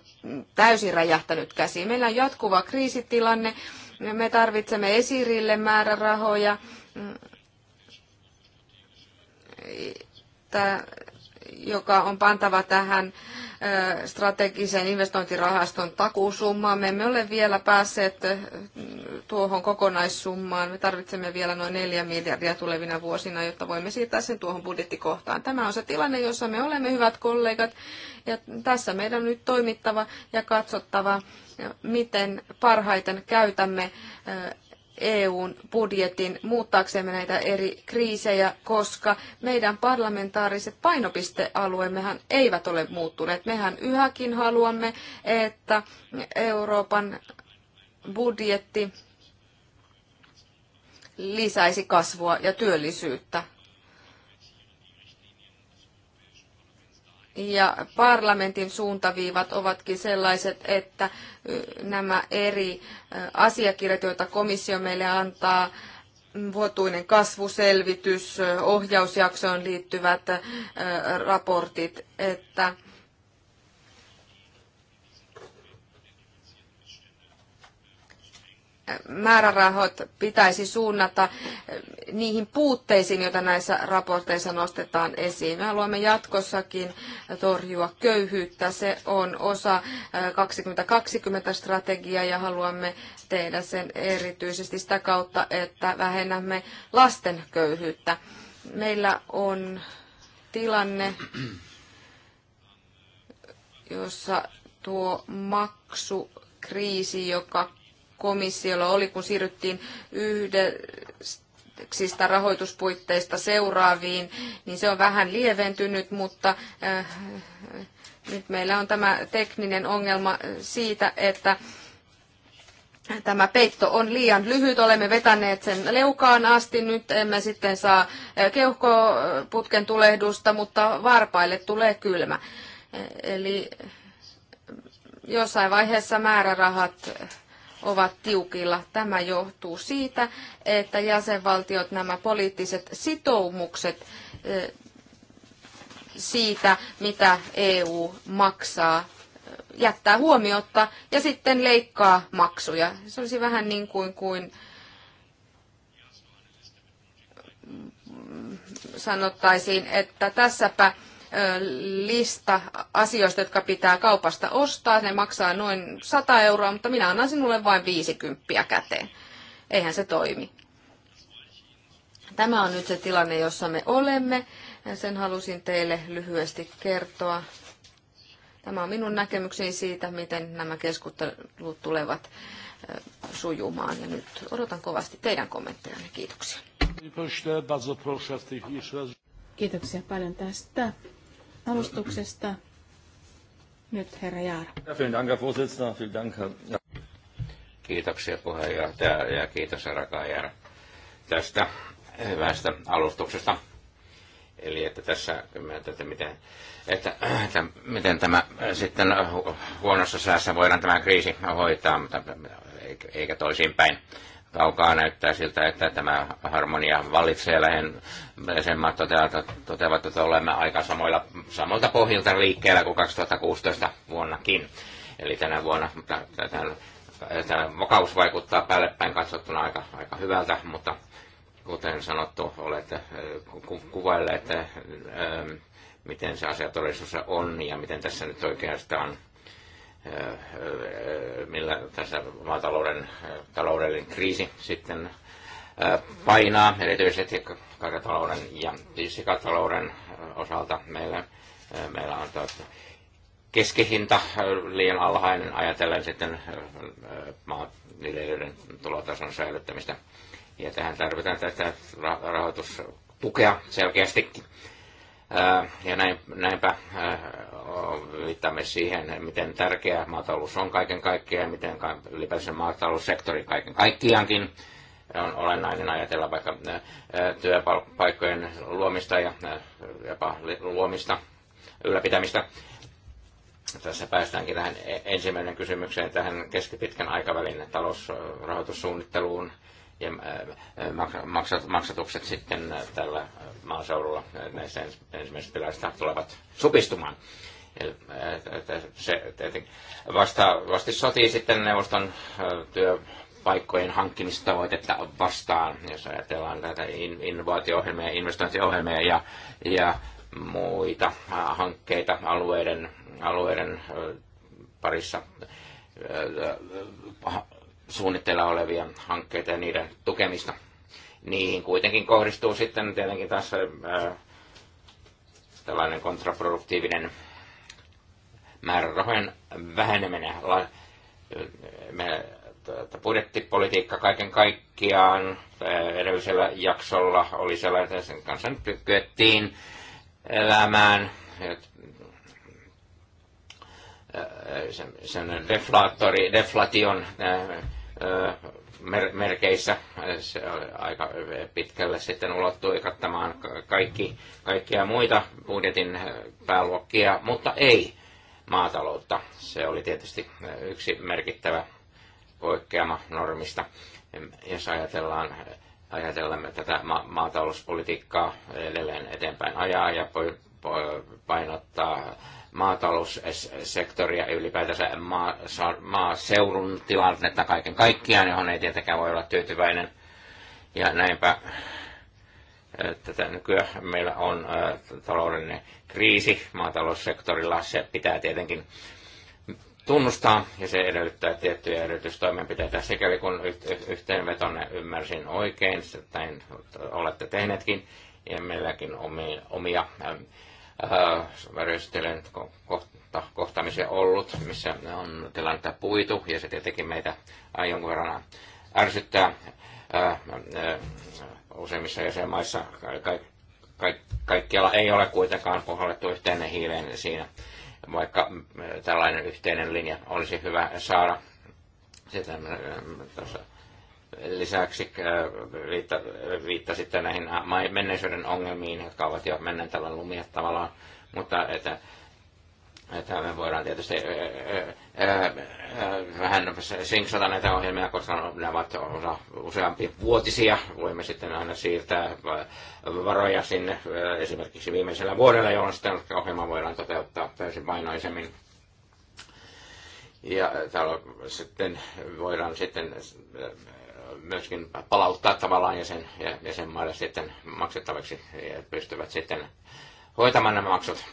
täysin räjähtänyt käsiin. Meillä on jatkuva kriisitilanne. Me tarvitsemme esirille määrärahoja mm joka on pantava tähän strategisen investointirahaston takuusummaan. Me emme ole vielä päässeet tuohon kokonaissummaan. Me tarvitsemme vielä noin 4 miljardia tulevina vuosina, jotta voimme siirtää sen tuohon budjettikohtaan. Tämä on se tilanne, jossa me olemme hyvät kollegat. Ja tässä meidän on nyt toimittava ja katsottava, miten parhaiten käytämme EUn budjetin muuttaaksemme näitä eri kriisejä, koska meidän parlamentaariset painopistealueemmehan eivät ole muuttuneet. Mehän yhäkin haluamme, että Euroopan budjetti lisäisi kasvua ja työllisyyttä. ja parlamentin suuntaviivat ovatkin sellaiset, että nämä eri asiakirjat, joita komissio meille antaa, vuotuinen kasvuselvitys, ohjausjaksoon liittyvät raportit, että määrärahat pitäisi suunnata eh, niihin puutteisiin, joita näissä raporteissa nostetaan esiin. Me haluamme jatkossakin torjua köyhyyttä. Se on osa 2020-strategiaa eh, ja haluamme tehdä sen erityisesti sitä kautta, että vähennämme lasten köyhyyttä. Meillä on tilanne, jossa tuo maksukriisi, joka komissiolla oli, kun siirryttiin yhdeksistä rahoituspuitteista seuraaviin, niin se on vähän lieventynyt, mutta äh, nyt meillä on tämä tekninen ongelma siitä, että tämä peitto on liian lyhyt, olemme vetäneet sen leukaan asti, nyt emme sitten saa äh, keuhkoputken tulehdusta, mutta varpaille tulee kylmä. Äh, eli jossain vaiheessa määrärahat ovat tiukilla. Tämä johtuu siitä, että jäsenvaltiot nämä poliittiset sitoumukset siitä, mitä EU maksaa, jättää huomiotta ja sitten leikkaa maksuja. Se olisi vähän niin kuin, kuin mm, sanottaisiin, että tässäpä lista asioista, jotka pitää kaupasta ostaa. Ne maksaa noin 100 euroa, mutta minä annan sinulle vain 50 käteen. Eihän se toimi. Tämä on nyt se tilanne, jossa me olemme. Sen halusin teille lyhyesti kertoa. Tämä on minun näkemykseni siitä, miten nämä keskustelut tulevat sujumaan. Ja nyt odotan kovasti teidän kommenttejanne. Kiitoksia. Kiitoksia paljon tästä alustuksesta. Nyt herra Jaara. Kiitoksia puheenjohtaja ja kiitos herra Jaara tästä hyvästä alustuksesta. Eli että tässä, että miten, että, että miten tämä sitten huonossa säässä voidaan tämä kriisi hoitaa, mutta eikä toisinpäin kaukaa näyttää siltä, että tämä harmonia vallitsee lähen jäsenmaat toteavat, että olemme aika samoilla, samalta pohjilta liikkeellä kuin 2016 vuonnakin. Eli tänä vuonna tämä vakaus vaikuttaa päälle päin katsottuna aika, aika hyvältä, mutta kuten sanottu, olette äh, ku, kuvailleet, että, äh, äh, miten se asia todellisuus on ja miten tässä nyt oikeastaan millä tässä maatalouden taloudellinen kriisi sitten painaa, erityisesti karjatalouden ja sikatalouden osalta meillä, meillä on toista keskihinta liian alhainen ajatellen sitten maanviljelijöiden tulotason säilyttämistä. Ja tähän tarvitaan tätä rahoitustukea selkeästikin. Ja näin, näinpä viittaamme siihen, miten tärkeä maatalous on kaiken kaikkiaan miten ylipäätään maataloussektori kaiken kaikkiaankin on olennainen ajatella vaikka työpaikkojen luomista ja jopa luomista, ylläpitämistä. Tässä päästäänkin tähän e-, ensimmäinen kysymykseen, tähän keskipitkän aikavälin talousrahoitussuunnitteluun ja maksatukset sitten tällä maaseudulla näistä ensimmäisistä tilaisista tulevat supistumaan. Se vasta, vasti sotii sitten neuvoston työpaikkojen hankkimistavoitetta vastaan, jos ajatellaan näitä innovaatio-ohjelmia, investointiohjelmia ja, ja muita hankkeita alueiden, alueiden parissa suunnitteilla olevia hankkeita ja niiden tukemista. Niihin kuitenkin kohdistuu sitten tietenkin tässä ää, äh, tällainen kontraproduktiivinen määrärahojen väheneminen. La, äh, me, budjettipolitiikka kaiken kaikkiaan äh, edellisellä jaksolla oli sellainen, että sen kanssa nyt kyettiin elämään sen, sen deflaattori, deflation merkeissä. Se aika pitkälle sitten ulottui kattamaan kaikki, kaikkia muita budjetin pääluokkia, mutta ei maataloutta. Se oli tietysti yksi merkittävä poikkeama normista. Jos ajatellaan, ajatellaan tätä ma- maatalouspolitiikkaa edelleen eteenpäin ajaa ja painottaa maataloussektoria ja ylipäätänsä maaseudun tilannetta kaiken kaikkiaan, johon ei tietenkään voi olla tyytyväinen. Ja näinpä tätä nykyään meillä on taloudellinen kriisi maataloussektorilla. Se pitää tietenkin tunnustaa ja se edellyttää tiettyjä erityistoimenpiteitä. Sikäli kun yhteenvetonne ymmärsin oikein, tai olette tehneetkin, ja meilläkin omia, omia Äh, varjostelen kohta, kohtaamisia ollut, missä on tilannetta puitu, ja se tietenkin meitä jonkun verran ärsyttää ää, äh, ää, äh, useimmissa jäsenmaissa. Ka- ka- kaikkialla ei ole kuitenkaan pohjallettu yhteinen hiileen siinä, vaikka tällainen yhteinen linja olisi hyvä saada. Sitä tässä lisäksi äh, viittasitte näihin äh, menneisyyden ongelmiin, jotka ovat jo menneet tällä lumia tavallaan, mutta että, että me voidaan tietysti äh, vähän sinksata näitä ohjelmia, koska ne ovat osa useampi vuotisia. Voimme sitten aina siirtää varoja sinne esimerkiksi viimeisellä vuodella, jolloin sitten ohjelma voidaan toteuttaa täysin painoisemmin. Ja täällä sitten voidaan sitten myöskin palauttaa tavallaan jäsen, jäsenmaille sitten maksettavaksi ja pystyvät sitten hoitamaan nämä maksut.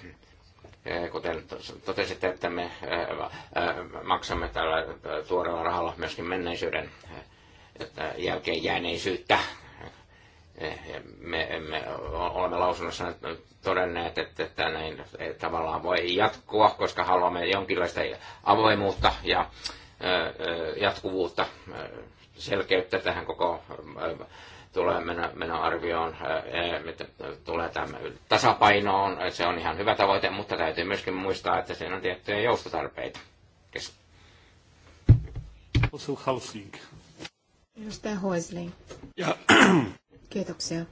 Kuten totesitte, että me maksamme tällä tuorella rahalla myöskin menneisyyden jälkeen jääneisyyttä. Me emme, olemme lausunnossa todenneet, että, että näin tavallaan voi jatkua, koska haluamme jonkinlaista avoimuutta ja jatkuvuutta selkeyttä tähän koko tulee mennä, mennä arvioon, e, tulee tämä tasapainoon, se on ihan hyvä tavoite, mutta täytyy myöskin muistaa, että siinä on tiettyjä joustotarpeita. Kes. Housling. Edustaja Hoisling. Ja. Kiitoksia.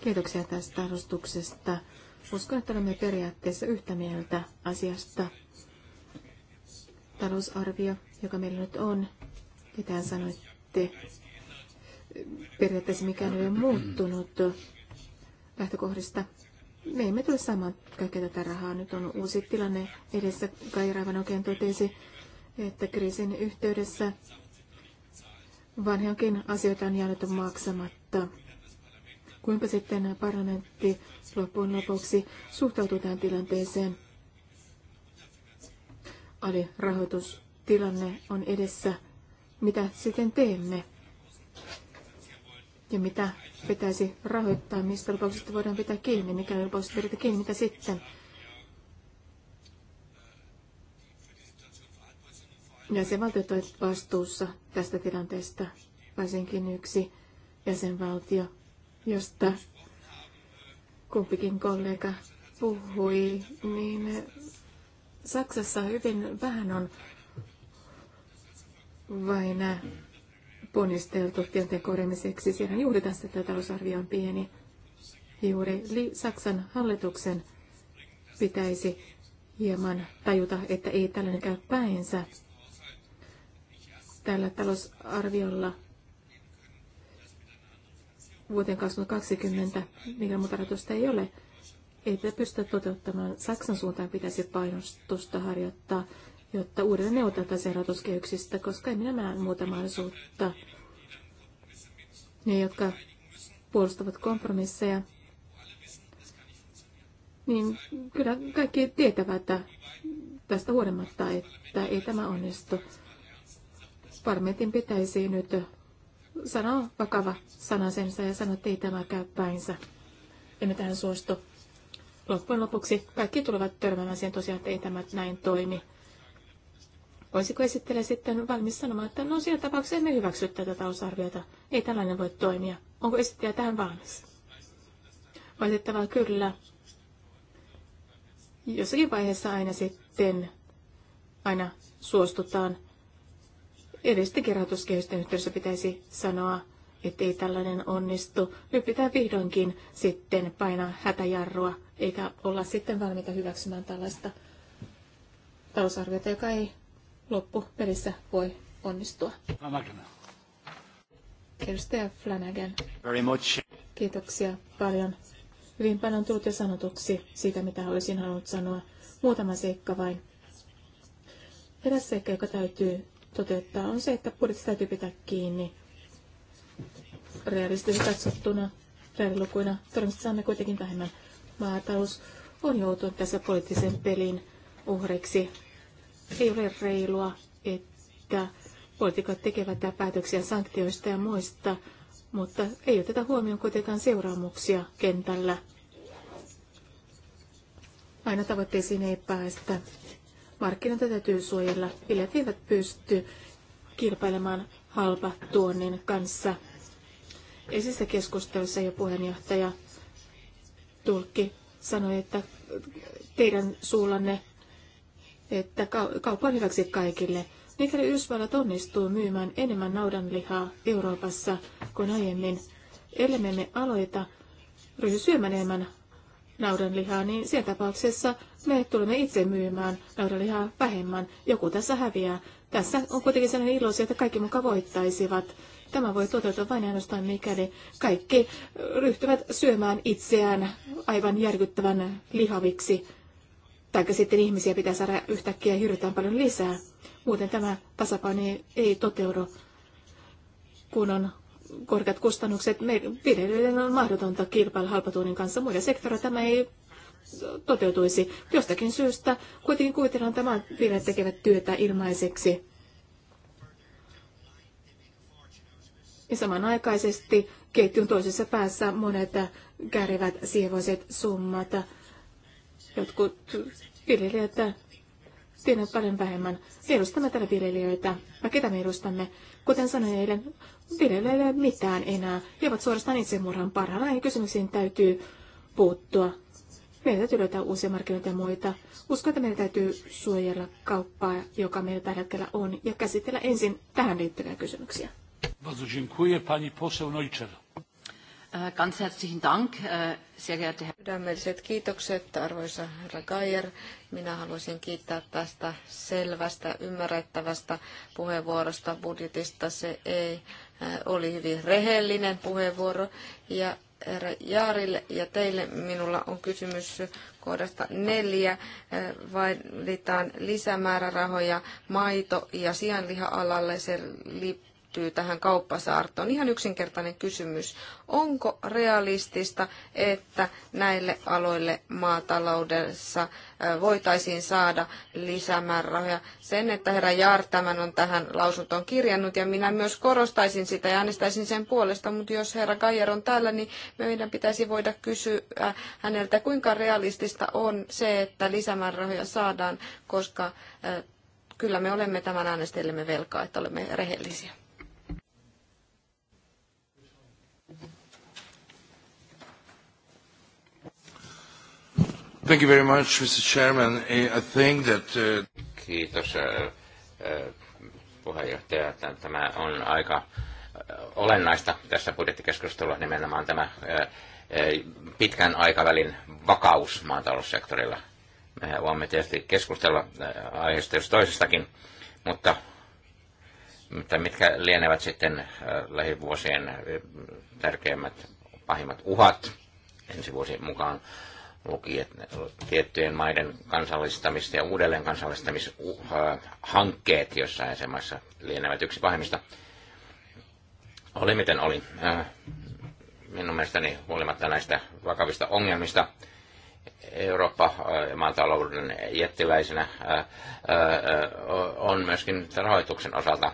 Kiitoksia tästä arvostuksesta. Uskon, että olemme periaatteessa yhtä mieltä asiasta. Talousarvio, joka meillä nyt on, mitä sanoitte. Periaatteessa mikään ei ole muuttunut lähtökohdista. Me emme tule saamaan kaikkea tätä rahaa. Nyt on uusi tilanne edessä. Kai Raivan oikein totesi, että kriisin yhteydessä vanhankin asioita on jäänyt maksamatta. Kuinka sitten parlamentti loppujen lopuksi suhtautuu tähän tilanteeseen? rahoitustilanne on edessä mitä sitten teemme ja mitä pitäisi rahoittaa, mistä lupauksista voidaan pitää kiinni, mikä lupaukset pidetään kiinni, mitä sitten. Jäsenvaltiot ovat vastuussa tästä tilanteesta, varsinkin yksi jäsenvaltio, josta kumpikin kollega puhui, niin Saksassa hyvin vähän on vain ponnisteltu tilanteen korjaamiseksi. Siellä on juuri tässä tämä talousarvio on pieni. Juuri Saksan hallituksen pitäisi hieman tajuta, että ei tällainen käy päinsä. Tällä talousarviolla vuoteen 2020, mikä muuta rahoitusta ei ole, ei pystytä toteuttamaan. Saksan suuntaan pitäisi painostusta harjoittaa jotta uudelleen neuvoteltaisiin rahoituskehyksistä, koska minä näe muuta mahdollisuutta. Ne, jotka puolustavat kompromisseja, niin kyllä kaikki tietävät että tästä huolimatta, että ei tämä onnistu. Parmentin pitäisi nyt sanoa vakava sanasensa ja sanoa, että ei tämä käy päinsä. Emme tähän suostu. Loppujen lopuksi kaikki tulevat törmäämään siihen tosiaan, että ei tämä näin toimi. Voisiko esittele sitten valmis sanomaan, että no siinä tapauksessa emme hyväksy tätä talousarviota. Ei tällainen voi toimia. Onko esittäjä tähän valmis? Valitettavaa kyllä. Jossakin vaiheessa aina sitten aina suostutaan. Edellisten rahoituskehysten yhteydessä pitäisi sanoa, että ei tällainen onnistu. Nyt pitää vihdoinkin sitten painaa hätäjarrua, eikä olla sitten valmiita hyväksymään tällaista talousarviota, joka ei loppupelissä voi onnistua. Flanagan. Edustaja Flanagan. Very much. Kiitoksia paljon. Hyvin paljon on tullut jo sanotuksi siitä, mitä olisin halunnut sanoa. Muutama seikka vain. Eräs seikka, joka täytyy toteuttaa, on se, että budjetista täytyy pitää kiinni. Realistisesti katsottuna, reaalilukuina, todennäköisesti saamme kuitenkin vähemmän. Maatalous on joutunut tässä poliittisen pelin uhreiksi ei ole reilua, että poliitikot tekevät päätöksiä sanktioista ja muista, mutta ei oteta huomioon kuitenkaan seuraamuksia kentällä. Aina tavoitteisiin ei päästä. Markkinoita täytyy suojella. Viljat eivät pysty kilpailemaan halpa tuonnin kanssa. Esissä keskustelussa jo puheenjohtaja Tulkki sanoi, että teidän suullanne että kauppa on hyväksi kaikille. Mikäli Yhdysvallat onnistuu myymään enemmän naudanlihaa Euroopassa kuin aiemmin, ellei me aloita ryhdy syömään enemmän naudanlihaa, niin siinä tapauksessa me tulemme itse myymään naudanlihaa vähemmän. Joku tässä häviää. Tässä on kuitenkin sellainen ilo, että kaikki mukaan voittaisivat. Tämä voi toteutua vain ainoastaan mikäli kaikki ryhtyvät syömään itseään aivan järkyttävän lihaviksi tai sitten ihmisiä pitää saada yhtäkkiä hirveän paljon lisää. Muuten tämä tasapaino ei, ei toteudu, kun on korkeat kustannukset. meidän viljelijöiden on mahdotonta kilpailla halpatuunin kanssa. Muiden sektorilla tämä ei toteutuisi. Jostakin syystä kuitenkin kuitenkin tämä viljelijät tekevät työtä ilmaiseksi. Ja samanaikaisesti keittiön toisessa päässä monet kärivät sievoiset summat Jotkut viljelijät tienaavat paljon vähemmän. Me edustamme täällä viljelijöitä. Ja ketä me edustamme? Kuten sanoin eilen, viljelijöillä ei ole mitään enää. He ovat suorastaan itsemurhan parhaalla. Näihin kysymyksiin täytyy puuttua. Meidän täytyy löytää uusia markkinoita ja muita. Uskon, että meidän täytyy suojella kauppaa, joka meillä tällä hetkellä on, ja käsitellä ensin tähän liittyviä kysymyksiä. Bardzo dziękuję. Pani poseł Neutschel. Äh, ganz herzlichen Dank, äh, sehr geehrte Herr. Sydämelliset kiitokset, arvoisa herra Geier. Minä haluaisin kiittää tästä selvästä, ymmärrettävästä puheenvuorosta budjetista. Se ei, äh, oli hyvin rehellinen puheenvuoro. Ja herra Jaarille ja teille minulla on kysymys kohdasta neljä. Vaaditaan lisämäärärahoja maito- ja sianliha-alalle. Se liittyy tähän kauppasaartoon. Ihan yksinkertainen kysymys. Onko realistista, että näille aloille maataloudessa voitaisiin saada lisämäärärahoja? Sen, että herra Jaar tämän on tähän lausuntoon kirjannut ja minä myös korostaisin sitä ja äänestäisin sen puolesta, mutta jos herra Gajer on täällä, niin meidän pitäisi voida kysyä häneltä, kuinka realistista on se, että lisämäärärahoja saadaan, koska kyllä me olemme tämän äänestäjillemme velkaa, että olemme rehellisiä. Thank you very much, Mr. Chairman. I think that... Uh, Kiitos, uh, uh, puheenjohtaja. Tämä on aika olennaista tässä budjettikeskustelussa nimenomaan tämä pitkän aikavälin vakaus maataloussektorilla. Me voimme tietysti keskustella aiheesta jos toisestakin, mutta, mutta mitkä lienevät sitten lähivuosien tärkeimmät pahimmat uhat ensi vuosien mukaan luki, että tiettyjen maiden kansallistamista ja uudelleen kansallistamishankkeet jossain asemassa lienevät yksi pahimmista. Oli miten oli. Äh, minun mielestäni huolimatta näistä vakavista ongelmista, Eurooppa äh, maatalouden jättiläisenä äh, on myöskin rahoituksen osalta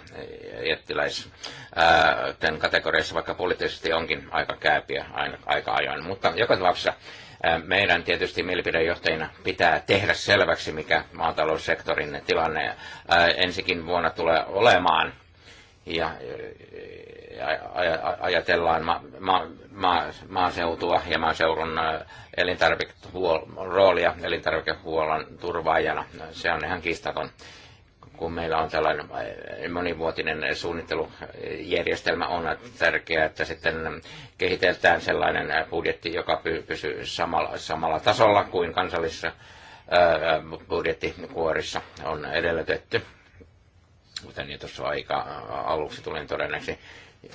jättiläisten kategoriassa, vaikka poliittisesti onkin aika kääpiä aina, aika ajoin. Mutta joka tapauksessa meidän tietysti mielipidejohtajina pitää tehdä selväksi, mikä maataloussektorin tilanne ensikin vuonna tulee olemaan. Ja ajatellaan ma- ma- ma- maaseutua ja maaseudun elintarvikehuol- roolia elintarvikehuollon turvaajana. Se on ihan kiistaton kun meillä on tällainen eh, monivuotinen suunnittelujärjestelmä, on tärkeää, että sitten kehiteltään sellainen eh, budjetti, joka pysyy samalla, samalla tasolla kuin kansallisessa eh, budjettikuorissa on edellytetty. Kuten jo tuossa aika aluksi tulin todennäksi.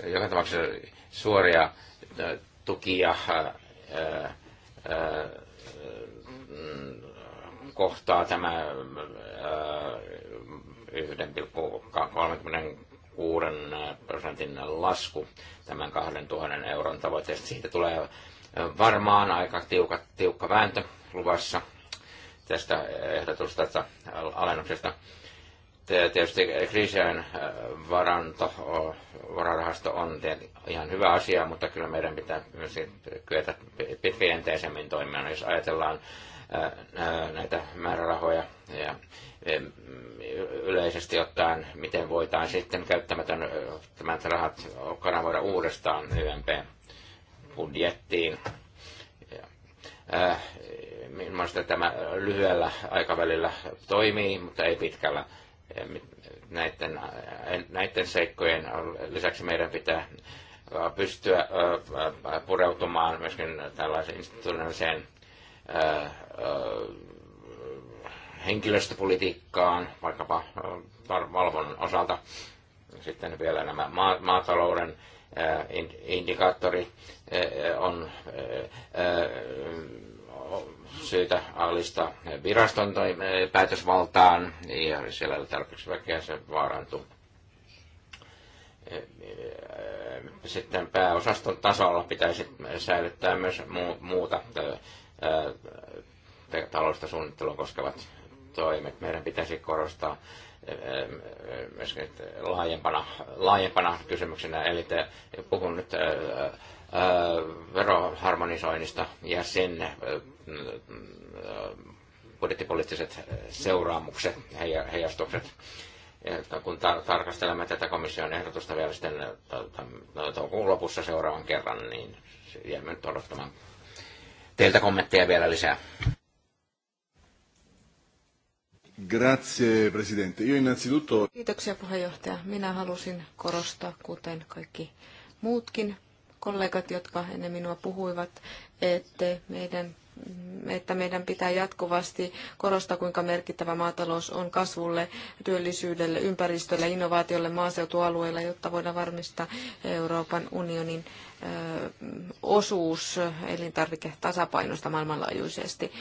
Joka tapauksessa suoria tukia mm, kohtaa tämä 1,36 prosentin lasku tämän 2000 euron tavoitteesta. Siitä tulee varmaan aika tiukka, tiukka vääntö luvassa tästä ehdotusta tästä alennuksesta. Tietysti kriisien äh, varanto, äh, vararahasto on ihan hyvä asia, mutta kyllä meidän pitää myös kyetä pitkäjänteisemmin toimimaan. Jos ajatellaan äh, näitä määrärahoja ja yleisesti ottaen, miten voitaisiin sitten käyttämätön tämän rahat kanavoida uudestaan YMP-budjettiin. Minusta tämä lyhyellä aikavälillä toimii, mutta ei pitkällä. Näiden, näiden seikkojen lisäksi meidän pitää pystyä pureutumaan myöskin tällaiseen institutionaaliseen henkilöstöpolitiikkaan, vaikkapa valvonnan osalta. Sitten vielä nämä maatalouden indikaattori on syytä alistaa viraston päätösvaltaan ja siellä ei tarpeeksi väkeä se vaarantuu. Sitten pääosaston tasolla pitäisi säilyttää myös muuta taloudellista suunnittelua koskevat toimet. Meidän pitäisi korostaa eh, eh, myös laajempana, laajempana kysymyksenä, eli te, puhun nyt eh, veroharmonisoinnista ja sen budjettipoliittiset seuraamukset, heijastukset. Ja kun tar- tarkastelemme tätä komission ehdotusta vielä sitten toukokuun lopussa seuraavan kerran, niin jäämme nyt odottamaan teiltä kommentteja vielä lisää. Grazie, presidente. Io innanzitutto... Kiitoksia puheenjohtaja. Minä halusin korostaa, kuten kaikki muutkin kollegat, jotka ennen minua puhuivat, että meidän, että meidän pitää jatkuvasti korostaa, kuinka merkittävä maatalous on kasvulle, työllisyydelle, ympäristölle, innovaatiolle maaseutualueilla, jotta voidaan varmistaa Euroopan unionin osuus elintarviketasapainosta maailmanlaajuisesti.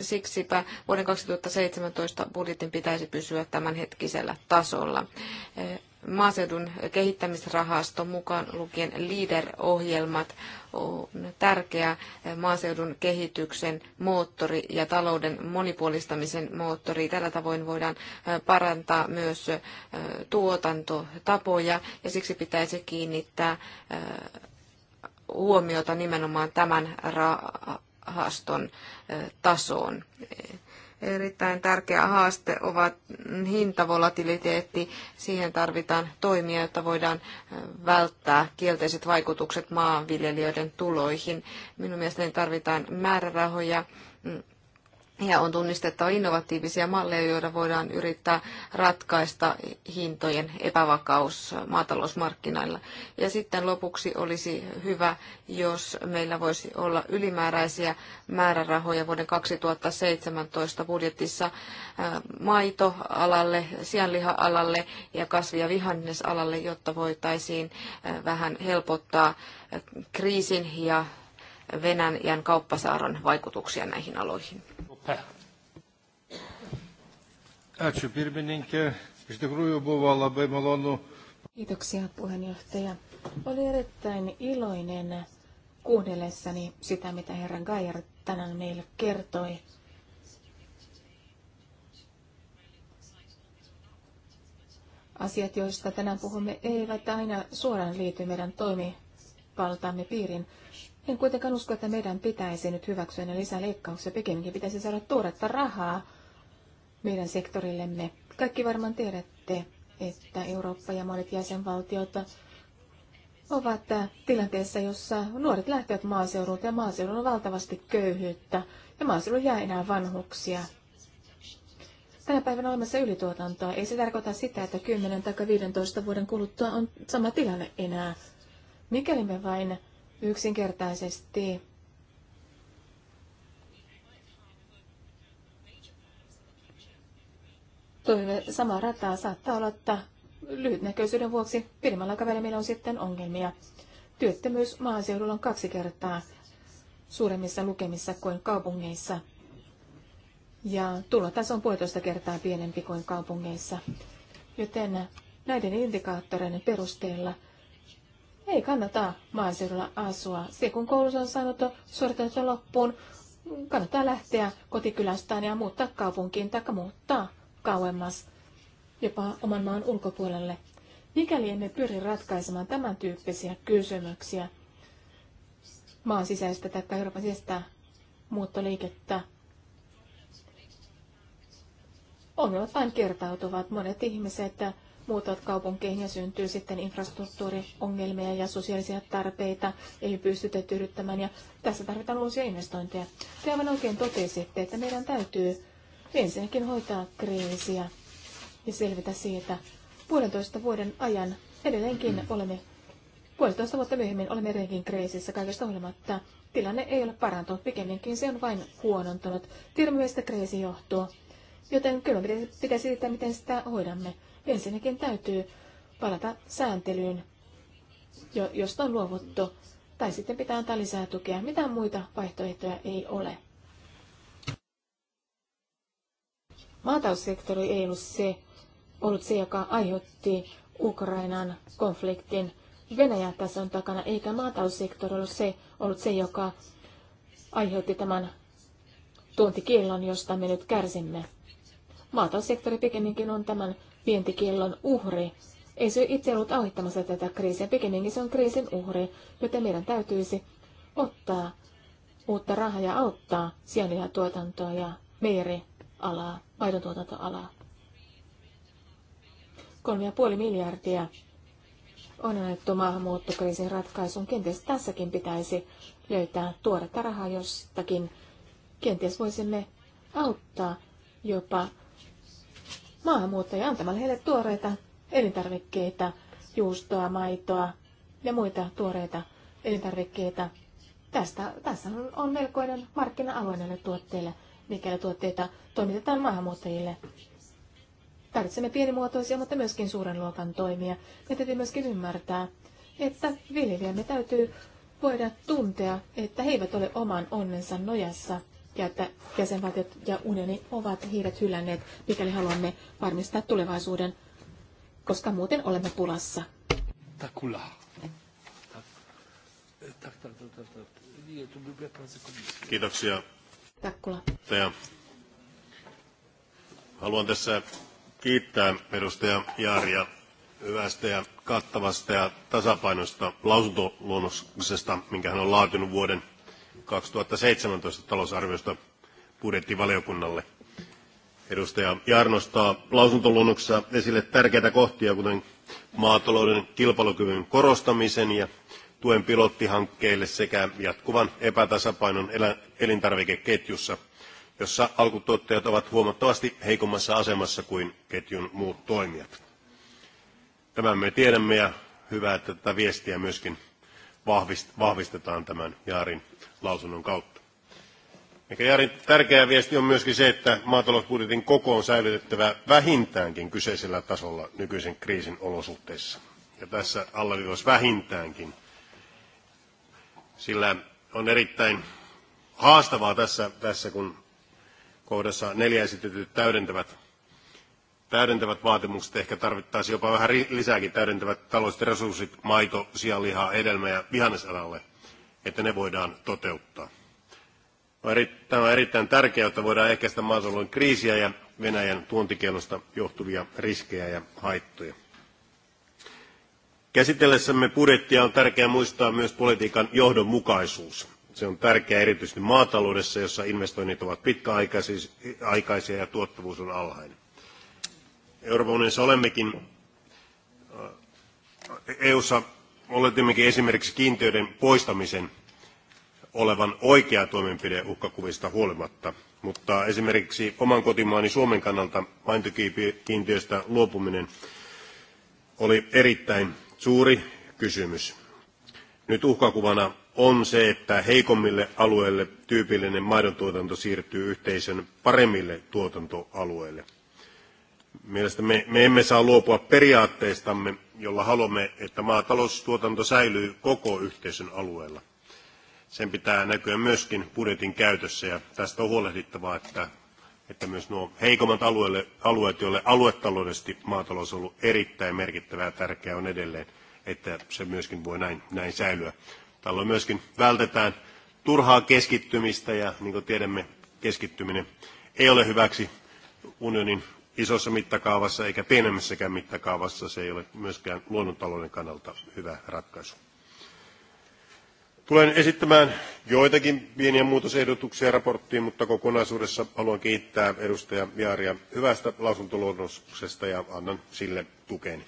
Siksipä vuoden 2017 budjetin pitäisi pysyä tämänhetkisellä tasolla. Maaseudun kehittämisrahasto mukaan lukien LEADER-ohjelmat on tärkeä maaseudun kehityksen moottori ja talouden monipuolistamisen moottori. Tällä tavoin voidaan parantaa myös tuotantotapoja ja siksi pitäisi kiinnittää huomiota nimenomaan tämän ra- haaston tasoon. Erittäin tärkeä haaste ovat hintavolatiliteetti. Siihen tarvitaan toimia, jotta voidaan välttää kielteiset vaikutukset maanviljelijöiden tuloihin. Minun mielestäni tarvitaan määrärahoja mm, ja on tunnistettava innovatiivisia malleja, joita voidaan yrittää ratkaista hintojen epävakaus maatalousmarkkinoilla. Ja sitten lopuksi olisi hyvä, jos meillä voisi olla ylimääräisiä määrärahoja vuoden 2017 budjetissa äh, maitoalalle, sianliha-alalle ja kasvi- ja vihannesalalle, jotta voitaisiin äh, vähän helpottaa äh, kriisin ja Venäjän kauppasaaron vaikutuksia näihin aloihin. Ačiū pirmininkė. Iš tikrųjų buvo labai malonu. Kiitoksia puheenjohtaja. Oli erittäin iloinen kuunnellessani sitä, mitä herran Gajar tänään meille kertoi. Asiat, joista tänään puhumme, eivät aina suoraan liity meidän toimivaltaamme piirin, en kuitenkaan usko, että meidän pitäisi nyt hyväksyä ne lisäleikkauksia. Pikemminkin pitäisi saada tuoretta rahaa meidän sektorillemme. Kaikki varmaan tiedätte, että Eurooppa ja monet jäsenvaltiot ovat tilanteessa, jossa nuoret lähtevät maaseudulta ja maaseudulla on valtavasti köyhyyttä ja maaseudulla jää enää vanhuksia. Tänä päivänä olemassa ylituotantoa. Ei se tarkoita sitä, että 10 tai 15 vuoden kuluttua on sama tilanne enää. Mikäli me vain yksinkertaisesti toimimme samaa rataa. Saattaa olla, että lyhytnäköisyyden vuoksi pidemmällä aikavälillä meillä on sitten ongelmia. Työttömyys maaseudulla on kaksi kertaa suuremmissa lukemissa kuin kaupungeissa. Ja tulotaso on puolitoista kertaa pienempi kuin kaupungeissa. Joten näiden indikaattoreiden perusteella ei kannata maaseudulla asua. Se kun koulussa on saanut suoritettu loppuun, kannattaa lähteä kotikylästään ja muuttaa kaupunkiin tai muuttaa kauemmas, jopa oman maan ulkopuolelle. Mikäli emme pyri ratkaisemaan tämän tyyppisiä kysymyksiä, maan sisäistä tai Euroopan sisäistä muuttoliikettä, ongelmat vain kertautuvat. Monet ihmiset muuttavat kaupunkeihin ja syntyy sitten infrastruktuuriongelmia ja sosiaalisia tarpeita, ei pystytä tyydyttämään ja tässä tarvitaan uusia investointeja. Te aivan oikein totesitte, että meidän täytyy ensinnäkin hoitaa kriisiä ja selvitä siitä. Puolentoista vuoden ajan edelleenkin mm. olemme, puolentoista vuotta myöhemmin olemme edelleenkin kriisissä kaikesta huolimatta. Tilanne ei ole parantunut, pikemminkin se on vain huonontunut. Tiedämme, mistä kriisi johtuu. Joten kyllä pitäisi tietää, miten sitä hoidamme. Ensinnäkin täytyy palata sääntelyyn, josta on luovuttu, tai sitten pitää antaa lisää tukea. Mitään muita vaihtoehtoja ei ole. Maataussektori ei ollut se, ollut se, joka aiheutti Ukrainan konfliktin. Venäjä tässä on takana, eikä maataussektori ollut se, ollut se joka aiheutti tämän tuontikiellon, josta me nyt kärsimme. Maataussektori pikemminkin on tämän vientikillon uhri. Ei se itse ollut auttamassa tätä kriisiä, pikemminkin se on kriisin uhri, joten meidän täytyisi ottaa uutta rahaa ja auttaa sianlihatuotantoa ja meirialaa, maidontuotantoalaa. 3,5 miljardia on annettu maahanmuuttokriisin ratkaisuun. Kenties tässäkin pitäisi löytää tuoretta rahaa jostakin. Kenties voisimme auttaa jopa maahanmuuttajia antamalla heille tuoreita elintarvikkeita, juustoa, maitoa ja muita tuoreita elintarvikkeita. Tästä, tässä on melkoinen markkina-alue näille tuotteille, mikäli tuotteita toimitetaan maahanmuuttajille. Tarvitsemme pienimuotoisia, mutta myöskin suuren luokan toimia. Me täytyy myöskin ymmärtää, että viljelijämme täytyy voida tuntea, että he eivät ole oman onnensa nojassa ja että jäsenvaltiot ja unioni ovat hiiret hylänneet, mikäli haluamme varmistaa tulevaisuuden, koska muuten olemme pulassa. Takula. Kiitoksia. Takkula. Haluan tässä kiittää edustaja Jaaria hyvästä ja kattavasta ja tasapainosta lausuntoluonnoksesta, minkä hän on laatinut vuoden 2017 talousarviosta budjettivaliokunnalle. Edustaja Jaar nostaa lausuntoluonnoksessa esille tärkeitä kohtia, kuten maatalouden kilpailukyvyn korostamisen ja tuen pilottihankkeille sekä jatkuvan epätasapainon elintarvikeketjussa, jossa alkutuottajat ovat huomattavasti heikommassa asemassa kuin ketjun muut toimijat. Tämän me tiedämme ja hyvä, että tätä viestiä myöskin vahvistetaan tämän Jaarin lausunnon kautta. Ehkä Jaarin tärkeä viesti on myöskin se, että maatalousbudjetin koko on säilytettävä vähintäänkin kyseisellä tasolla nykyisen kriisin olosuhteissa. Ja tässä alleviivaus vähintäänkin, sillä on erittäin haastavaa tässä, tässä kun kohdassa neljä esitetyt täydentävät, täydentävät vaatimukset, ehkä tarvittaisiin jopa vähän lisääkin täydentävät taloudelliset resurssit maito, sianlihaa, edelmä ja vihannesalalle – että ne voidaan toteuttaa. Tämä on erittäin tärkeää, että voidaan ehkäistä maatalouden kriisiä ja Venäjän tuontikielosta johtuvia riskejä ja haittoja. Käsitellessämme budjettia on tärkeää muistaa myös politiikan johdonmukaisuus. Se on tärkeää erityisesti maataloudessa, jossa investoinnit ovat pitkäaikaisia ja tuottavuus on alhainen. Euroopan unionissa olemmekin EUssa oletimmekin esimerkiksi kiintiöiden poistamisen olevan oikea toimenpide uhkakuvista huolimatta, mutta esimerkiksi oman kotimaani Suomen kannalta maintokiintiöstä luopuminen oli erittäin suuri kysymys. Nyt uhkakuvana on se, että heikommille alueille tyypillinen maidontuotanto siirtyy yhteisön paremmille tuotantoalueille. Mielestäni me, me emme saa luopua periaatteistamme jolla haluamme, että maataloustuotanto säilyy koko yhteisön alueella. Sen pitää näkyä myöskin budjetin käytössä ja tästä on huolehdittava, että, että myös nuo heikommat alueelle, alueet, joille aluetaloudellisesti maatalous on ollut erittäin merkittävää ja tärkeää on edelleen, että se myöskin voi näin, näin säilyä. Tällöin myöskin vältetään turhaa keskittymistä ja niin kuin tiedämme, keskittyminen ei ole hyväksi unionin isossa mittakaavassa eikä pienemmässäkään mittakaavassa. Se ei ole myöskään luonnontalouden kannalta hyvä ratkaisu. Tulen esittämään joitakin pieniä muutosehdotuksia raporttiin, mutta kokonaisuudessa haluan kiittää edustaja Jaaria hyvästä lausuntoluonnoksesta ja annan sille tukeni.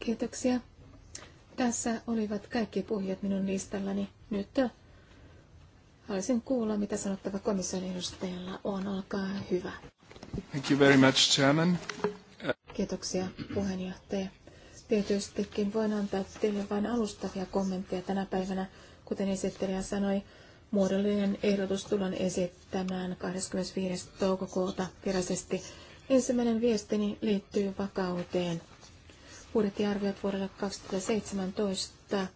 Kiitoksia. Tässä olivat kaikki puhujat minun listallani. Nyt äh, haluaisin kuulla, mitä sanottava komission edustajalla on. Olkaa hyvä. Thank you very much, Chairman. Kiitoksia, puheenjohtaja. Tietystikin voin antaa teille vain alustavia kommentteja tänä päivänä. Kuten esittelijä sanoi, muodollinen ehdotus tullaan esittämään 25. toukokuuta virallisesti. Ensimmäinen viestini liittyy vakauteen. Budjettiarviot vuodelle 2017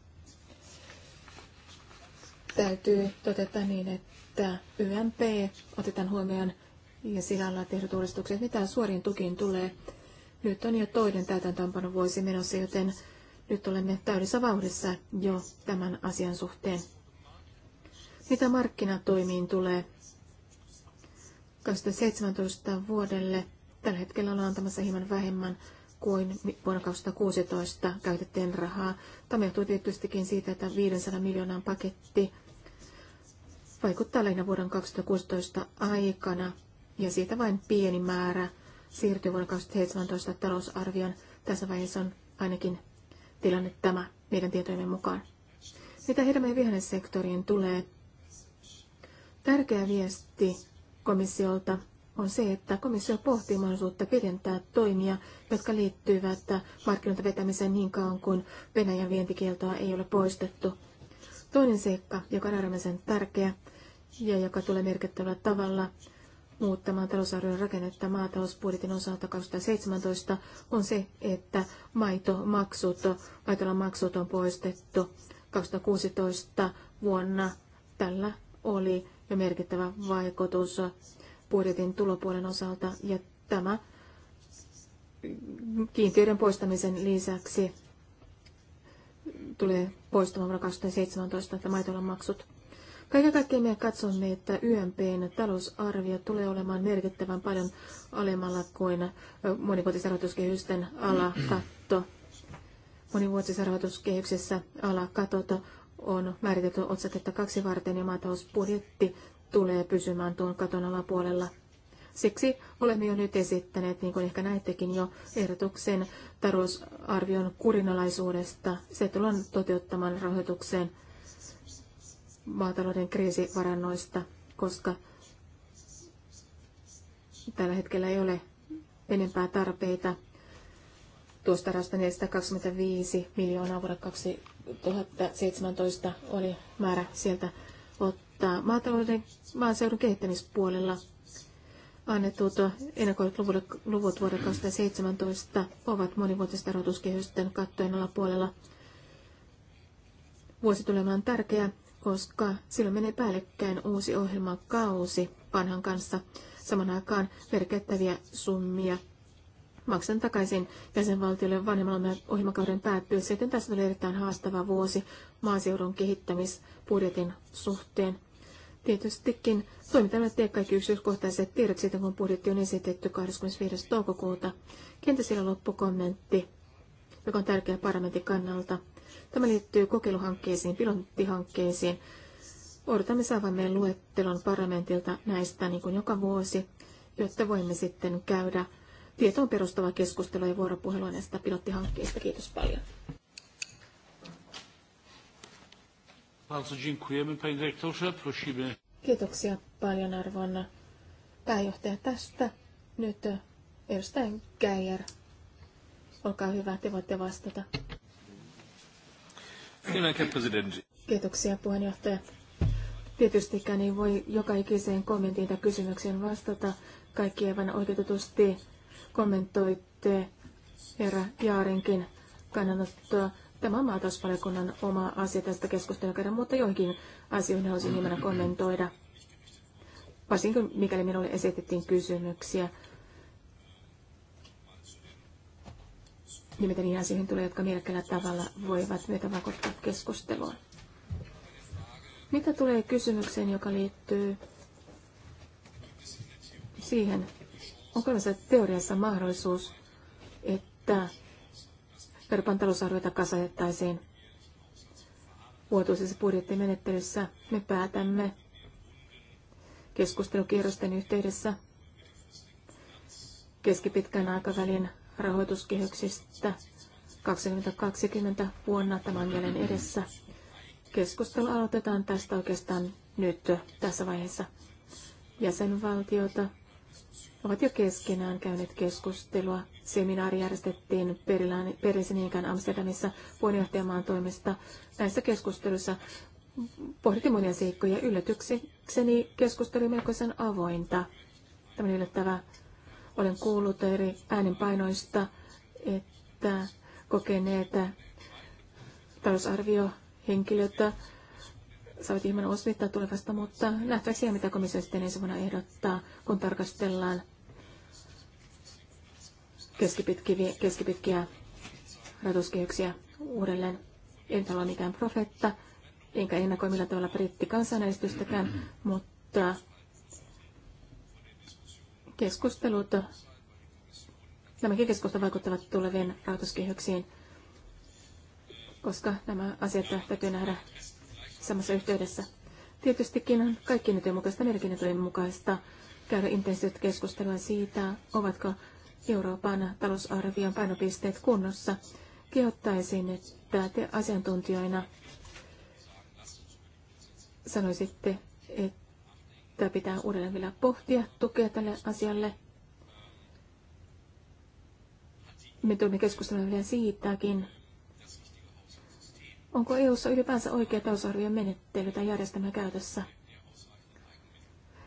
täytyy toteuttaa niin, että YMP otetaan huomioon ja sillä alla tehdyt uudistukset, mitä suoriin tukiin tulee. Nyt on jo toinen täytäntöönpanon vuosi menossa, joten nyt olemme täydessä vauhdissa jo tämän asian suhteen. Mitä markkinatoimiin tulee 2017 vuodelle? Tällä hetkellä ollaan antamassa hieman vähemmän kuin vuonna 2016 käytettiin rahaa. Tämä johtuu tietystikin siitä, että 500 miljoonan paketti – vaikuttaa lähinnä vuoden 2016 aikana, ja siitä vain pieni määrä siirtyy vuoden 2017 talousarvion. Tässä vaiheessa on ainakin tilanne tämä meidän tietojemme mukaan. Mitä hedelmä- ja vihannessektoriin tulee, tärkeä viesti komissiolta on se, että komissio pohtii mahdollisuutta pidentää toimia, jotka liittyvät markkinoilta vetämiseen niin kauan kuin Venäjän vientikieltoa ei ole poistettu. Toinen seikka, joka on äärimmäisen tärkeä, ja joka tulee merkittävällä tavalla muuttamaan talousarvion rakennetta maatalousbudjetin osalta 2017 on se, että maitomaksut, maitolan maksut on poistettu 2016 vuonna. Tällä oli jo merkittävä vaikutus budjetin tulopuolen osalta ja tämä kiintiöiden poistamisen lisäksi tulee poistamaan vuonna 2017 maitolan maksut. Kaiken kaikkiaan me katsomme, että YMPn talousarvio tulee olemaan merkittävän paljon alemmalla kuin monivuotisrahoituskehysten alakatto. Monivuotisarvoituskehyksessä alakatot on määritelty otsaketta kaksi varten ja maatalousbudjetti tulee pysymään tuon katon alapuolella. Siksi olemme jo nyt esittäneet, niin kuin ehkä näittekin jo, ehdotuksen talousarvion kurinalaisuudesta. Se tullaan toteuttamaan rahoitukseen maatalouden kriisivarannoista, koska tällä hetkellä ei ole enempää tarpeita. Tuosta rasta 425 miljoonaa vuonna 2017 oli määrä sieltä ottaa. Maatalouden, maaseudun kehittämispuolella annetut ennakoidut luvut, luvut vuoden 2017 ovat monivuotisten rahoituskehysten kattojen alapuolella. Vuosi tulemaan tärkeä koska silloin menee päällekkäin uusi ohjelma kausi vanhan kanssa. Saman aikaan verkettäviä summia maksan takaisin jäsenvaltiolle vanhemmalla ohjelmakauden päättyy. Sitten tässä oli erittäin haastava vuosi maaseudun kehittämisbudjetin suhteen. Tietystikin toimitamme tee kaikki yksityiskohtaiset tiedot siitä, kun budjetti on esitetty 25. toukokuuta. Kenties siellä loppukommentti, joka on tärkeä parlamentin kannalta. Tämä liittyy kokeiluhankkeisiin, pilottihankkeisiin. Odotamme saavamme luettelon parlamentilta näistä niin kuin joka vuosi, jotta voimme sitten käydä tietoon perustuvaa keskustelua ja vuoropuhelua näistä pilottihankkeista. Kiitos paljon. Kiitoksia paljon arvon pääjohtaja tästä. Nyt Erstein Geier, olkaa hyvä, te voitte vastata. Kiitoksia puheenjohtaja. Tietystikään ei voi joka ikiseen kommenttiin tai kysymykseen vastata. Kaikki aivan oikeutetusti kommentoitte herra Jaarinkin kannanottoa. Tämä on maatalousvaliokunnan oma asia tästä keskustelua käydä, mutta joihinkin asioihin haluaisin hieman kommentoida. Varsinkin mikäli minulle esitettiin kysymyksiä nimetä niitä siihen tulee, jotka mielekkäällä tavalla voivat meitä vaikuttaa keskusteluun. Mitä tulee kysymykseen, joka liittyy siihen, onko tässä teoriassa mahdollisuus, että Euroopan talousarviota kasatettaisiin vuotuisessa budjettimenettelyssä. Me päätämme keskustelukierrosten yhteydessä keskipitkän aikavälin rahoituskehyksistä 2020 vuonna tämän jälleen edessä. Keskustelu aloitetaan tästä oikeastaan nyt tässä vaiheessa. Jäsenvaltiota ovat jo keskenään käyneet keskustelua. Seminaari järjestettiin Periseniikän Amsterdamissa puheenjohtajamaan toimesta. Näissä keskusteluissa pohdittiin monia seikkoja. Yllätyksekseni keskustelu melkoisen avointa. Tämmöinen yllättävä olen kuullut eri äänenpainoista, että kokeneet talousarviohenkilöt saavat hieman osvittaa tulevasta, mutta nähtäväksi mitä komissio sitten ensi vuonna ehdottaa, kun tarkastellaan keskipitkiä rahoituskehyksiä uudelleen. En ole mikään profetta, enkä ennakoi millä tavalla brittikansanäistystäkään, mutta keskustelut, nämäkin keskustelut vaikuttavat tulevien rahoituskehyksiin, koska nämä asiat täytyy nähdä samassa yhteydessä. Tietystikin on kaikkien etujen mukaista, meidänkin mukaista käydä intensiivistä keskustelua siitä, ovatko Euroopan talousarvion painopisteet kunnossa. Kehottaisin, että te asiantuntijoina sanoisitte, että Tämä pitää uudelleen vielä pohtia, tukea tälle asialle. Me tulemme keskustelemaan vielä siitäkin, onko EU:ssa ylipäänsä oikea talousarvion menettely tai järjestelmä käytössä.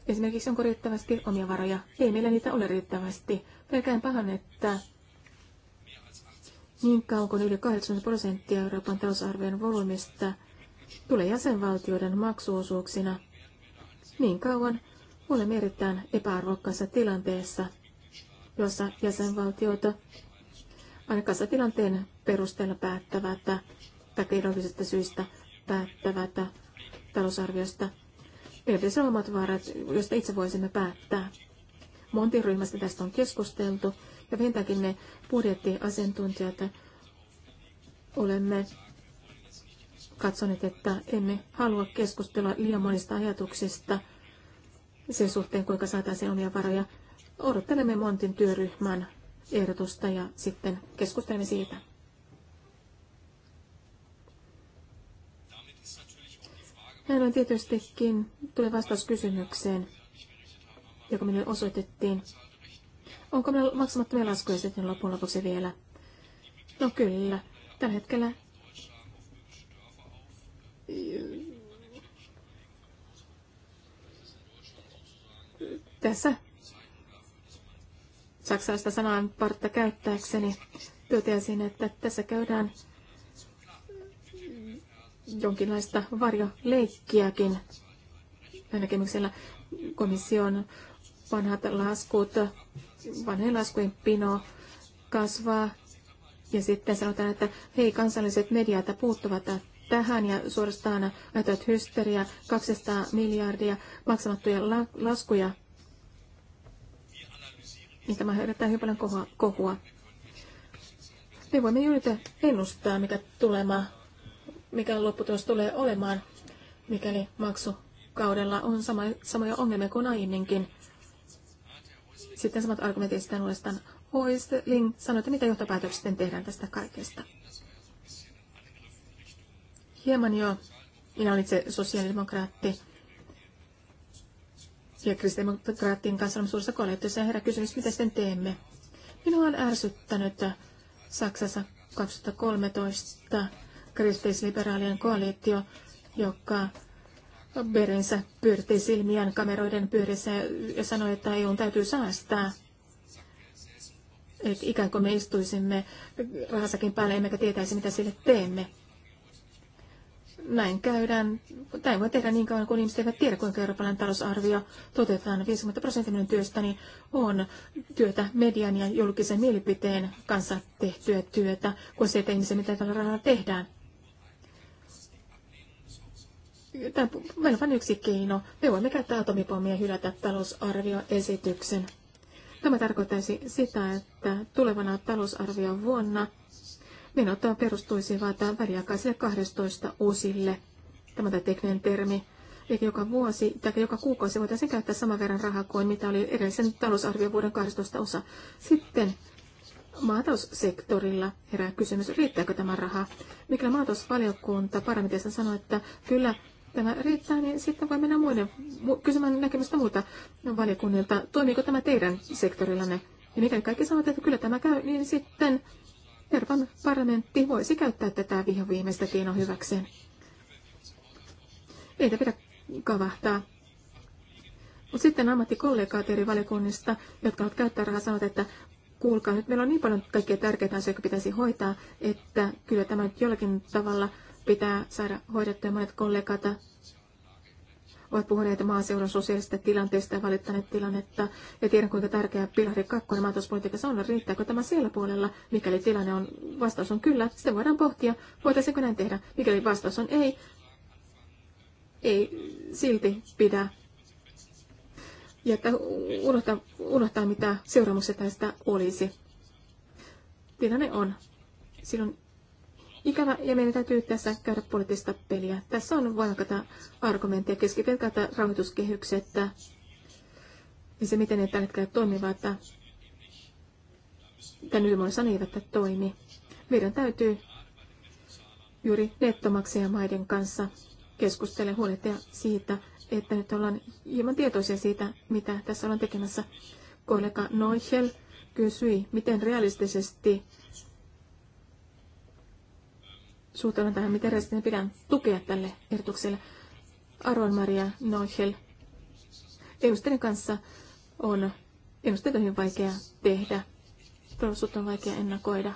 Esimerkiksi onko riittävästi omia varoja? Ei meillä niitä ole riittävästi. Pelkään pahan, että niin kauan kuin yli 80 prosenttia Euroopan talousarvion volyymista tulee jäsenvaltioiden maksuosuuksina – niin kauan olemme erittäin epäarvokkaassa tilanteessa, jossa jäsenvaltiot ainakaan tilanteen perusteella päättävät tai ehdollisista syistä päättävät talousarviosta. Meillä pitäisi omat vaarat, joista itse voisimme päättää. Montin ryhmästä tästä on keskusteltu ja vähintäänkin me budjettiasiantuntijat olemme katsoneet, että emme halua keskustella liian monista ajatuksista sen suhteen, kuinka saataisiin omia varoja. Odottelemme Montin työryhmän ehdotusta ja sitten keskustelemme siitä. Näin on tietystikin, tulee vastaus kysymykseen, joka minulle osoitettiin. Onko meillä maksamattomia laskuja sitten lopun lopuksi vielä? No kyllä. Tällä hetkellä tässä saksalaista sanaan partta käyttääkseni toteaisin, että tässä käydään jonkinlaista varjoleikkiäkin näkemyksellä komission vanhat laskut, vanhojen laskujen pino kasvaa. Ja sitten sanotaan, että hei, kansalliset mediat puuttuvat tähän ja suorastaan näyttävät hysteriaa, 200 miljardia maksamattuja laskuja. Niin tämä herättää hyvin paljon kohua. kohua. Me voimme juuri ennustaa, mikä, tulema, mikä lopputulos tulee olemaan, mikäli maksukaudella on sama, samoja ongelmia kuin aiemminkin. Sitten samat argumentit sitten uudestaan. Hoisling sanoi, että mitä johtopäätöksiä tehdään tästä kaikesta hieman jo, minä olen itse sosiaalidemokraatti, ja kristdemokraattien kanssa on suurissa koalitiossa, Herra kysymys, mitä sitten teemme. Minua on ärsyttänyt Saksassa 2013 kristillisliberaalien koalitio, joka verensä pyörti silmiään kameroiden pyörissä ja sanoi, että EU täytyy säästää. Et ikään kuin me istuisimme rahasakin päälle, emmekä tietäisi, mitä sille teemme näin käydään, tai voi tehdä niin kauan, kun ihmiset eivät tiedä, kuinka eurooppalainen talousarvio toteutetaan. 50 prosenttia minun työstäni on työtä median ja julkisen mielipiteen kanssa tehtyä työtä, kun se, että ihmisiä, mitä tällä rahalla tehdään. Tämä, meillä on vain yksi keino. Me voimme käyttää atomipommia ja hylätä talousarvioesityksen. Tämä tarkoittaisi sitä, että tulevana talousarvion vuonna Menot perustuisivat väliaikaisille 12 osille. Tämä on tekninen termi. Eli joka vuosi tai joka kuukausi voitaisiin käyttää saman verran rahaa kuin mitä oli edellisen talousarvion vuoden 12 osa. Sitten maataloussektorilla herää kysymys, riittääkö tämä raha? Mikä maatalousvaliokunta parametriassa sanoi, että kyllä tämä riittää, niin sitten voi mennä muiden kysymään näkemystä muilta valiokunnilta. Toimiiko tämä teidän sektorillanne? Ja mikä kaikki sanoo, että kyllä tämä käy, niin sitten Euroopan parlamentti voisi käyttää tätä vihoviimeistä keinoa hyväkseen. Ei pidä kavahtaa. Mutta sitten ammattikollegaat eri valiokunnista, jotka ovat rahaa sanovat, että kuulkaa nyt, meillä on niin paljon kaikkea tärkeitä asioita, jotka pitäisi hoitaa, että kyllä tämä nyt jollakin tavalla pitää saada hoidettua. Monet kollegat ovat puhuneet maaseudun sosiaalisesta tilanteesta ja valittaneet tilannetta. Ja tiedän, kuinka tärkeä pilari kakkonen maatalouspolitiikassa on. Riittääkö tämä siellä puolella? Mikäli tilanne on, vastaus on kyllä, sitten voidaan pohtia, voitaisiinko näin tehdä. Mikäli vastaus on ei, ei silti pidä ja että unohtaa, unohtaa mitä seuraamuksia tästä olisi. Tilanne on silloin Ikävä, ja meidän täytyy tässä käydä poliittista peliä. Tässä on voimakkaita argumentteja, tätä rahoituskehykset ja se, miten ne tällä hetkellä toimivat, tämän ylimuodossa ne että toimi. Meidän täytyy juuri nettomaksajamaiden kanssa keskustella huolehtia siitä, että nyt ollaan hieman tietoisia siitä, mitä tässä ollaan tekemässä. Kollega Noichel kysyi, miten realistisesti suhtaudun tähän, mitä järjestetään. Pidän tukea tälle ehdotukselle. Aron Maria Noichel, ennusteiden kanssa on ennusteita hyvin vaikea tehdä. Tulevaisuutta on vaikea ennakoida.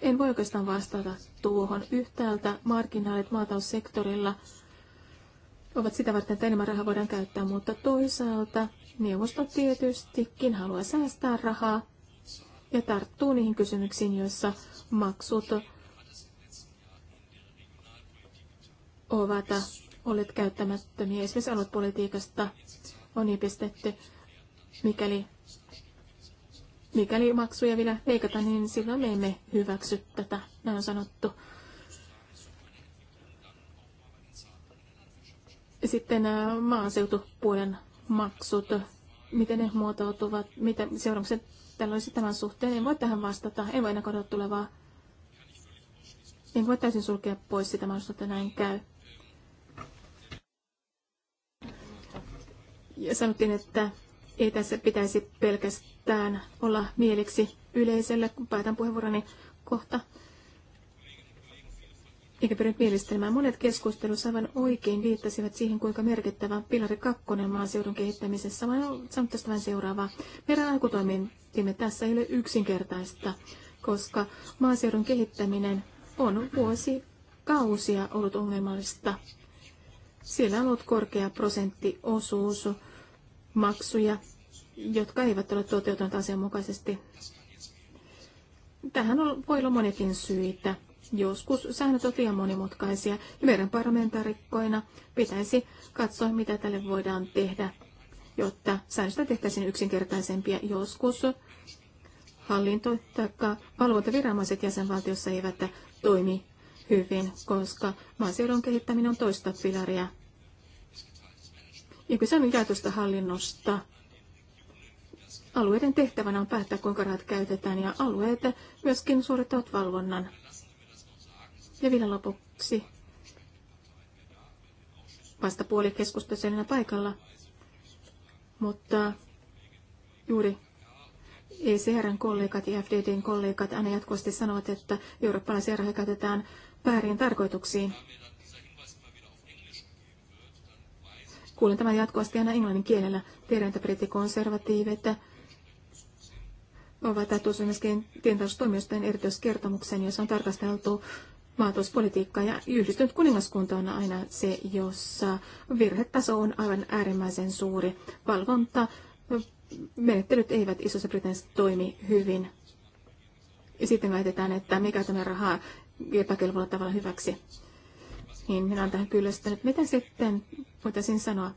En voi oikeastaan vastata tuohon. Yhtäältä marginaalit maataussektorilla ovat sitä varten, että enemmän rahaa voidaan käyttää, mutta toisaalta neuvosto tietystikin haluaa säästää rahaa ja tarttuu niihin kysymyksiin, joissa maksut ovat olleet käyttämättömiä. Esimerkiksi aluepolitiikasta on nipistetty, niin mikäli, mikäli maksuja vielä leikataan, niin silloin me emme hyväksy tätä, näin on sanottu. Sitten äh, maaseutupuolen maksut, miten ne muotoutuvat, mitä seuraamukset tällä olisi tämän suhteen, en voi tähän vastata, en voi ennakoida tulevaa. En voi täysin sulkea pois sitä mahdollisuutta, että näin käy. ja sanottiin, että ei tässä pitäisi pelkästään olla mieliksi yleisölle, kun päätän puheenvuoroni kohta. Eikä pyrin mielistelemään. Monet keskustelussa aivan oikein viittasivat siihen, kuinka merkittävä pilari kakkonen maaseudun kehittämisessä. Mä sanon tästä vain seuraavaa. Meidän alkutoimintimme tässä ei ole yksinkertaista, koska maaseudun kehittäminen on vuosi kausia ollut ongelmallista. Siellä on ollut korkea prosenttiosuus maksuja, jotka eivät ole toteutuneet asianmukaisesti. Tähän on, voi olla monikin syitä. Joskus säännöt ovat liian monimutkaisia ja meidän parlamentaarikkoina pitäisi katsoa, mitä tälle voidaan tehdä, jotta säännöstä tehtäisiin yksinkertaisempia. Joskus hallinto- tai valvontaviranomaiset jäsenvaltiossa eivät toimi hyvin, koska maaseudun kehittäminen on toista pilaria ja kyse on jaetusta hallinnosta. Alueiden tehtävänä on päättää, kuinka rahat käytetään, ja alueet myöskin suorittavat valvonnan. Ja vielä lopuksi vastapuoli keskustelussa paikalla, mutta juuri ECRn kollegat ja FDDn kollegat aina jatkuvasti sanovat, että eurooppalaisia rahoja käytetään väärin tarkoituksiin. Kuulen tämän jatkuvasti aina englannin kielellä. Tiedän, että brittikonservatiivit ovat tuossa myöskin tientaustoimijoiden erityiskertomuksen, jossa on tarkasteltu maatalouspolitiikkaa ja yhdistynyt kuningaskunta on aina se, jossa virhetaso on aivan äärimmäisen suuri. Valvonta, menettelyt eivät isossa Britannissa toimi hyvin. Ja sitten väitetään, että mikä tämä rahaa epäkelvolla tavalla hyväksi niin minä olen tähän kyllästynyt. Mitä sitten voitaisiin sanoa?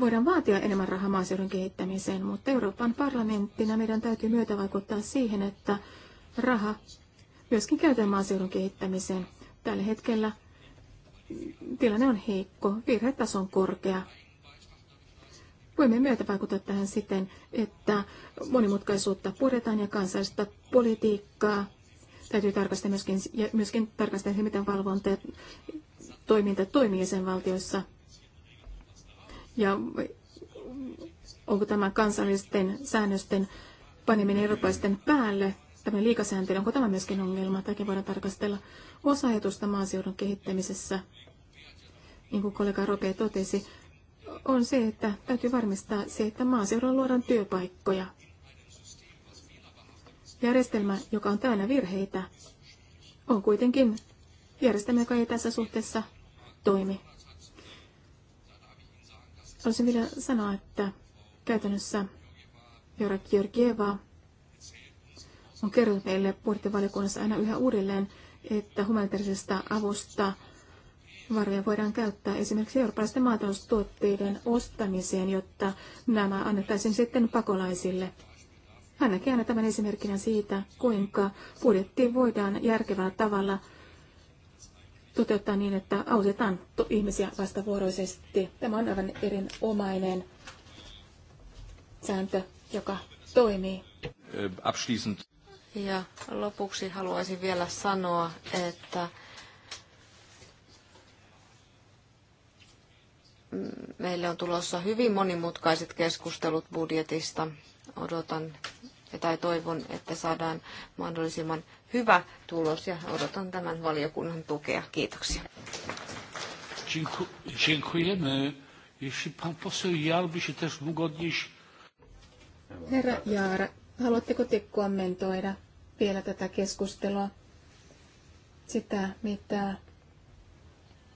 Voidaan vaatia enemmän rahaa maaseudun kehittämiseen, mutta Euroopan parlamenttina meidän täytyy vaikuttaa siihen, että raha myöskin käytetään maaseudun kehittämiseen. Tällä hetkellä tilanne on heikko, virhetaso on korkea. Voimme vaikuttaa tähän siten, että monimutkaisuutta puretaan ja kansallista politiikkaa Täytyy tarkastaa myöskin, ja myöskin tarkastaa, miten valvonta toiminta toimii jäsenvaltioissa. Ja onko tämä kansallisten säännösten paneminen eurooppalaisten päälle, tämä liikasääntely, onko tämä myöskin ongelma? Tämäkin voidaan tarkastella osa-ajatusta maaseudun kehittämisessä. Niin kuin kollega Roke totesi, on se, että täytyy varmistaa se, että maaseudulla luodaan työpaikkoja. Järjestelmä, joka on täynnä virheitä, on kuitenkin järjestelmä, joka ei tässä suhteessa toimi. Haluaisin vielä sanoa, että käytännössä Jora Georgieva on kerrottu meille budjettivaliokunnassa aina yhä uudelleen, että humanitaarisesta avusta varoja voidaan käyttää esimerkiksi eurooppalaisten maataloustuotteiden ostamiseen, jotta nämä annettaisiin sitten pakolaisille. Hän näkee, aina tämän esimerkkinä siitä, kuinka budjetti voidaan järkevällä tavalla toteuttaa niin, että autetaan ihmisiä vastavuoroisesti. Tämä on aivan erinomainen sääntö, joka toimii. Ja lopuksi haluaisin vielä sanoa, että meille on tulossa hyvin monimutkaiset keskustelut budjetista. Odotan tai toivon, että saadaan mahdollisimman hyvä tulos ja odotan tämän valiokunnan tukea. Kiitoksia. Dziękujemy. Jeśli pan poseł Jar się też mógł odnieść. Herra Jaara, haluatteko te kommentoida vielä tätä keskustelua? Sitä, mitä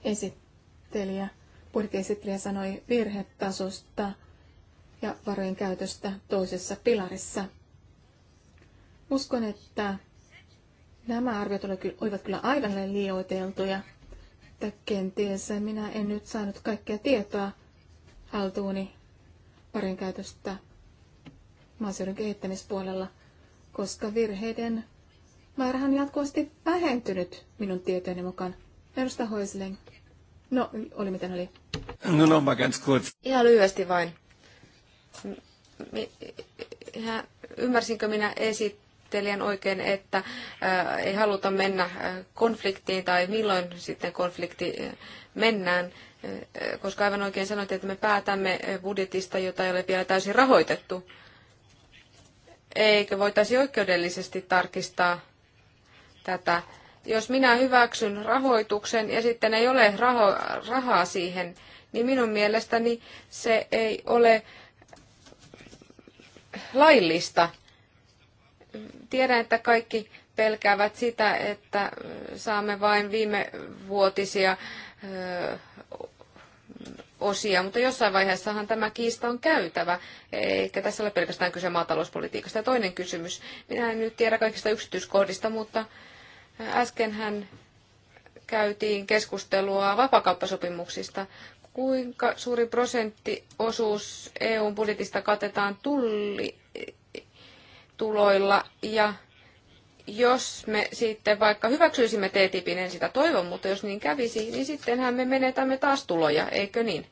esittelijä, budjettiesittelijä sanoi virhetasosta ja varojen käytöstä toisessa pilarissa. Uskon, että nämä arviot olivat kyllä aivan liioiteltuja, että kenties minä en nyt saanut kaikkea tietoa haltuuni parin käytöstä maaseudun kehittämispuolella, koska virheiden määrähän on jatkuvasti vähentynyt minun tietojeni mukaan. Edustaja Hoisling. No, oli miten oli. No, no, mä ganz kurz. Ihan lyhyesti vain. Ymmärsinkö minä esit esittelijän oikein, että äh, ei haluta mennä äh, konfliktiin tai milloin sitten konflikti äh, mennään, koska aivan oikein sanoit, että me päätämme budjetista, jota ei ole vielä täysin rahoitettu. Eikö voitaisi oikeudellisesti tarkistaa tätä? Jos minä hyväksyn rahoituksen ja sitten ei ole raho- rahaa siihen, niin minun mielestäni se ei ole laillista. Tiedän, että kaikki pelkäävät sitä, että saamme vain viime vuotisia osia, mutta jossain vaiheessahan tämä kiista on käytävä, eikä tässä ole pelkästään kyse maatalouspolitiikasta. Ja toinen kysymys, minä en nyt tiedä kaikista yksityiskohdista, mutta äskenhän käytiin keskustelua vapakauppasopimuksista. Kuinka suuri prosenttiosuus EUn budjetista katetaan tulli tuloilla ja jos me sitten vaikka hyväksyisimme TTIPin, en sitä toivon, mutta jos niin kävisi, niin sittenhän me menetämme taas tuloja, eikö niin?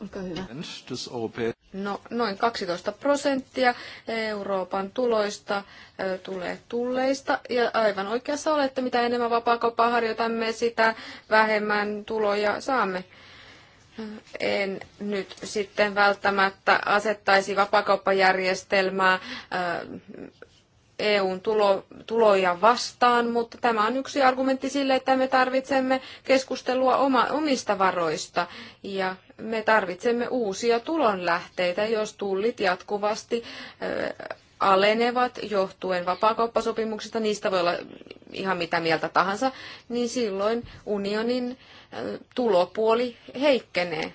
Olkaa hyvä. No, noin 12 prosenttia Euroopan tuloista tulee tulleista. Ja aivan oikeassa olette, mitä enemmän vapaakauppaa harjoitamme, sitä vähemmän tuloja saamme en nyt sitten välttämättä asettaisi vapakauppajärjestelmää äh, EUn tulo, tuloja vastaan, mutta tämä on yksi argumentti sille, että me tarvitsemme keskustelua oma, omista varoista ja me tarvitsemme uusia tulonlähteitä, jos tullit jatkuvasti äh, alenevat johtuen vapaakauppasopimuksista, niistä voi olla ihan mitä mieltä tahansa, niin silloin unionin tulopuoli heikkenee.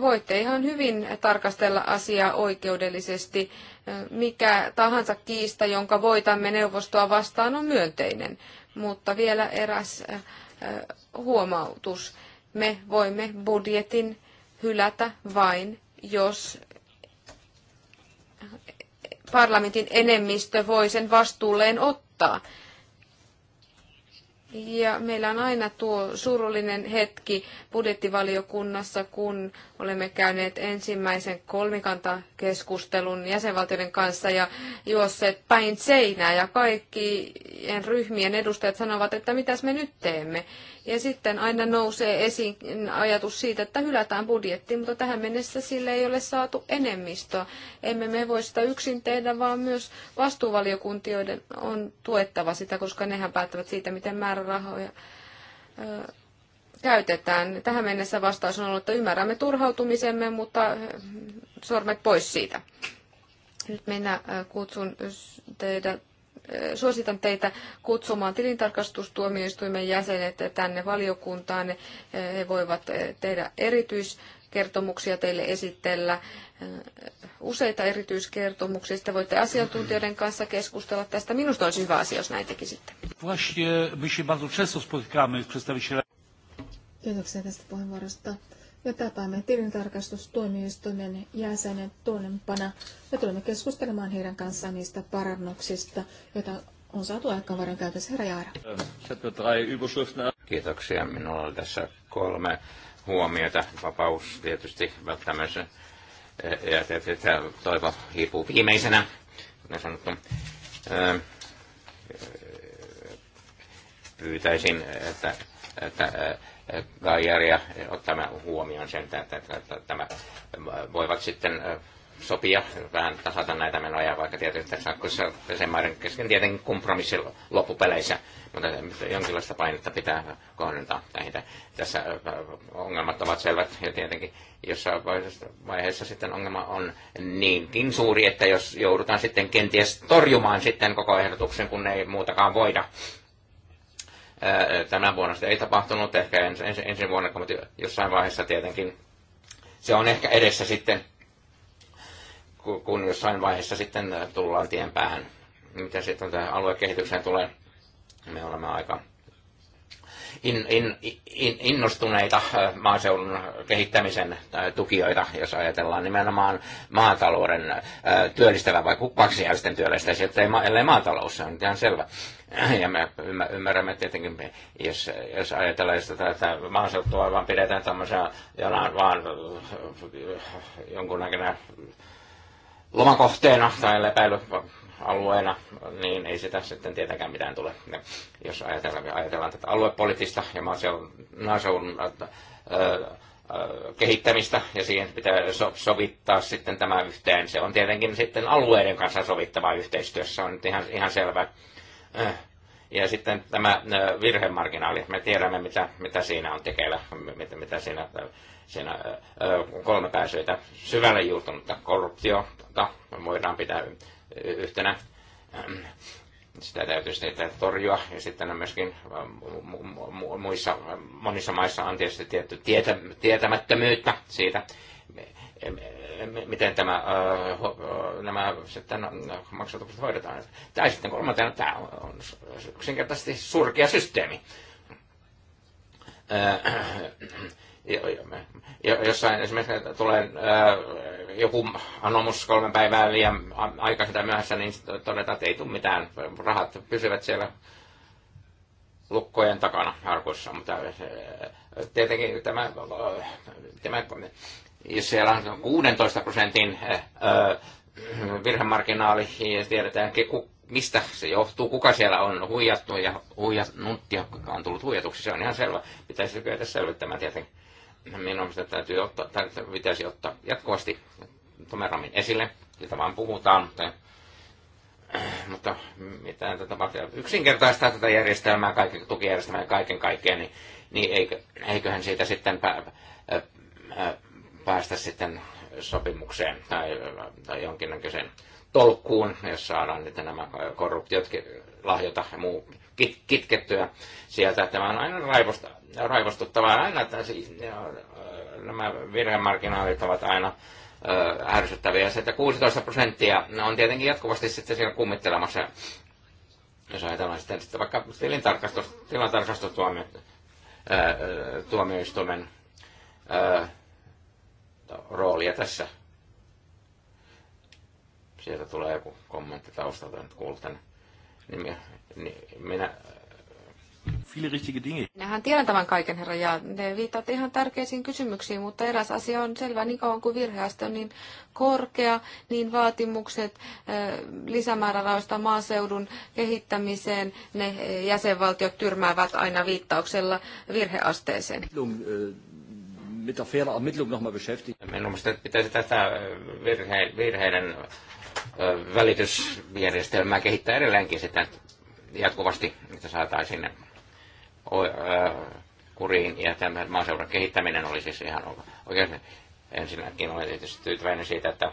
Voitte ihan hyvin tarkastella asiaa oikeudellisesti. Mikä tahansa kiista, jonka voitamme neuvostoa vastaan, on myönteinen. Mutta vielä eräs äh, huomautus. Me voimme budjetin hylätä vain, jos parlamentin enemmistö voi sen vastuulleen ottaa. Ja meillä on aina tuo surullinen hetki budjettivaliokunnassa, kun olemme käyneet ensimmäisen kolmikantakeskustelun jäsenvaltioiden kanssa ja juosseet päin seinää ja kaikkien ryhmien edustajat sanovat, että mitäs me nyt teemme. Ja sitten aina nousee esiin ajatus siitä, että hylätään budjetti, mutta tähän mennessä sille ei ole saatu enemmistöä. Emme me voi sitä yksin tehdä, vaan myös vastuuvaliokuntioiden on tuettava sitä, koska nehän päättävät siitä, miten määrärahoja käytetään. Tähän mennessä vastaus on ollut, että ymmärrämme turhautumisemme, mutta sormet pois siitä. Nyt minä kutsun teidät suositan teitä kutsumaan tilintarkastustuomioistuimen jäsenet tänne valiokuntaan. He voivat tehdä erityiskertomuksia teille esitellä, useita erityiskertomuksia. Sitten voitte asiantuntijoiden kanssa keskustella tästä. Minusta olisi hyvä asia, jos näin tekisitte. Kiitoksia tästä puheenvuorosta ja tapaamme tilintarkastustuomioistuimen jäsenen tuonnempana ja tulemme keskustelemaan heidän kanssaan niistä parannuksista, joita on saatu aikaan varjon käytössä. Herra Jaara. Kiitoksia. Minulla on tässä kolme huomiota. Vapaus tietysti välttämättä ja tietysti toivo hiipuu viimeisenä, kuten sanottu. Pyytäisin, että, että ja ottaa huomioon sen, että tämä äh, voivat sitten äh, sopia vähän tasata näitä menoja, vaikka tietysti sen maiden kesken tietenkin kompromissi loppupeleissä, mutta jonkinlaista painetta pitää kohdentaa näihin. Tässä äh, ongelmat ovat selvät ja tietenkin jossain vaiheessa sitten ongelma on niinkin suuri, että jos joudutaan sitten kenties torjumaan sitten koko ehdotuksen, kun ei muutakaan voida Tänä vuonna sitä ei tapahtunut, ehkä ens, ens, ensi vuonna, mutta jossain vaiheessa tietenkin se on ehkä edessä sitten, kun jossain vaiheessa sitten tullaan tien päähän. Mitä sitten tähän aluekehitykseen tulee, me olemme aika in, in, in, innostuneita äh, maaseudun kehittämisen äh, tukijoita, jos ajatellaan nimenomaan maatalouden äh, työllistävää vai kukkaaksi ja sitten työllistäisi, että ei, ellei maatalous, se on ihan selvä. Ja me ymmärrämme tietenkin, jos, jos ajatellaan, että tätä maaseutua vaan pidetään tämmöisenä jonain vaan jonkunnäköinen lomakohteena tai lepäily alueena, niin ei sitä sitten tietenkään mitään tule. Ja jos ajatellaan, ajatellaan tätä aluepoliittista ja maaseudun, maaseudun äh, äh, kehittämistä ja siihen pitää so- sovittaa sitten tämä yhteen. Se on tietenkin sitten alueiden kanssa sovittava yhteistyössä, on nyt ihan, ihan selvä. Äh. Ja sitten tämä virhemarginaali, me tiedämme mitä, mitä siinä on tekeillä, mitä, mitä siinä, siinä kolme pääsyitä, syvälle juurtunutta korruptiota voidaan pitää yhtenä. Sitä täytyy sitten torjua. Ja sitten on myöskin muissa, monissa maissa on tietysti tietty tietä, tietämättömyyttä siitä, miten tämä, nämä sitten maksatukset hoidetaan. Tämä sitten kolmantena tämä on yksinkertaisesti surkea systeemi jossain esimerkiksi tulee äh, joku anomus kolme päivää liian aikaisin tai myöhässä, niin todetaan, että ei tule mitään. Rahat pysyvät siellä lukkojen takana harkuissa. mutta äh, tietenkin tämä, äh, tämä jos siellä on 16 prosentin virhemarginaali ja tiedetään, mistä se johtuu, kuka siellä on huijattu ja huijannut ja on tullut huijatuksi, se on ihan selvä. Pitäisi kyetä selvittämään tietenkin minun mielestä täytyy ottaa, täytyy, pitäisi ottaa jatkuvasti Tomeramin esille. Sitä vaan puhutaan, mutta, äh, mutta mitään tätä tapahtuu. Yksinkertaistaa tätä järjestelmää, kaiken, tukijärjestelmää ja kaiken kaikkea, niin, niin eiköhän siitä sitten pä, pä, äh, äh, päästä sitten sopimukseen tai, tai jonkinnäköiseen tolkkuun, jos saadaan nyt nämä korruptiot, lahjota ja muu kit, kitkettyä sieltä. Tämä on aina raivosta, raivostuttavaa. Aina että nämä virhemarginaalit ovat aina äh, ärsyttäviä. Se, että 16 prosenttia on tietenkin jatkuvasti sitten siellä kummittelemassa. Jos ajatellaan sitten, sitten vaikka tilintarkastus, tilintarkastustuomioistuimen äh, roolia tässä. Sieltä tulee joku kommentti taustalta, nyt kuuluu tänne nimiä niin minä... Viele richtige Dinge. Minähän tiedän tämän kaiken, herra, ja ne viittaat ihan tärkeisiin kysymyksiin, mutta eräs asia on selvä, niin kauan kuin virheaste on niin korkea, niin vaatimukset lisämäärärahoista maaseudun kehittämiseen, ne jäsenvaltiot tyrmäävät aina viittauksella virheasteeseen äh, mit der Fehlerermittlung nochmal beschäftigt. Minusta pitäisi tätä äh, virhe, virheiden äh, välitysjärjestelmää kehittää edelleenkin sitä jatkuvasti, että saataisiin kuriin ja tämän maaseudun kehittäminen oli siis ihan oikein. Ensinnäkin olen tietysti tyytyväinen siitä, että,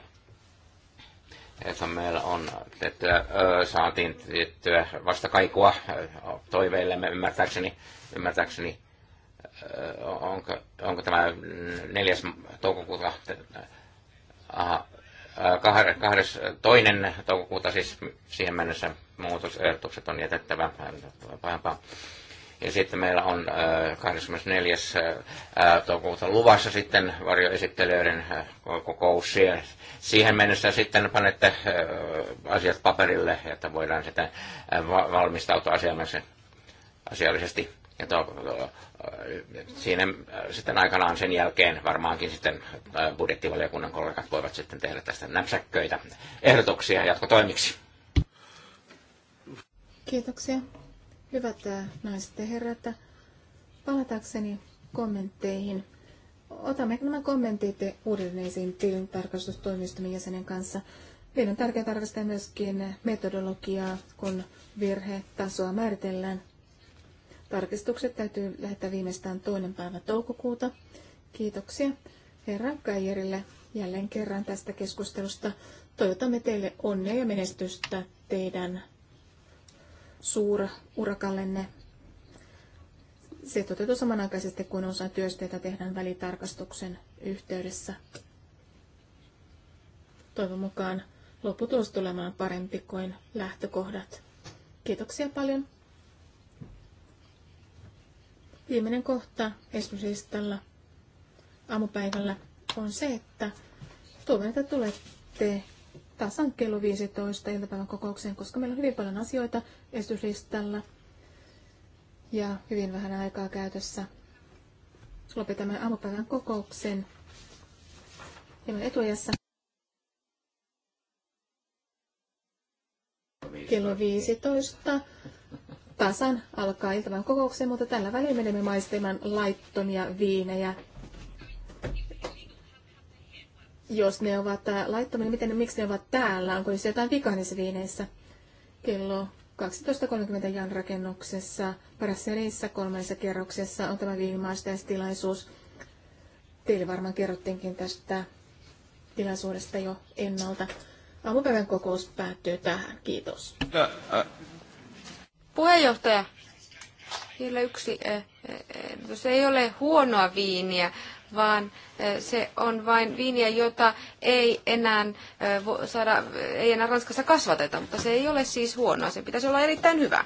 että meillä on, että saatiin tiettyä vastakaikua toiveillemme ymmärtääkseni, ymmärtääkseni onko, onko tämä 4. toukokuuta aha, Äh, toinen toukokuuta siis siihen mennessä muutosehdotukset on jätettävä äh, pahempaa. Ja sitten meillä on 24. Äh, toukokuuta luvassa sitten varjoesittelijöiden kokous. Siihen mennessä sitten panette asiat paperille, että voidaan sitten valmistautua asiallisesti. Ja siinä äh, sitten aikanaan sen jälkeen varmaankin sitten äh, budjettivaliokunnan kollegat voivat sitten tehdä tästä näpsäkköitä ehdotuksia jatkotoimiksi. Kiitoksia. Hyvät äh, naiset ja herrat, palatakseni kommentteihin. Otamme nämä kommentit uudelleen esiin tilintarkastustoimistomme jäsenen kanssa. Meidän on tärkeää tarkastaa myöskin metodologiaa, kun virhetasoa määritellään Tarkistukset täytyy lähettää viimeistään toinen päivä toukokuuta. Kiitoksia herra Kaijerille jälleen kerran tästä keskustelusta. Toivotamme teille onnea ja menestystä teidän suururakallenne. Se toteutuu samanaikaisesti kuin osa työsteitä tehdään välitarkastuksen yhteydessä. Toivon mukaan lopputulos tulemaan parempi kuin lähtökohdat. Kiitoksia paljon. Viimeinen kohta esimerkiksi aamupäivällä on se, että toivon, että tulette tasan kello 15 iltapäivän kokoukseen, koska meillä on hyvin paljon asioita esityslistalla ja hyvin vähän aikaa käytössä. Lopetamme aamupäivän kokouksen hieman etuajassa. Kello 15 tasan alkaa iltavan kokoukseen, mutta tällä välin menemme maistamaan laittomia viinejä. Jos ne ovat äh, laittomia, niin miten, miksi ne ovat täällä? Onko se jotain vikaa niissä viineissä? Kello 12.30 Jan rakennuksessa, Parasserissa kolmannessa kerroksessa on tämä viinimaistajastilaisuus. Teille varmaan kerrottiinkin tästä tilaisuudesta jo ennalta. Aamupäivän kokous päättyy tähän. Kiitos. Äh, äh, Puheenjohtaja, vielä yksi eh, eh, eh, se Ei ole huonoa viiniä, vaan se on vain viiniä, jota ei enää, saada, ei enää Ranskassa kasvateta, mutta se ei ole siis huonoa. Se pitäisi olla erittäin hyvä.